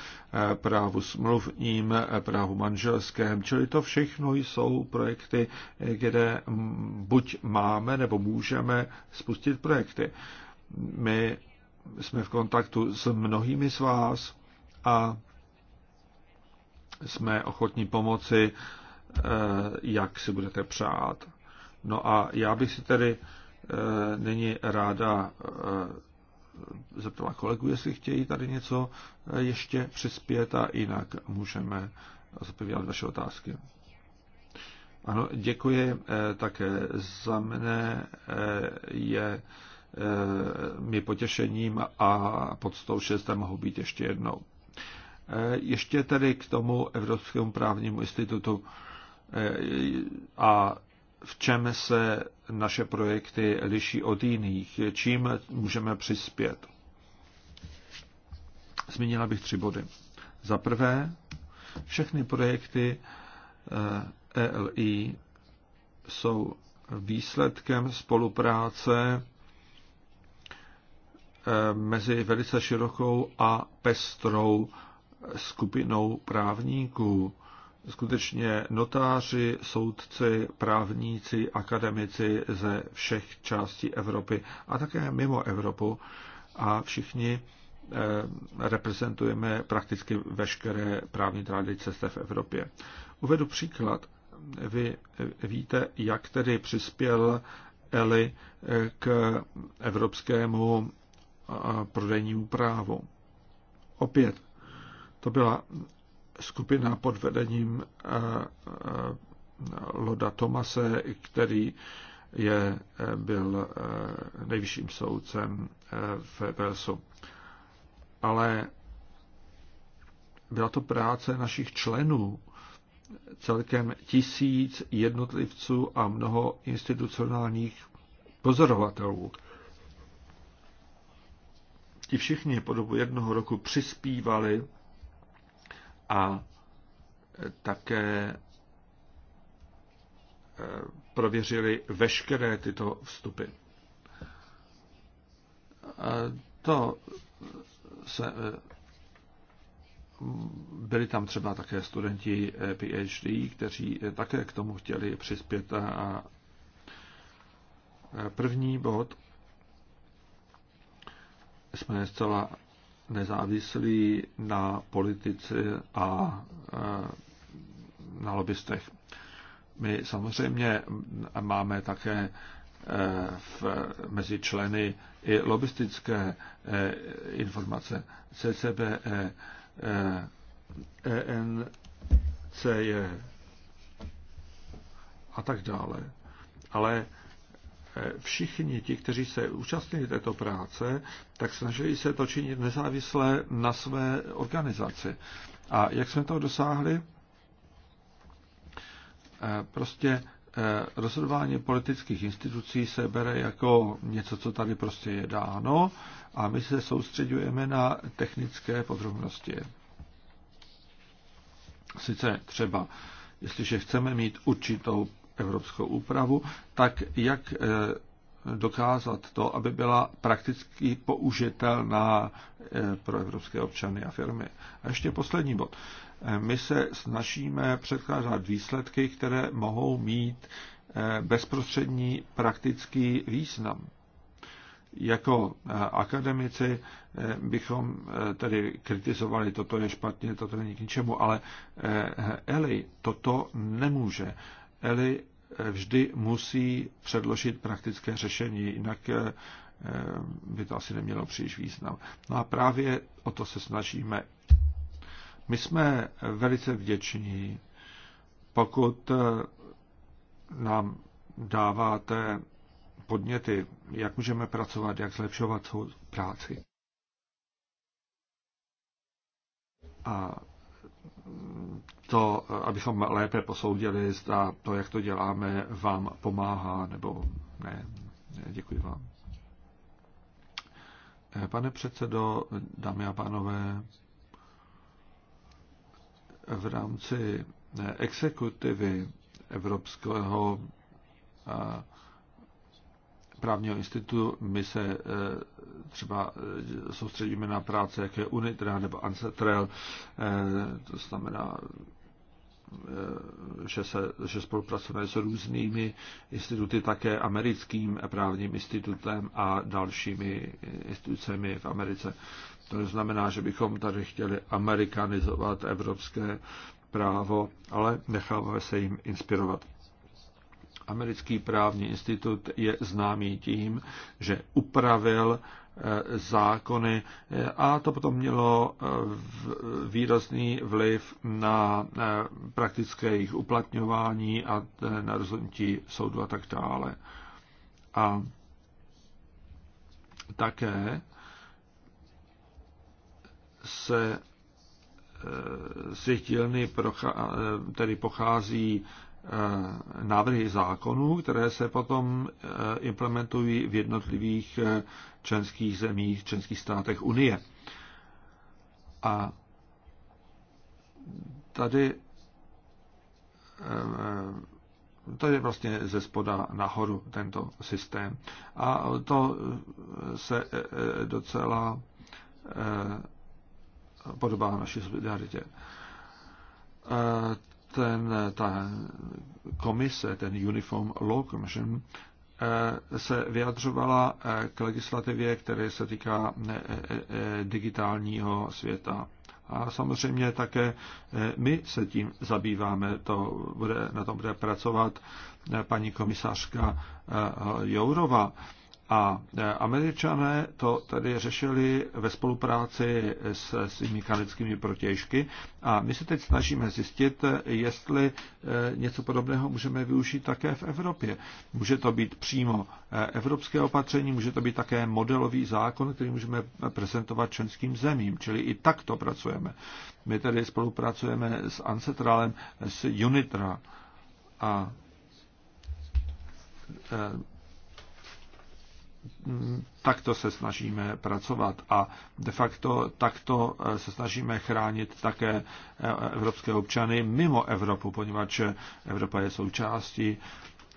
právu smluvním, právu manželském, čili to všechno jsou projekty, kde buď máme nebo můžeme spustit projekty. My jsme v kontaktu s mnohými z vás a jsme ochotní pomoci, eh, jak si budete přát. No a já bych si tedy eh, nyní ráda eh, zeptala kolegu, jestli chtějí tady něco ještě přispět a jinak můžeme zodpovědět vaše otázky. Ano, děkuji také za mne. Je mi potěšením a podstou, že zde mohu být ještě jednou. Eh, ještě tedy k tomu Evropskému právnímu institutu eh, a v čem se naše projekty liší od jiných, čím můžeme přispět. Zmínila bych tři body. Za prvé, všechny projekty ELI eh, e jsou výsledkem spolupráce mezi velice širokou a pestrou skupinou právníků. Skutečně notáři, soudci, právníci, akademici ze všech částí Evropy a také mimo Evropu a všichni eh, reprezentujeme prakticky veškeré právní tradice zde v Evropě. Uvedu příklad. Vy eh, víte, jak tedy přispěl Eli eh, k evropskému prodejnímu právu. Opět to byla skupina pod vedením eh, eh, Loda Tomase, který je, eh, byl nejvyšším soudcem v Velsu. Ale byla to práce našich členů, celkem tisíc jednotlivců a mnoho institucionálních pozorovatelů. Ti všichni po dobu jednoho roku přispívali a e, také e, prověřili veškeré tyto vstupy. To se, e, byli tam třeba také studenti PhD, kteří také k tomu chtěli přispět. A první bod jsme zcela nezávislý na politici a eh, na lobbystech. My samozřejmě máme také eh, v, mezi členy i lobbystické eh, informace. CCBE, ENCE a tak dále. Ale všichni ti, kteří se účastnili této práce, tak snažili se to činit nezávisle na své organizaci. A jak jsme toho dosáhli? Eh, prostě eh, rozhodování politických institucí se bere jako něco, co tady prostě je dáno a my se soustředujeme na technické podrobnosti. Sice třeba, jestliže chceme mít určitou evropskou úpravu, tak jak eh, dokázat to, aby byla prakticky použitelná eh, pro evropské občany a firmy. A ještě poslední bod. Eh, my se snažíme předkládat výsledky, které mohou mít bezprostřední praktický význam. Jako akademici bychom tedy kritizovali, toto je špatně, toto není k ničemu, ale Eli toto nemůže. Eli eh, vždy musí předložit praktické řešení, jinak eh, eh, by to asi nemělo příliš význam. No a právě o to se snažíme. My jsme velice vděční, pokud nám dáváte podněty, jak můžeme pracovat, jak zlepšovat svou práci. A to, abychom lépe posoudili, zda to, jak to děláme, vám pomáhá nebo ne. Děkuji vám. Pane předsedo, dámy a pánové, v rámci exekutivy Evropského právního institutu my se e, třeba soustředíme na práce, jako je UNITRA nebo ANSETREL, e, to znamená Eh, že, se, že spolupracujeme s různými instituty, také americkým právním institutem a dalšími institucemi v Americe. To neznamená, že bychom tady chtěli amerikanizovat evropské právo, ale necháváme se jim inspirovat. Americký právní institut je známý tím, že upravil Eh, zákony eh, a to potom mělo eh, výrazný vliv na praktické jejich uplatňování a na rozhodnutí soudu a tak dále. A také se z jejich dílny tedy pochází Eh, návrhy zákonů, které se potom eh, implementují v jednotlivých eh, členských zemích, členských státech Unie. A tady, tady je vlastně ze spoda nahoru tento systém. A to se docela podobá naší solidaritě ten, ta komise, ten Uniform Law Commission, eh, se vyjadřovala eh, k legislativě, které se týká eh, digitálního světa. A samozřejmě také my se tím zabýváme, to bude, na tom bude pracovat paní komisařka Jourova. A e, američané to tady řešili ve spolupráci s svými kanadskými protějšky a my se teď snažíme zjistit, jestli e, něco podobného můžeme využít také v Evropě. Může to být přímo e, evropské opatření, může to být také modelový zákon, který můžeme prezentovat členským zemím, čili i tak to pracujeme. My tady spolupracujeme s Ancetralem, s Unitra a takto se snažíme pracovat a de facto takto eh, se snažíme chránit také eh, evropské občany mimo Evropu, poněvadž Evropa je součástí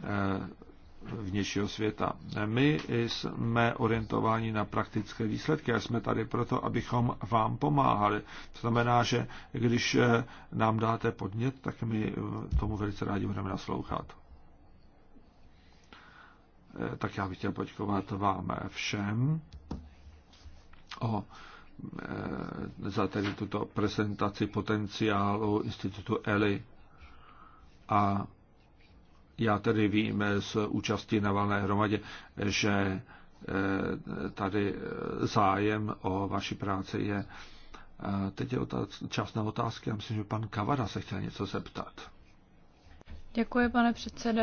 eh, vnějšího světa. My jsme orientováni na praktické výsledky a jsme tady proto, abychom vám pomáhali. To znamená, že když nám dáte podnět, tak my tomu velice rádi budeme naslouchat. Eh, tak já bych chtěl poděkovat vám všem o, eh, za tedy tuto prezentaci potenciálu institutu ELI. A já tedy vím z účasti na valné hromadě, že eh, tady zájem o vaši práci je. Teď je otáz- čas na otázky. Já myslím, že pan Kavara se chtěl něco zeptat. Děkuji, pane předsedo.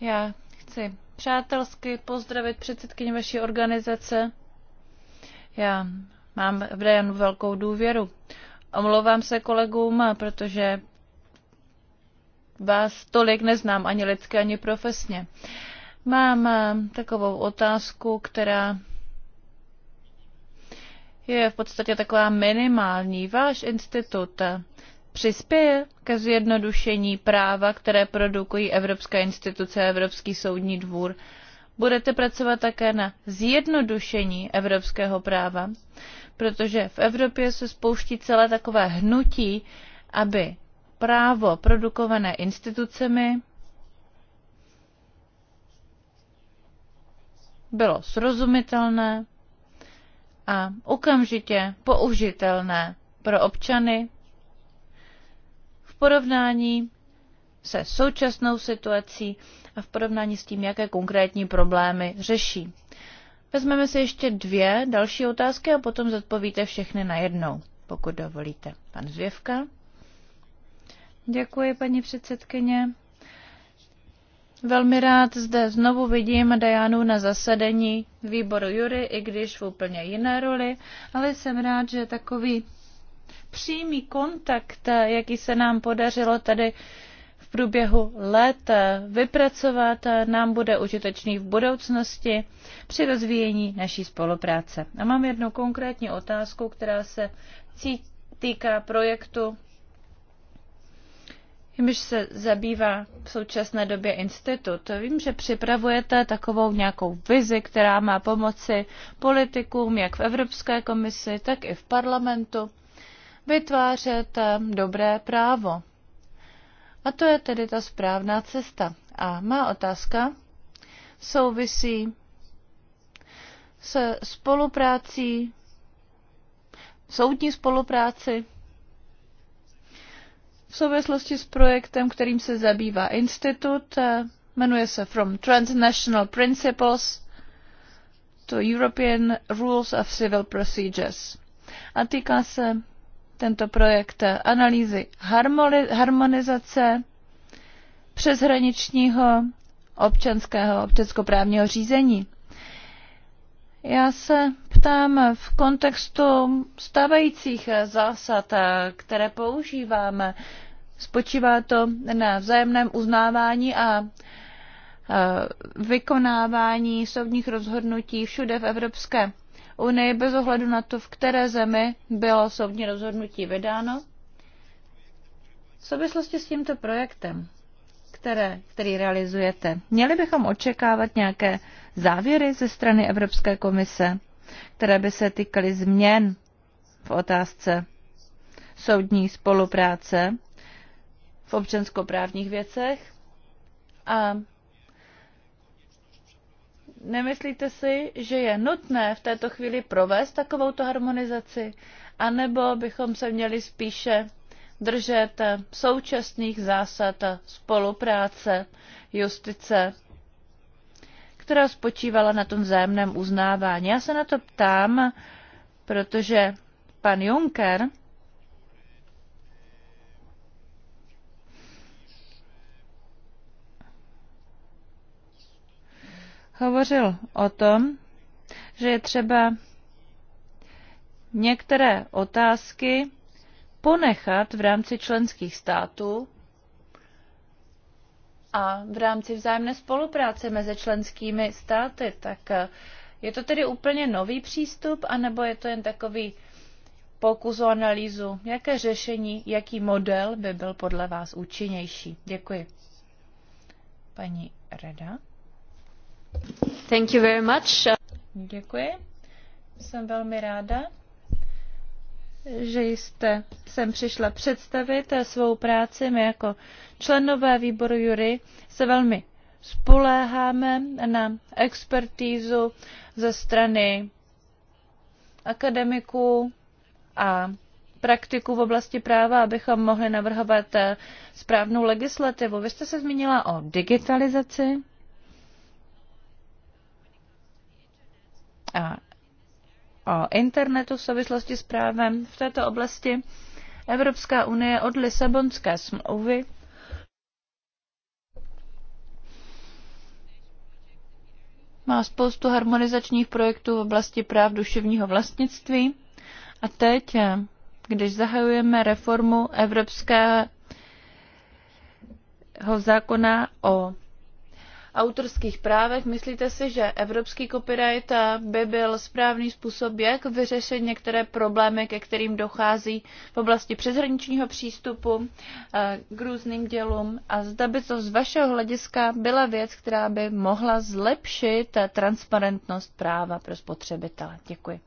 Já Chci přátelsky pozdravit předsedkyni vaší organizace. Já mám v Dejanu velkou důvěru. Omlouvám se kolegům, protože vás tolik neznám ani lidsky, ani profesně. Mám eh, takovou otázku, která je v podstatě taková minimální. Váš institut eh, přispěje ke zjednodušení práva, které produkují Evropské instituce a Evropský soudní dvůr? Budete pracovat také na zjednodušení evropského práva, protože v Evropě se spouští celé takové hnutí, aby právo produkované institucemi bylo srozumitelné a okamžitě použitelné pro občany porovnání se současnou situací a v porovnání s tím, jaké konkrétní problémy řeší. Vezmeme si ještě dvě další otázky a potom zodpovíte všechny najednou, pokud dovolíte. Pan Zvěvka. Děkuji, paní předsedkyně. Velmi rád zde znovu vidím Dajánu na zasedení výboru Jury, i když v úplně jiné roli, ale jsem rád, že takový přímý kontakt, jaký se nám podařilo tady v průběhu let vypracovat, nám bude užitečný v budoucnosti při rozvíjení naší spolupráce. A mám jednu konkrétní otázku, která se týká projektu Jimž se zabývá v současné době institut. Vím, že připravujete takovou nějakou vizi, která má pomoci politikům jak v Evropské komisi, tak i v parlamentu vytvářet eh, dobré právo. A to je tedy ta správná cesta. A má otázka souvisí se spoluprácí, soudní spolupráci v souvislosti s projektem, kterým se zabývá institut, eh, jmenuje se From Transnational Principles to European Rules of Civil Procedures a týká se tento projekt analýzy harmonizace přeshraničního občanského občanskoprávního řízení. Já se ptám v kontextu stávajících zásad, které používáme. Spočívá to na vzájemném uznávání a vykonávání soudních rozhodnutí všude v Evropské unii bez ohledu na to, v které zemi bylo soudní rozhodnutí vydáno. V souvislosti s tímto projektem, které, který realizujete, měli bychom očekávat nějaké závěry ze strany Evropské komise, které by se týkaly změn v otázce soudní spolupráce v občanskoprávních věcech a Nemyslíte si, že je nutné v této chvíli provést takovouto harmonizaci? A nebo bychom se měli spíše držet současných zásad spolupráce justice, která spočívala na tom vzájemném uznávání? Já se na to ptám, protože pan Juncker hovořil o tom, že je třeba některé otázky ponechat v rámci členských států a v rámci vzájemné spolupráce mezi členskými státy. Tak eh, je to tedy úplně nový přístup, anebo je to jen takový pokus o analýzu, jaké řešení, jaký model by byl podle vás účinnější? Děkuji. Paní Reda. Thank you very much. Děkuji. Jsem velmi ráda, že jste sem přišla představit svou práci. My jako členové výboru jury se velmi spoléháme na expertízu ze strany akademiků a praktiku v oblasti práva, abychom mohli navrhovat správnou legislativu. Vy jste se zmínila o digitalizaci. o internetu v souvislosti s právem v této oblasti Evropská unie od Lisabonské smlouvy má spoustu harmonizačních projektů v oblasti práv duševního vlastnictví a teď, když zahajujeme reformu Evropského zákona o autorských právech. Myslíte si, že evropský copyright by byl správný způsob, jak vyřešit některé problémy, ke kterým dochází v oblasti přeshraničního přístupu eh, k různým dělům? A zda by to z vašeho hlediska byla věc, která by mohla zlepšit transparentnost práva pro spotřebitele? Děkuji.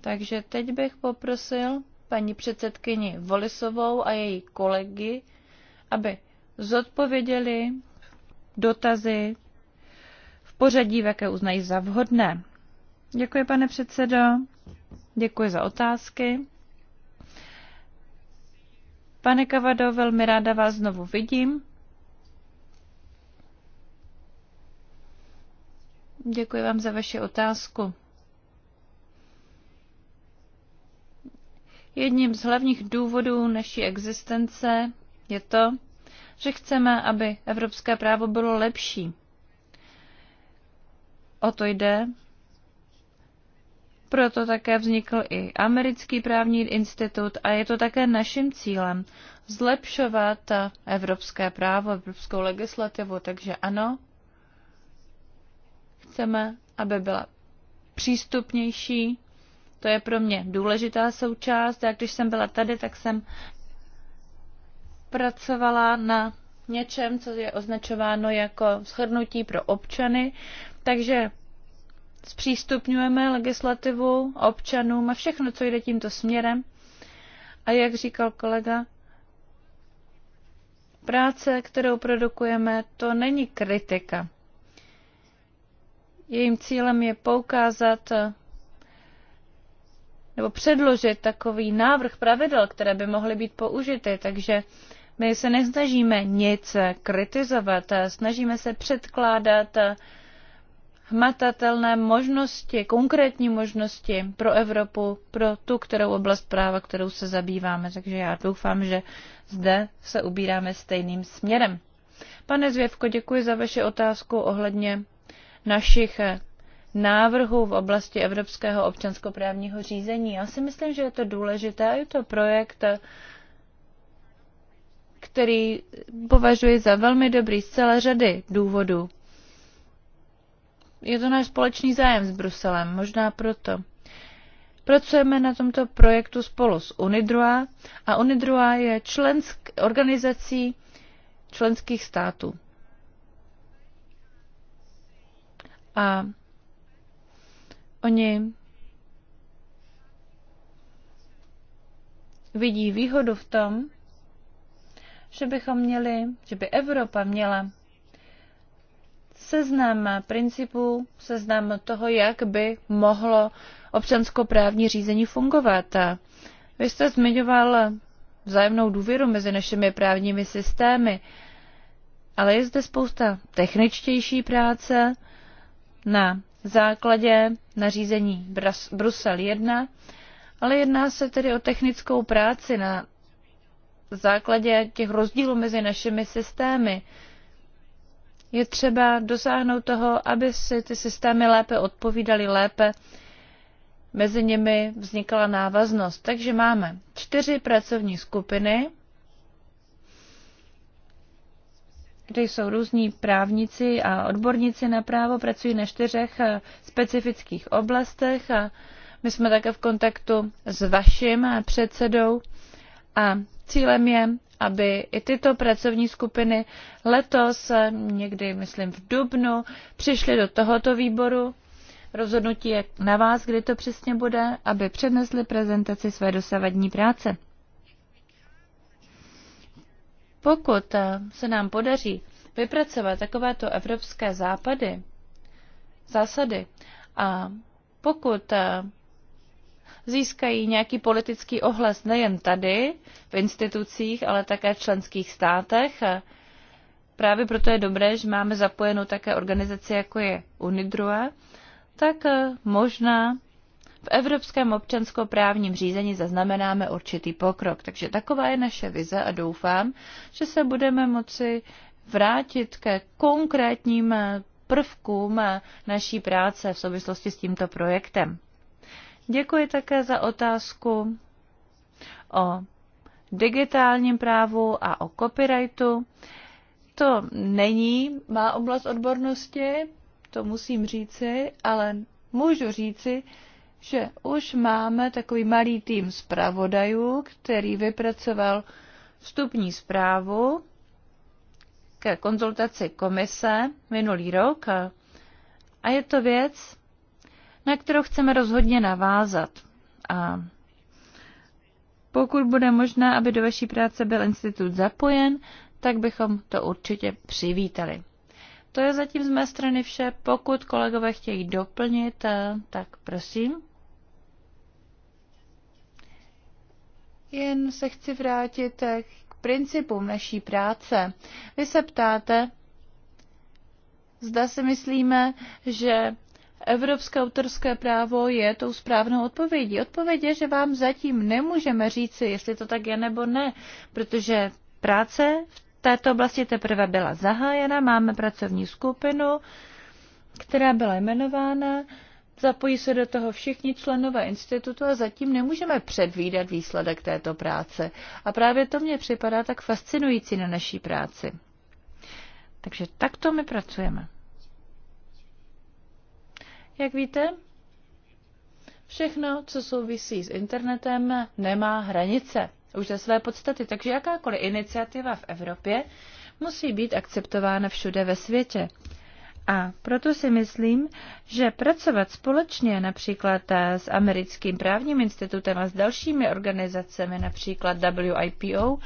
Takže teď bych poprosil paní předsedkyni Volisovou a její kolegy, aby zodpověděli dotazy v pořadí, v jaké uznají za vhodné. Děkuji, pane předsedo. Děkuji za otázky. Pane Kavado, velmi ráda vás znovu vidím. Děkuji vám za vaši otázku. Jedním z hlavních důvodů naší existence je to, že chceme, aby evropské právo bylo lepší. O to jde. Proto také vznikl i americký právní institut a je to také naším cílem zlepšovat evropské právo, evropskou legislativu. Takže ano, chceme, aby byla přístupnější. To je pro mě důležitá součást. Já když jsem byla tady, tak jsem pracovala na něčem, co je označováno jako shrnutí pro občany, takže zpřístupňujeme legislativu občanům a všechno, co jde tímto směrem. A jak říkal kolega, práce, kterou produkujeme, to není kritika. Jejím cílem je poukázat nebo předložit takový návrh pravidel, které by mohly být použity. Takže my se nesnažíme nic kritizovat, snažíme se předkládat hmatatelné možnosti, konkrétní možnosti pro Evropu, pro tu, kterou oblast práva, kterou se zabýváme. Takže já doufám, že zde se ubíráme stejným směrem. Pane Zvěvko, děkuji za vaši otázku ohledně našich návrhů v oblasti evropského občanskoprávního řízení. Já si myslím, že je to důležité a je to projekt, který považuji za velmi dobrý z celé řady důvodů. Je to náš společný zájem s Bruselem, možná proto. Pracujeme na tomto projektu spolu s UNIDROA a UNIDROA je člensk, organizací členských států. A oni vidí výhodu v tom, že bychom měli, že by Evropa měla seznam principů, seznam toho, jak by mohlo občanskoprávní řízení fungovat. Vy jste zmiňoval vzájemnou důvěru mezi našimi právními systémy, ale je zde spousta techničtější práce na základě nařízení Brusel 1, ale jedná se tedy o technickou práci na základě těch rozdílů mezi našimi systémy. Je třeba dosáhnout toho, aby si ty systémy lépe odpovídaly, lépe mezi nimi vznikala návaznost. Takže máme čtyři pracovní skupiny, kde jsou různí právníci a odborníci na právo, pracují na čtyřech eh, specifických oblastech a my jsme také v kontaktu s vaším eh, předsedou a Cílem je, aby i tyto pracovní skupiny letos, někdy myslím v dubnu, přišly do tohoto výboru. Rozhodnutí je na vás, kdy to přesně bude, aby přednesli prezentaci své dosavadní práce. Pokud se nám podaří vypracovat takovéto evropské západy, zásady a pokud získají nějaký politický ohlas nejen tady, v institucích, ale také v členských státech. Právě proto je dobré, že máme zapojenou také organizaci, jako je UNIDROA, tak e, možná v evropském občanskoprávním řízení zaznamenáme určitý pokrok. Takže taková je naše vize a doufám, že se budeme moci vrátit ke konkrétním e, prvkům e, naší práce v souvislosti s tímto projektem. Děkuji také za otázku o digitálním právu a o copyrightu. To není má oblast odbornosti, to musím říci, ale můžu říci, že už máme takový malý tým zpravodajů, který vypracoval vstupní zprávu ke konzultaci komise minulý rok. A je to věc, na kterou chceme rozhodně navázat. A pokud bude možné, aby do vaší práce byl institut zapojen, tak bychom to určitě přivítali. To je zatím z mé strany vše. Pokud kolegové chtějí doplnit, eh, tak prosím. Jen se chci vrátit eh, k principům naší práce. Vy se ptáte, zda si myslíme, že evropské autorské právo je tou správnou odpovědí. Odpověď je, že vám zatím nemůžeme říci, jestli to tak je nebo ne, protože práce v této oblasti teprve byla zahájena, máme pracovní skupinu, která byla jmenována, zapojí se do toho všichni členové institutu a zatím nemůžeme předvídat výsledek této práce. A právě to mě připadá tak fascinující na naší práci. Takže takto my pracujeme. Jak víte, všechno, co souvisí s internetem, nemá hranice už ze své podstaty, takže jakákoliv iniciativa v Evropě musí být akceptována všude ve světě. A proto si myslím, že pracovat společně například s americkým právním institutem a s dalšími organizacemi, například WIPO,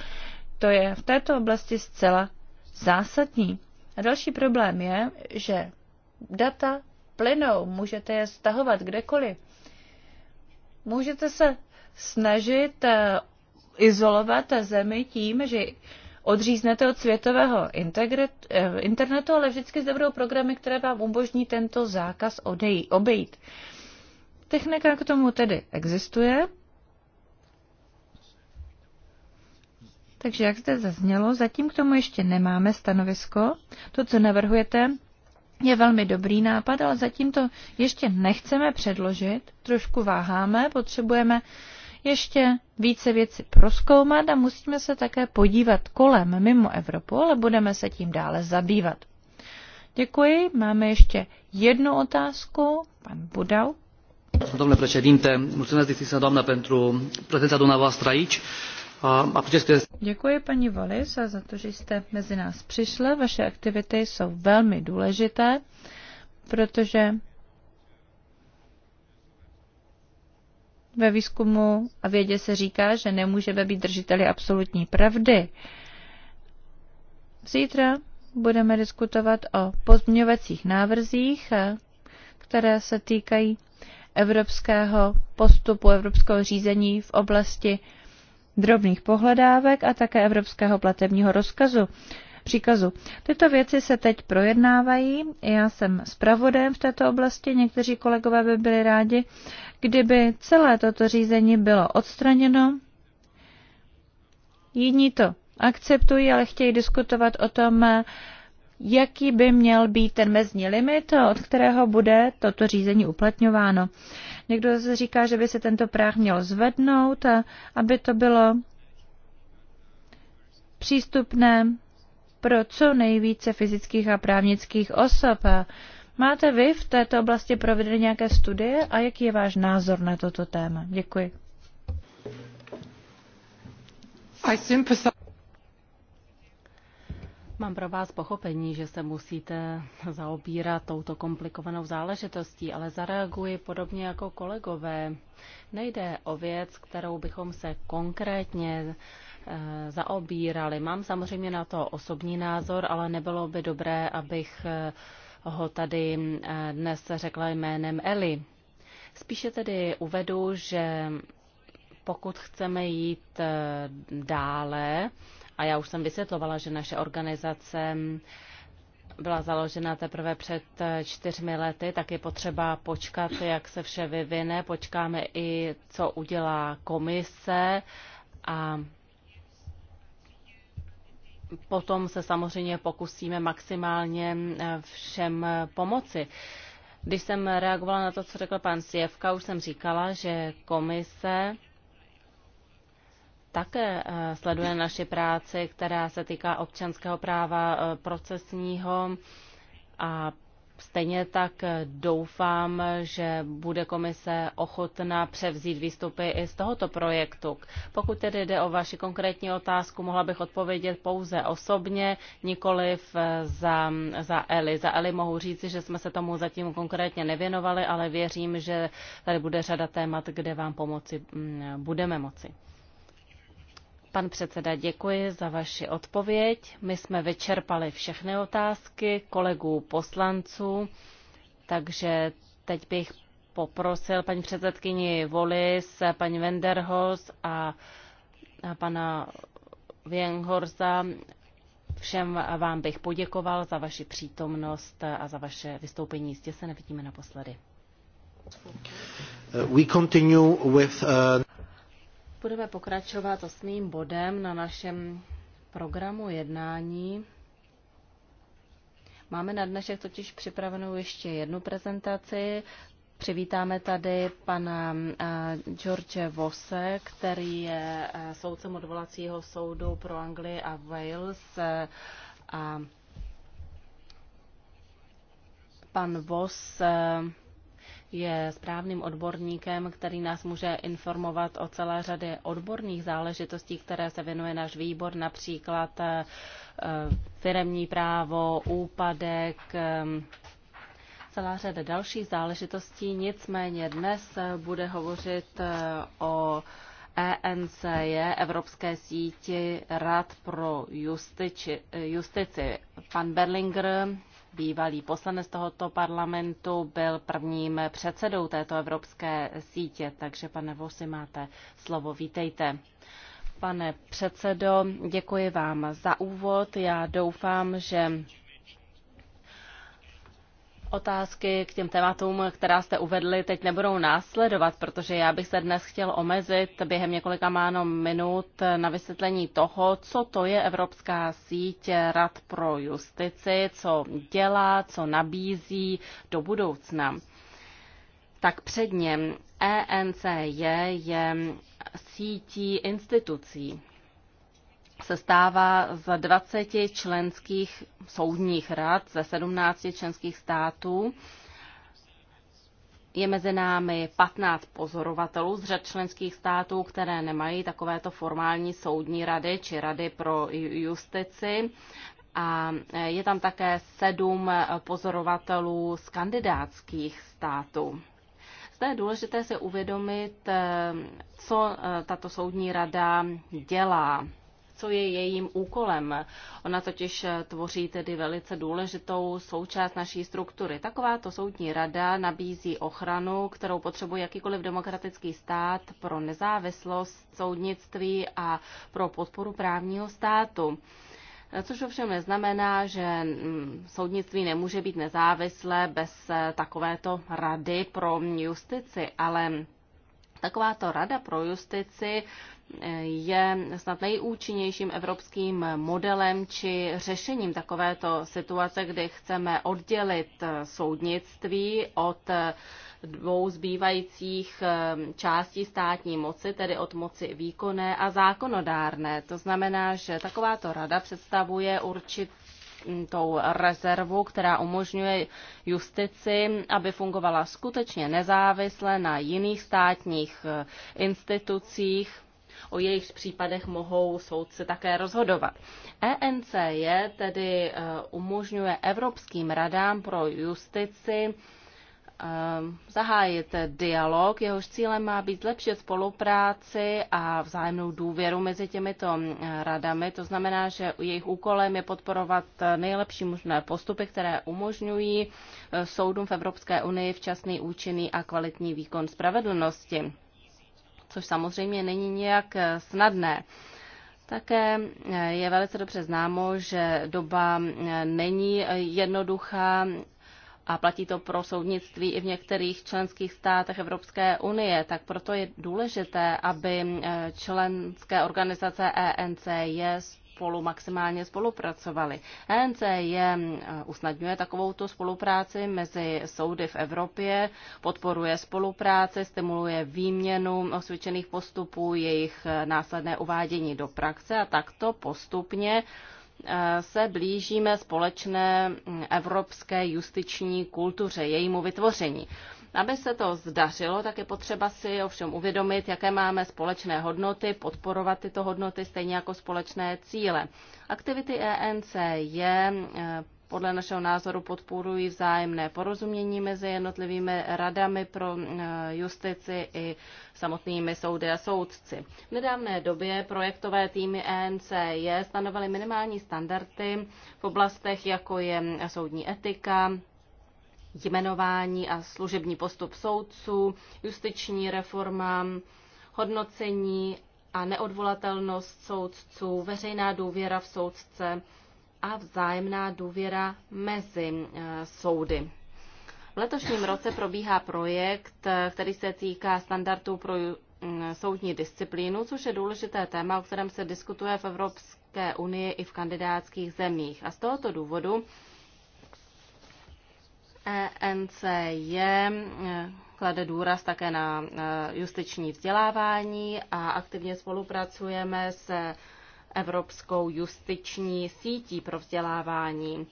to je v této oblasti zcela zásadní. A další problém je, že data plynou, můžete je stahovat kdekoliv. Můžete se snažit eh, izolovat zemi tím, že odříznete od světového eh, internetu, ale vždycky zde budou programy, které vám umožní tento zákaz odej, obejít. Technika k tomu tedy existuje. Takže jak zde zaznělo, zatím k tomu ještě nemáme stanovisko. To, co navrhujete, je velmi dobrý nápad, ale zatím to ještě nechceme předložit, trošku váháme, potřebujeme ještě více věci proskoumat a musíme se také podívat kolem mimo Evropu, ale budeme se tím dále zabývat. Děkuji. Máme ještě jednu otázku. Pan Budau. Domnule președinte, mulțumesc, distinsă doamnă, pentru prezența dumneavoastră aici. Děkuji paní Valis za to, že jste mezi nás přišla. Vaše aktivity jsou velmi důležité, protože ve výzkumu a vědě se říká, že nemůžeme být držiteli absolutní pravdy. Zítra budeme diskutovat o pozměňovacích návrzích, které se týkají evropského postupu, evropského řízení v oblasti drobných pohledávek a také evropského platebního rozkazu. Příkazu. Tyto věci se teď projednávají. Já jsem zpravodajem v této oblasti. Někteří kolegové by byli rádi, kdyby celé toto řízení bylo odstraněno. Jiní to akceptují, ale chtějí diskutovat o tom, jaký by měl být ten mezní limit, od kterého bude toto řízení uplatňováno. Někdo zase říká, že by se tento práh měl zvednout, a aby to bylo přístupné pro co nejvíce fyzických a právnických osob. Máte vy v této oblasti provedeny nějaké studie a jaký je váš názor na toto téma? Děkuji. Mám pro vás pochopení, že se musíte zaobírat touto komplikovanou záležitostí, ale zareaguji podobně jako kolegové. Nejde o věc, kterou bychom se konkrétně eh, zaobírali. Mám samozřejmě na to osobní názor, ale nebylo by dobré, abych eh, ho tady eh, dnes řekla jménem Eli. Spíše tedy uvedu, že pokud chceme jít dále, a já už jsem vysvětlovala, že naše organizace byla založena teprve před eh, čtyřmi lety, tak je potřeba počkat, jak se vše vyvine. Počkáme i, co udělá komise a potom se samozřejmě pokusíme maximálně eh, všem eh, pomoci. Když jsem reagovala na to, co řekl pan Sjevka, už jsem říkala, že komise také eh, sleduje naši práci, která se týká občanského práva eh, procesního a Stejně tak eh, doufám, že bude komise ochotná převzít výstupy i z tohoto projektu. Pokud tedy jde o vaši konkrétní otázku, mohla bych odpovědět pouze osobně, nikoliv za, za Eli. Za Eli mohu říci, že jsme se tomu zatím konkrétně nevěnovali, ale věřím, že tady bude řada témat, kde vám pomoci mm, budeme moci. Pan předseda, děkuji za vaši odpověď. My jsme vyčerpali všechny otázky kolegů poslanců, takže teď bych poprosil paní předsedkyni Volis, paní Wenderhos a, a pana Věnghorza. Všem vám bych poděkoval za vaši přítomnost a za vaše vystoupení. Jistě se nevidíme naposledy. Uh, we continue with, uh budeme pokračovat osmým bodem na našem programu jednání. Máme na dnešek totiž připravenou ještě jednu prezentaci. Přivítáme tady pana eh, George Vose, který je eh, soudcem odvolacího soudu pro Anglii a Wales eh, a pan Vos je správným odborníkem, který nás může informovat o celé řadě odborných záležitostí, které se věnuje náš výbor, například eh, firemní právo, úpadek, eh, celá řada dalších záležitostí. Nicméně dnes bude hovořit eh, o ENC je Evropské síti Rad pro justici. justici. Pan Berlinger bývalý poslanec tohoto parlamentu, byl prvním předsedou této evropské sítě. Takže, pane Vosy, máte slovo. Vítejte. Pane předsedo, děkuji vám za úvod. Já doufám, že otázky k těm tématům, která jste uvedli, teď nebudou následovat, protože já bych se dnes chtěl omezit během několika máno minut na vysvětlení toho, co to je Evropská síť Rad pro justici, co dělá, co nabízí do budoucna. Tak předně ENCJ je sítí institucí se stává z 20 členských soudních rad ze 17 členských států. Je mezi námi 15 pozorovatelů z řad členských států, které nemají takovéto formální soudní rady či rady pro justici. A e, je tam také sedm pozorovatelů z kandidátských států. Zde je důležité si uvědomit, e, co e, tato soudní rada dělá co je jejím úkolem. Ona totiž tvoří tedy velice důležitou součást naší struktury. Takováto soudní rada nabízí ochranu, kterou potřebuje jakýkoliv demokratický stát pro nezávislost soudnictví a pro podporu právního státu. Což ovšem neznamená, že mm, soudnictví nemůže být nezávislé bez eh, takovéto rady pro justici, ale takováto rada pro justici je snad nejúčinnějším evropským modelem či řešením takovéto situace, kdy chceme oddělit soudnictví od dvou zbývajících eh, částí státní moci, tedy od moci výkonné a zákonodárné. To znamená, že takováto rada představuje určitě tou rezervu, která umožňuje justici, aby fungovala skutečně nezávisle na jiných státních eh, institucích o jejich případech mohou soudci také rozhodovat. ENCJ tedy eh, umožňuje Evropským radám pro justici eh, zahájit dialog, jehož cílem má být zlepšit spolupráci a vzájemnou důvěru mezi těmito eh, radami. To znamená, že jejich úkolem je podporovat nejlepší možné postupy, které umožňují soudům v Evropské unii včasný, účinný a kvalitní výkon spravedlnosti což samozřejmě není nijak eh, snadné. Také eh, je velice dobře známo, že doba eh, není jednoduchá a platí to pro soudnictví i v některých členských státech Evropské unie, tak proto je důležité, aby členské organizace ENC je spolu maximálně spolupracovali. ENC je, eh, usnadňuje takovouto spolupráci mezi soudy v Evropě, podporuje spolupráci, stimuluje výměnu osvědčených postupů, jejich eh, následné uvádění do praxe a takto postupně eh, se blížíme společné mm, evropské justiční kultuře, jejímu vytvoření. Aby se to zdařilo, tak je potřeba si ovšem uvědomit, jaké máme společné hodnoty, podporovat tyto hodnoty stejně jako společné cíle. Aktivity ENC je eh, podle našeho názoru podporují vzájemné porozumění mezi jednotlivými radami pro eh, justici i samotnými soudy a soudci. V nedávné době projektové týmy ENCJ stanovily minimální standardy v oblastech, jako je soudní etika, jmenování a služební postup soudců, justiční reforma, hodnocení a neodvolatelnost soudců, veřejná důvěra v soudce a vzájemná důvěra mezi eh, soudy. V letošním roce probíhá projekt, eh, který se týká standardů pro mm, soudní disciplínu, což je důležité téma, o kterém se diskutuje v Evropské unii i v kandidátských zemích. A z tohoto důvodu ENCJ e, klade důraz také na e, justiční vzdělávání a aktivně spolupracujeme s Evropskou justiční sítí pro vzdělávání.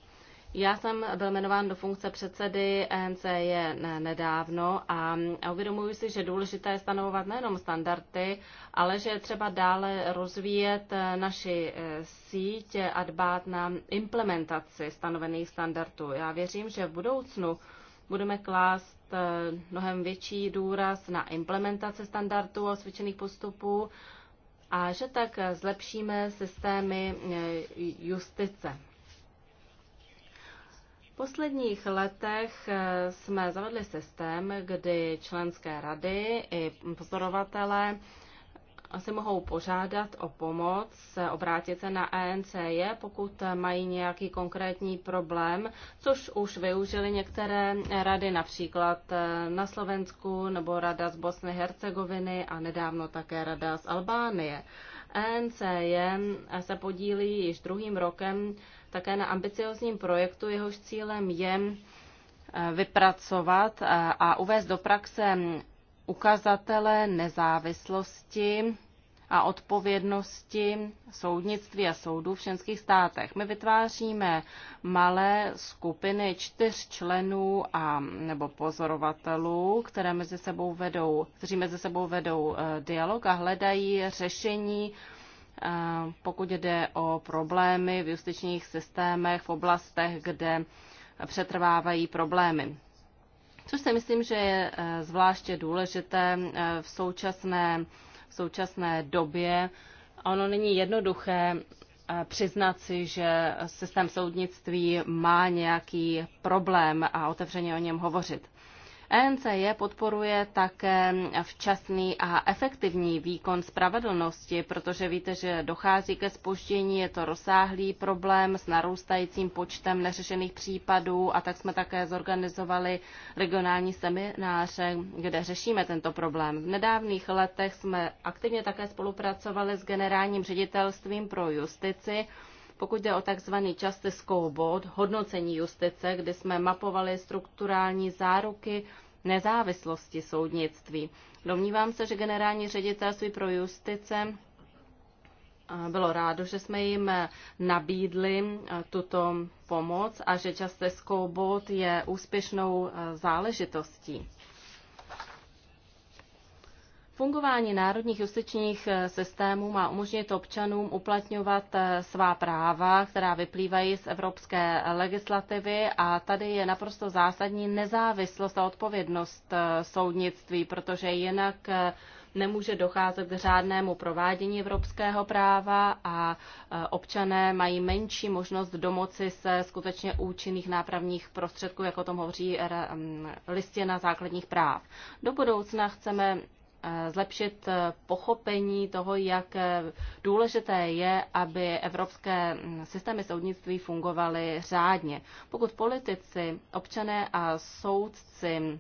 Já jsem byl jmenován do funkce předsedy ENCJ nedávno a uvědomuji si, že důležité je stanovovat nejenom standardy, ale že je třeba dále rozvíjet eh, naši eh, síť a dbát na implementaci stanovených standardů. Já věřím, že v budoucnu budeme klást eh, mnohem větší důraz na implementaci standardů a osvědčených postupů a že tak zlepšíme systémy justice. V posledních letech eh, jsme zavedli systém, kdy členské rady i pozorovatele si mohou požádat o pomoc, eh, obrátit se na ENCJ, pokud mají nějaký konkrétní problém, což už využili některé rady, například eh, na Slovensku nebo rada z Bosny Hercegoviny a nedávno také rada z Albánie. ENCJ se podílí již druhým rokem také na ambiciozním projektu, jehož cílem je eh, vypracovat eh, a uvést do praxe ukazatele nezávislosti a odpovědnosti soudnictví a soudů v členských státech. My vytváříme malé skupiny čtyř členů a nebo pozorovatelů, které mezi sebou vedou, kteří mezi sebou vedou eh, dialog a hledají řešení pokud jde o problémy v justičních systémech v oblastech, kde přetrvávají problémy. Což si myslím, že je eh, zvláště důležité eh, v současné, v současné době. Ono není jednoduché eh, přiznat si, že systém soudnictví má nějaký problém a otevřeně o něm hovořit. ENCE podporuje také včasný a efektivní výkon spravedlnosti, protože víte, že dochází ke spoždění, je to rozsáhlý problém s narůstajícím počtem neřešených případů a tak jsme také zorganizovali regionální semináře, kde řešíme tento problém. V nedávných letech jsme aktivně také spolupracovali s generálním ředitelstvím pro justici, pokud jde o tzv. Justice Scoreboard, hodnocení justice, kde jsme mapovali strukturální záruky nezávislosti soudnictví. Domnívám se, že generální ředitelství pro justice bylo rádo, že jsme jim e, nabídli e, tuto pomoc a že Justice Scoreboard je úspěšnou e, záležitostí. Fungování národních justičních eh, systémů má umožnit občanům uplatňovat eh, svá práva, která vyplývají z evropské legislativy a tady je naprosto zásadní nezávislost a odpovědnost eh, soudnictví, protože jinak nemůže docházet k řádnému provádění evropského práva a občané mají menší možnost domoci se skutečně účinných nápravních prostředků, jako o tom hovoří listina základních práv. Do budoucna chceme zlepšit eh, pochopení toho, jak eh, důležité je, aby evropské mm, systémy soudnictví fungovaly řádně. Pokud politici, občané a soudci mm,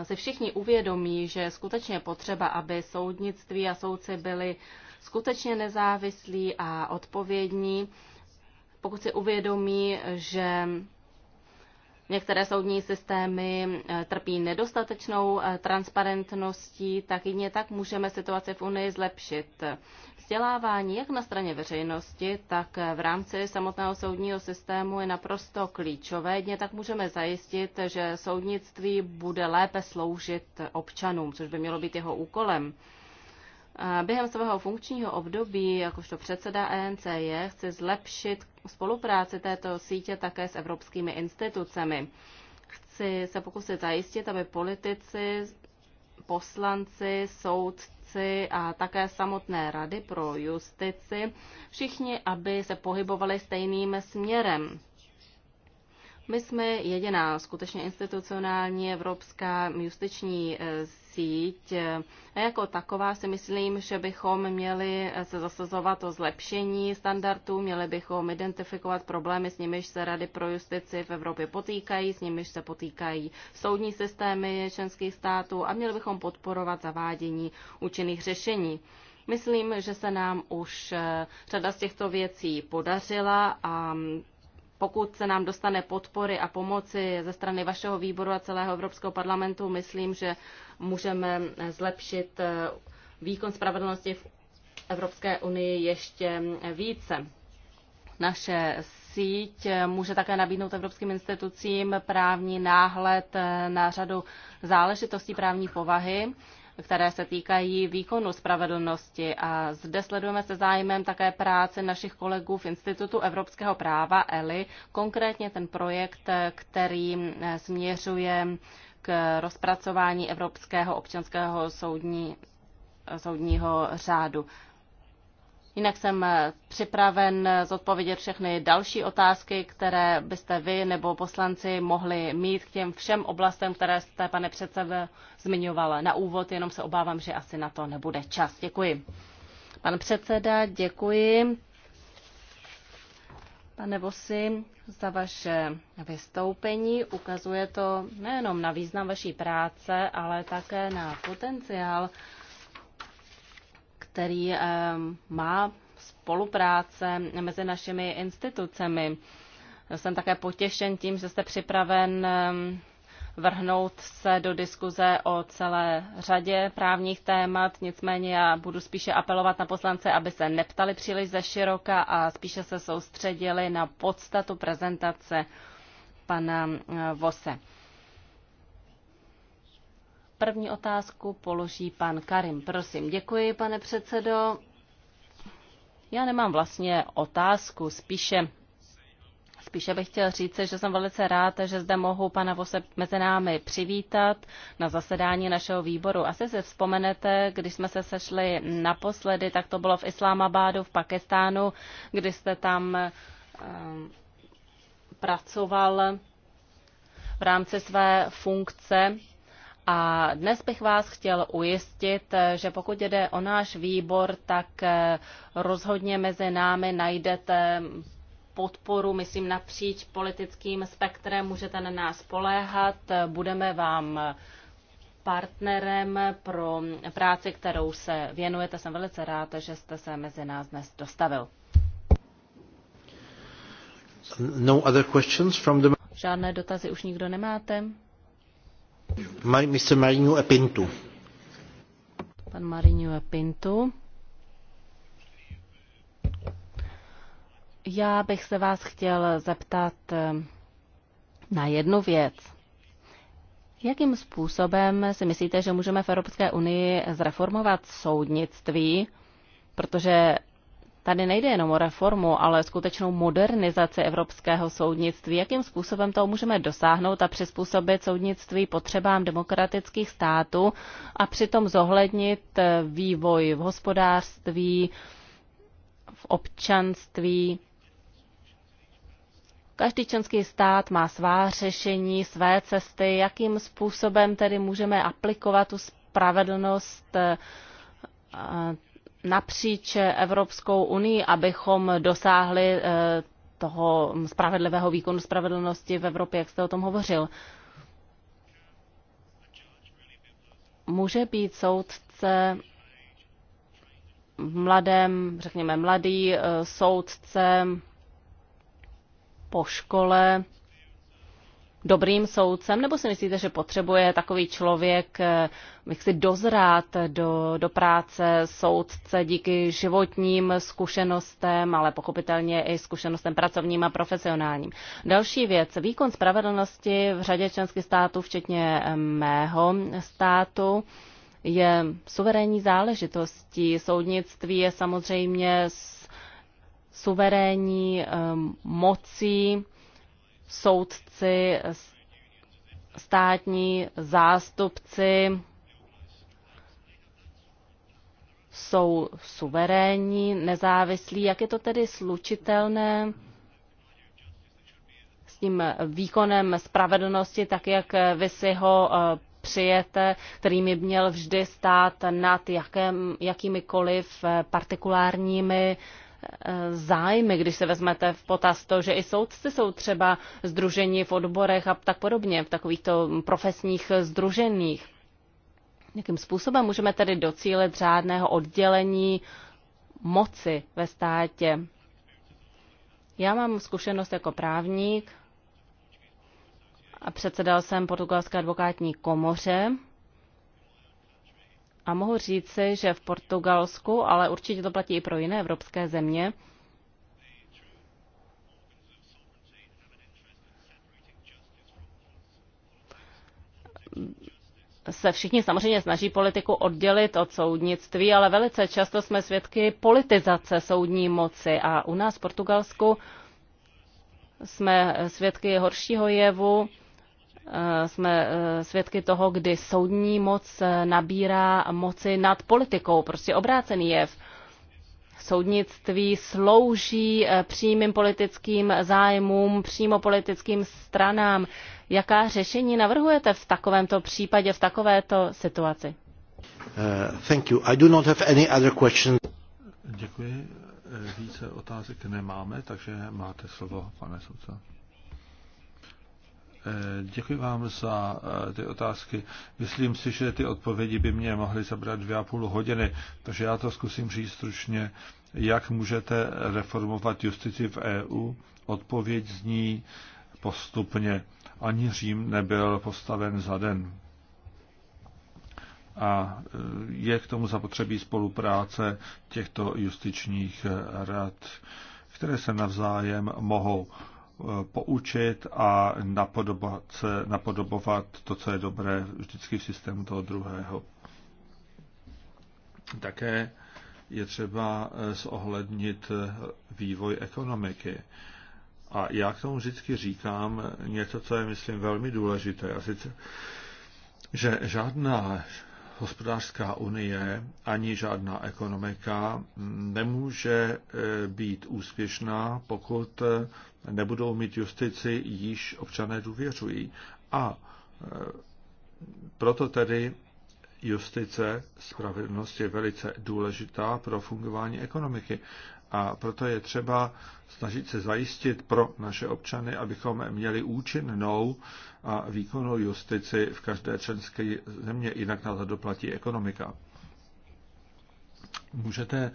eh, se všichni uvědomí, že je skutečně potřeba, aby soudnictví a soudci byli skutečně nezávislí a odpovědní, pokud si uvědomí, že mm, Některé soudní systémy eh, trpí nedostatečnou eh, transparentností, tak jině tak můžeme situaci v Unii zlepšit. Vzdělávání jak na straně veřejnosti, tak eh, v rámci samotného soudního systému je naprosto klíčové. Jedně tak můžeme zajistit, že soudnictví bude lépe sloužit občanům, což by mělo být jeho úkolem. Během svého funkčního období, jakožto předseda je chci zlepšit spolupráci této sítě také s evropskými institucemi. Chci se pokusit zajistit, aby politici, poslanci, soudci a také samotné rady pro justici, všichni, aby se pohybovali stejným směrem. My jsme jediná skutečně institucionální evropská justiční eh, síť a jako taková si myslím, že bychom měli se zasazovat o zlepšení standardů, měli bychom identifikovat problémy, s nimiž se Rady pro justici v Evropě potýkají, s nimiž se potýkají soudní systémy členských států a měli bychom podporovat zavádění účinných řešení. Myslím, že se nám už eh, řada z těchto věcí podařila a mm, pokud se nám dostane podpory a pomoci ze strany vašeho výboru a celého Evropského parlamentu, myslím, že můžeme zlepšit eh, výkon spravedlnosti v Evropské unii ještě více. Naše síť může také nabídnout evropským institucím právní náhled eh, na řadu záležitostí právní povahy které se týkají výkonu spravedlnosti. A zde sledujeme se zájmem také práci našich kolegů v Institutu evropského práva ELI, konkrétně ten projekt, který eh, směřuje k rozpracování Evropského občanského soudní, soudního řádu. Jinak jsem eh, připraven eh, zodpovědět všechny další otázky, které byste vy nebo poslanci mohli mít k těm všem oblastem, které jste, pane předsedo, zmiňoval na úvod, jenom se obávám, že asi na to nebude čas. Děkuji. Pan předseda, děkuji. Pane Vosy, za vaše vystoupení ukazuje to nejenom na význam vaší práce, ale také na potenciál který eh, má spolupráce mezi našimi institucemi. Jsem také potěšen tím, že jste připraven eh, vrhnout se do diskuze o celé řadě právních témat, nicméně já budu spíše apelovat na poslance, aby se neptali příliš ze široka a spíše se soustředili na podstatu prezentace pana eh, Vose. První otázku položí pan Karim. Prosím, děkuji, pane předsedo. Já nemám vlastně otázku, spíše, spíše bych chtěl říct, že jsem velice rád, že zde mohu pana Vose mezi námi přivítat na zasedání našeho výboru. Asi se vzpomenete, když jsme se sešli naposledy, tak to bylo v Islámabádu v Pakistánu, kdy jste tam um, pracoval v rámci své funkce a dnes bych vás chtěl ujistit, že pokud jde o náš výbor, tak eh, rozhodně mezi námi najdete podporu, myslím, napříč politickým spektrem. Můžete na nás poléhat, budeme vám partnerem pro práci, kterou se věnujete. Jsem velice rád, že jste se mezi nás dnes dostavil. No other questions from the... Žádné dotazy už nikdo nemáte? Mr. Marinu Epintu. Pan Marinu Epintu. Já bych se vás chtěl zeptat eh, na jednu věc. Jakým způsobem si myslíte, že můžeme v Evropské unii zreformovat soudnictví, protože Tady nejde jenom o reformu, ale skutečnou modernizaci evropského soudnictví. Jakým způsobem to můžeme dosáhnout a přizpůsobit soudnictví potřebám demokratických států a přitom zohlednit eh, vývoj v hospodářství, v občanství, Každý členský stát má svá řešení, své cesty, jakým způsobem tedy můžeme aplikovat tu spravedlnost eh, napříč Evropskou unii, abychom dosáhli eh, toho spravedlivého výkonu spravedlnosti v Evropě, jak jste o tom hovořil. Může být soudce v mladém, řekněme mladý eh, soudce po škole, dobrým soudcem, nebo si myslíte, že potřebuje takový člověk eh, jak si dozrát do, do práce soudce díky životním zkušenostem, ale pochopitelně i zkušenostem pracovním a profesionálním. Další věc, výkon spravedlnosti v řadě členských států, včetně eh, mého státu, je suverénní záležitostí. Soudnictví je samozřejmě suverénní um, mocí soudci, státní zástupci jsou suverénní, nezávislí. Jak je to tedy slučitelné s tím výkonem spravedlnosti, tak jak vy si ho eh, přijete, kterými by měl vždy stát nad jakém, jakýmikoliv eh, partikulárními zájmy, když se vezmete v potaz to, že i soudci jsou třeba združeni v odborech a tak podobně, v takovýchto profesních združeních. Jakým způsobem můžeme tedy docílit řádného oddělení moci ve státě? Já mám zkušenost jako právník a předsedal jsem portugalské advokátní komoře a mohu říci, že v Portugalsku, ale určitě to platí i pro jiné evropské země, se všichni samozřejmě snaží politiku oddělit od soudnictví, ale velice často jsme svědky politizace soudní moci a u nás v Portugalsku jsme svědky horšího jevu, Eh, jsme eh, svědky toho, kdy soudní moc eh, nabírá moci nad politikou, prostě obrácený jev. Soudnictví slouží přímým politickým zájmům, přímo politickým stranám. Jaká řešení navrhujete v takovémto případě, v takovéto situaci? Uh, thank you. I do not have any other questions. Děkuji. Více otázek nemáme, takže máte slovo, pane soudce. Eh, děkuji vám za eh, ty otázky. Myslím si, že ty odpovědi by mě mohly zabrat dvě a půl hodiny, takže já to zkusím říct stručně. Jak můžete reformovat justici v EU? Odpověď zní postupně. Ani Řím nebyl postaven za den. A eh, je k tomu zapotřebí spolupráce těchto justičních rad, které se navzájem mohou Eh, poučit a napodobovat, se, napodobovat to, co je dobré vždycky v systému toho druhého. Také je třeba eh, zohlednit eh, vývoj ekonomiky. A já k tomu vždycky říkám něco, co je, myslím, velmi důležité. A sice, že žádná hospodářská unie ani žádná ekonomika nemůže e, být úspěšná, pokud e, nebudou mít justici, již občané důvěřují. A e, proto tedy justice, spravedlnost je velice důležitá pro fungování ekonomiky. A proto je třeba snažit se zajistit pro naše občany, abychom měli účinnou a výkonu justici v každé členské země, jinak na to doplatí ekonomika. Můžete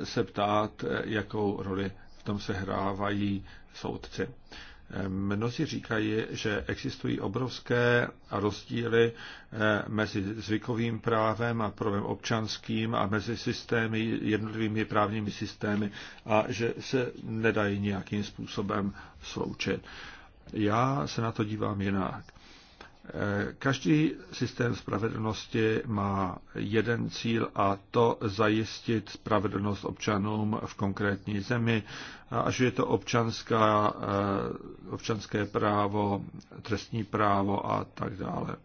eh, se ptát, eh, jakou roli v tom se hrávají soudci. Eh, mnozí říkají, že existují obrovské rozdíly mezi zvykovým právem a právem občanským a mezi systémy, jednotlivými právními systémy a že se nedají nějakým způsobem sloučit. Já se na to dívám jinak. Eh, každý systém spravedlnosti má jeden cíl a to zajistit spravedlnost občanům v konkrétní zemi. až je to občanská, eh, občanské právo, trestní právo a tak dále.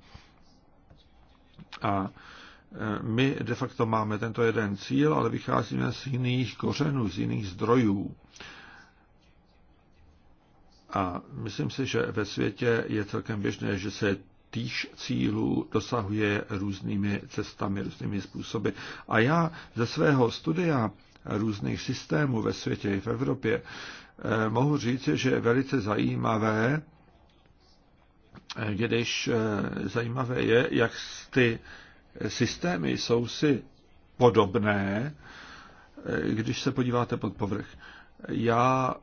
A eh, my de facto máme tento jeden cíl, ale vycházíme z jiných kořenů, z jiných zdrojů. A myslím si, že ve světě je celkem běžné, že se týž cílů dosahuje různými cestami, různými způsoby. A já ze svého studia různých systémů ve světě i v Evropě eh, mohu říct, že je velice zajímavé, eh, když eh, zajímavé je, jak ty systémy jsou si podobné, když se podíváte pod povrch. Já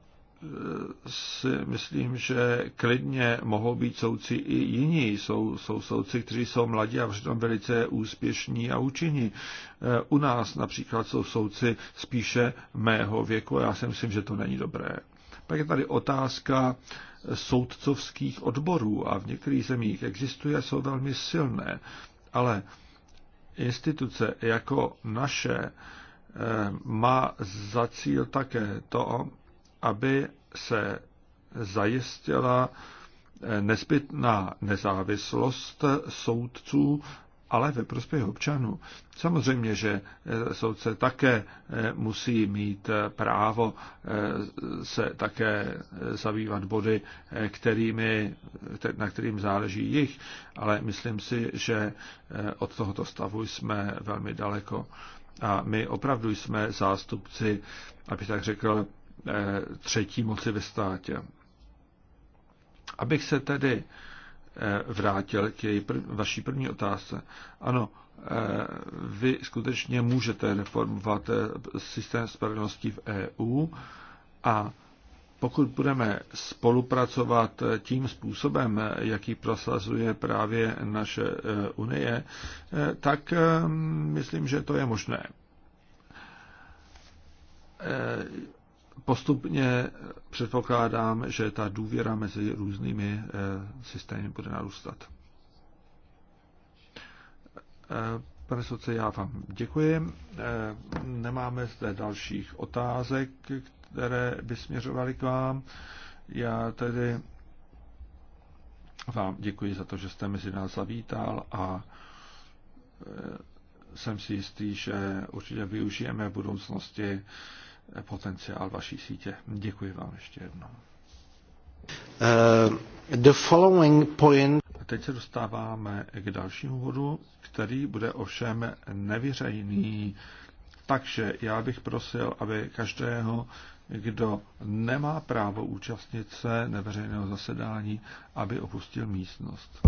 si myslím, že klidně mohou být soudci i jiní. Jsou, jsou soudci, kteří jsou mladí a přitom velice úspěšní a účinní. U nás například jsou soudci spíše mého věku a já si myslím, že to není dobré. Pak je tady otázka soudcovských odborů a v některých zemích existuje jsou velmi silné, ale instituce jako naše eh, má za cíl také to, aby se zajistila eh, nezbytná nezávislost soudců, ale ve prospěch občanů. Samozřejmě, že eh, soudce také eh, musí mít právo se také zabývat body, kterými, na kterým záleží jich, ale myslím si, že od tohoto stavu jsme velmi daleko. A my opravdu jsme zástupci, abych tak řekl, Eh, třetí moci ve státě. Abych se tedy eh, vrátil k její prv, vaší první otázce. Ano, eh, vy skutečně můžete reformovat systém spravedlnosti v EU a pokud budeme spolupracovat tím způsobem, jaký prosazuje právě naše Unie, tak myslím, že to je možné postupně předpokládám, že ta důvěra mezi různými eh, systémy bude narůstat. Eh, pane soce, já vám děkuji. Eh, nemáme zde dalších otázek, které by směřovaly k vám. Já tedy vám děkuji za to, že jste mezi nás zavítal a jsem si jistý, že určitě využijeme v budoucnosti potenciál vaší sítě. Děkuji vám ještě jednou. Uh, the following point... A teď se dostáváme k dalšímu bodu, který bude ovšem nevyřejný. Takže já bych prosil, aby každého, kdo nemá právo účastnit se neveřejného zasedání, aby opustil místnost.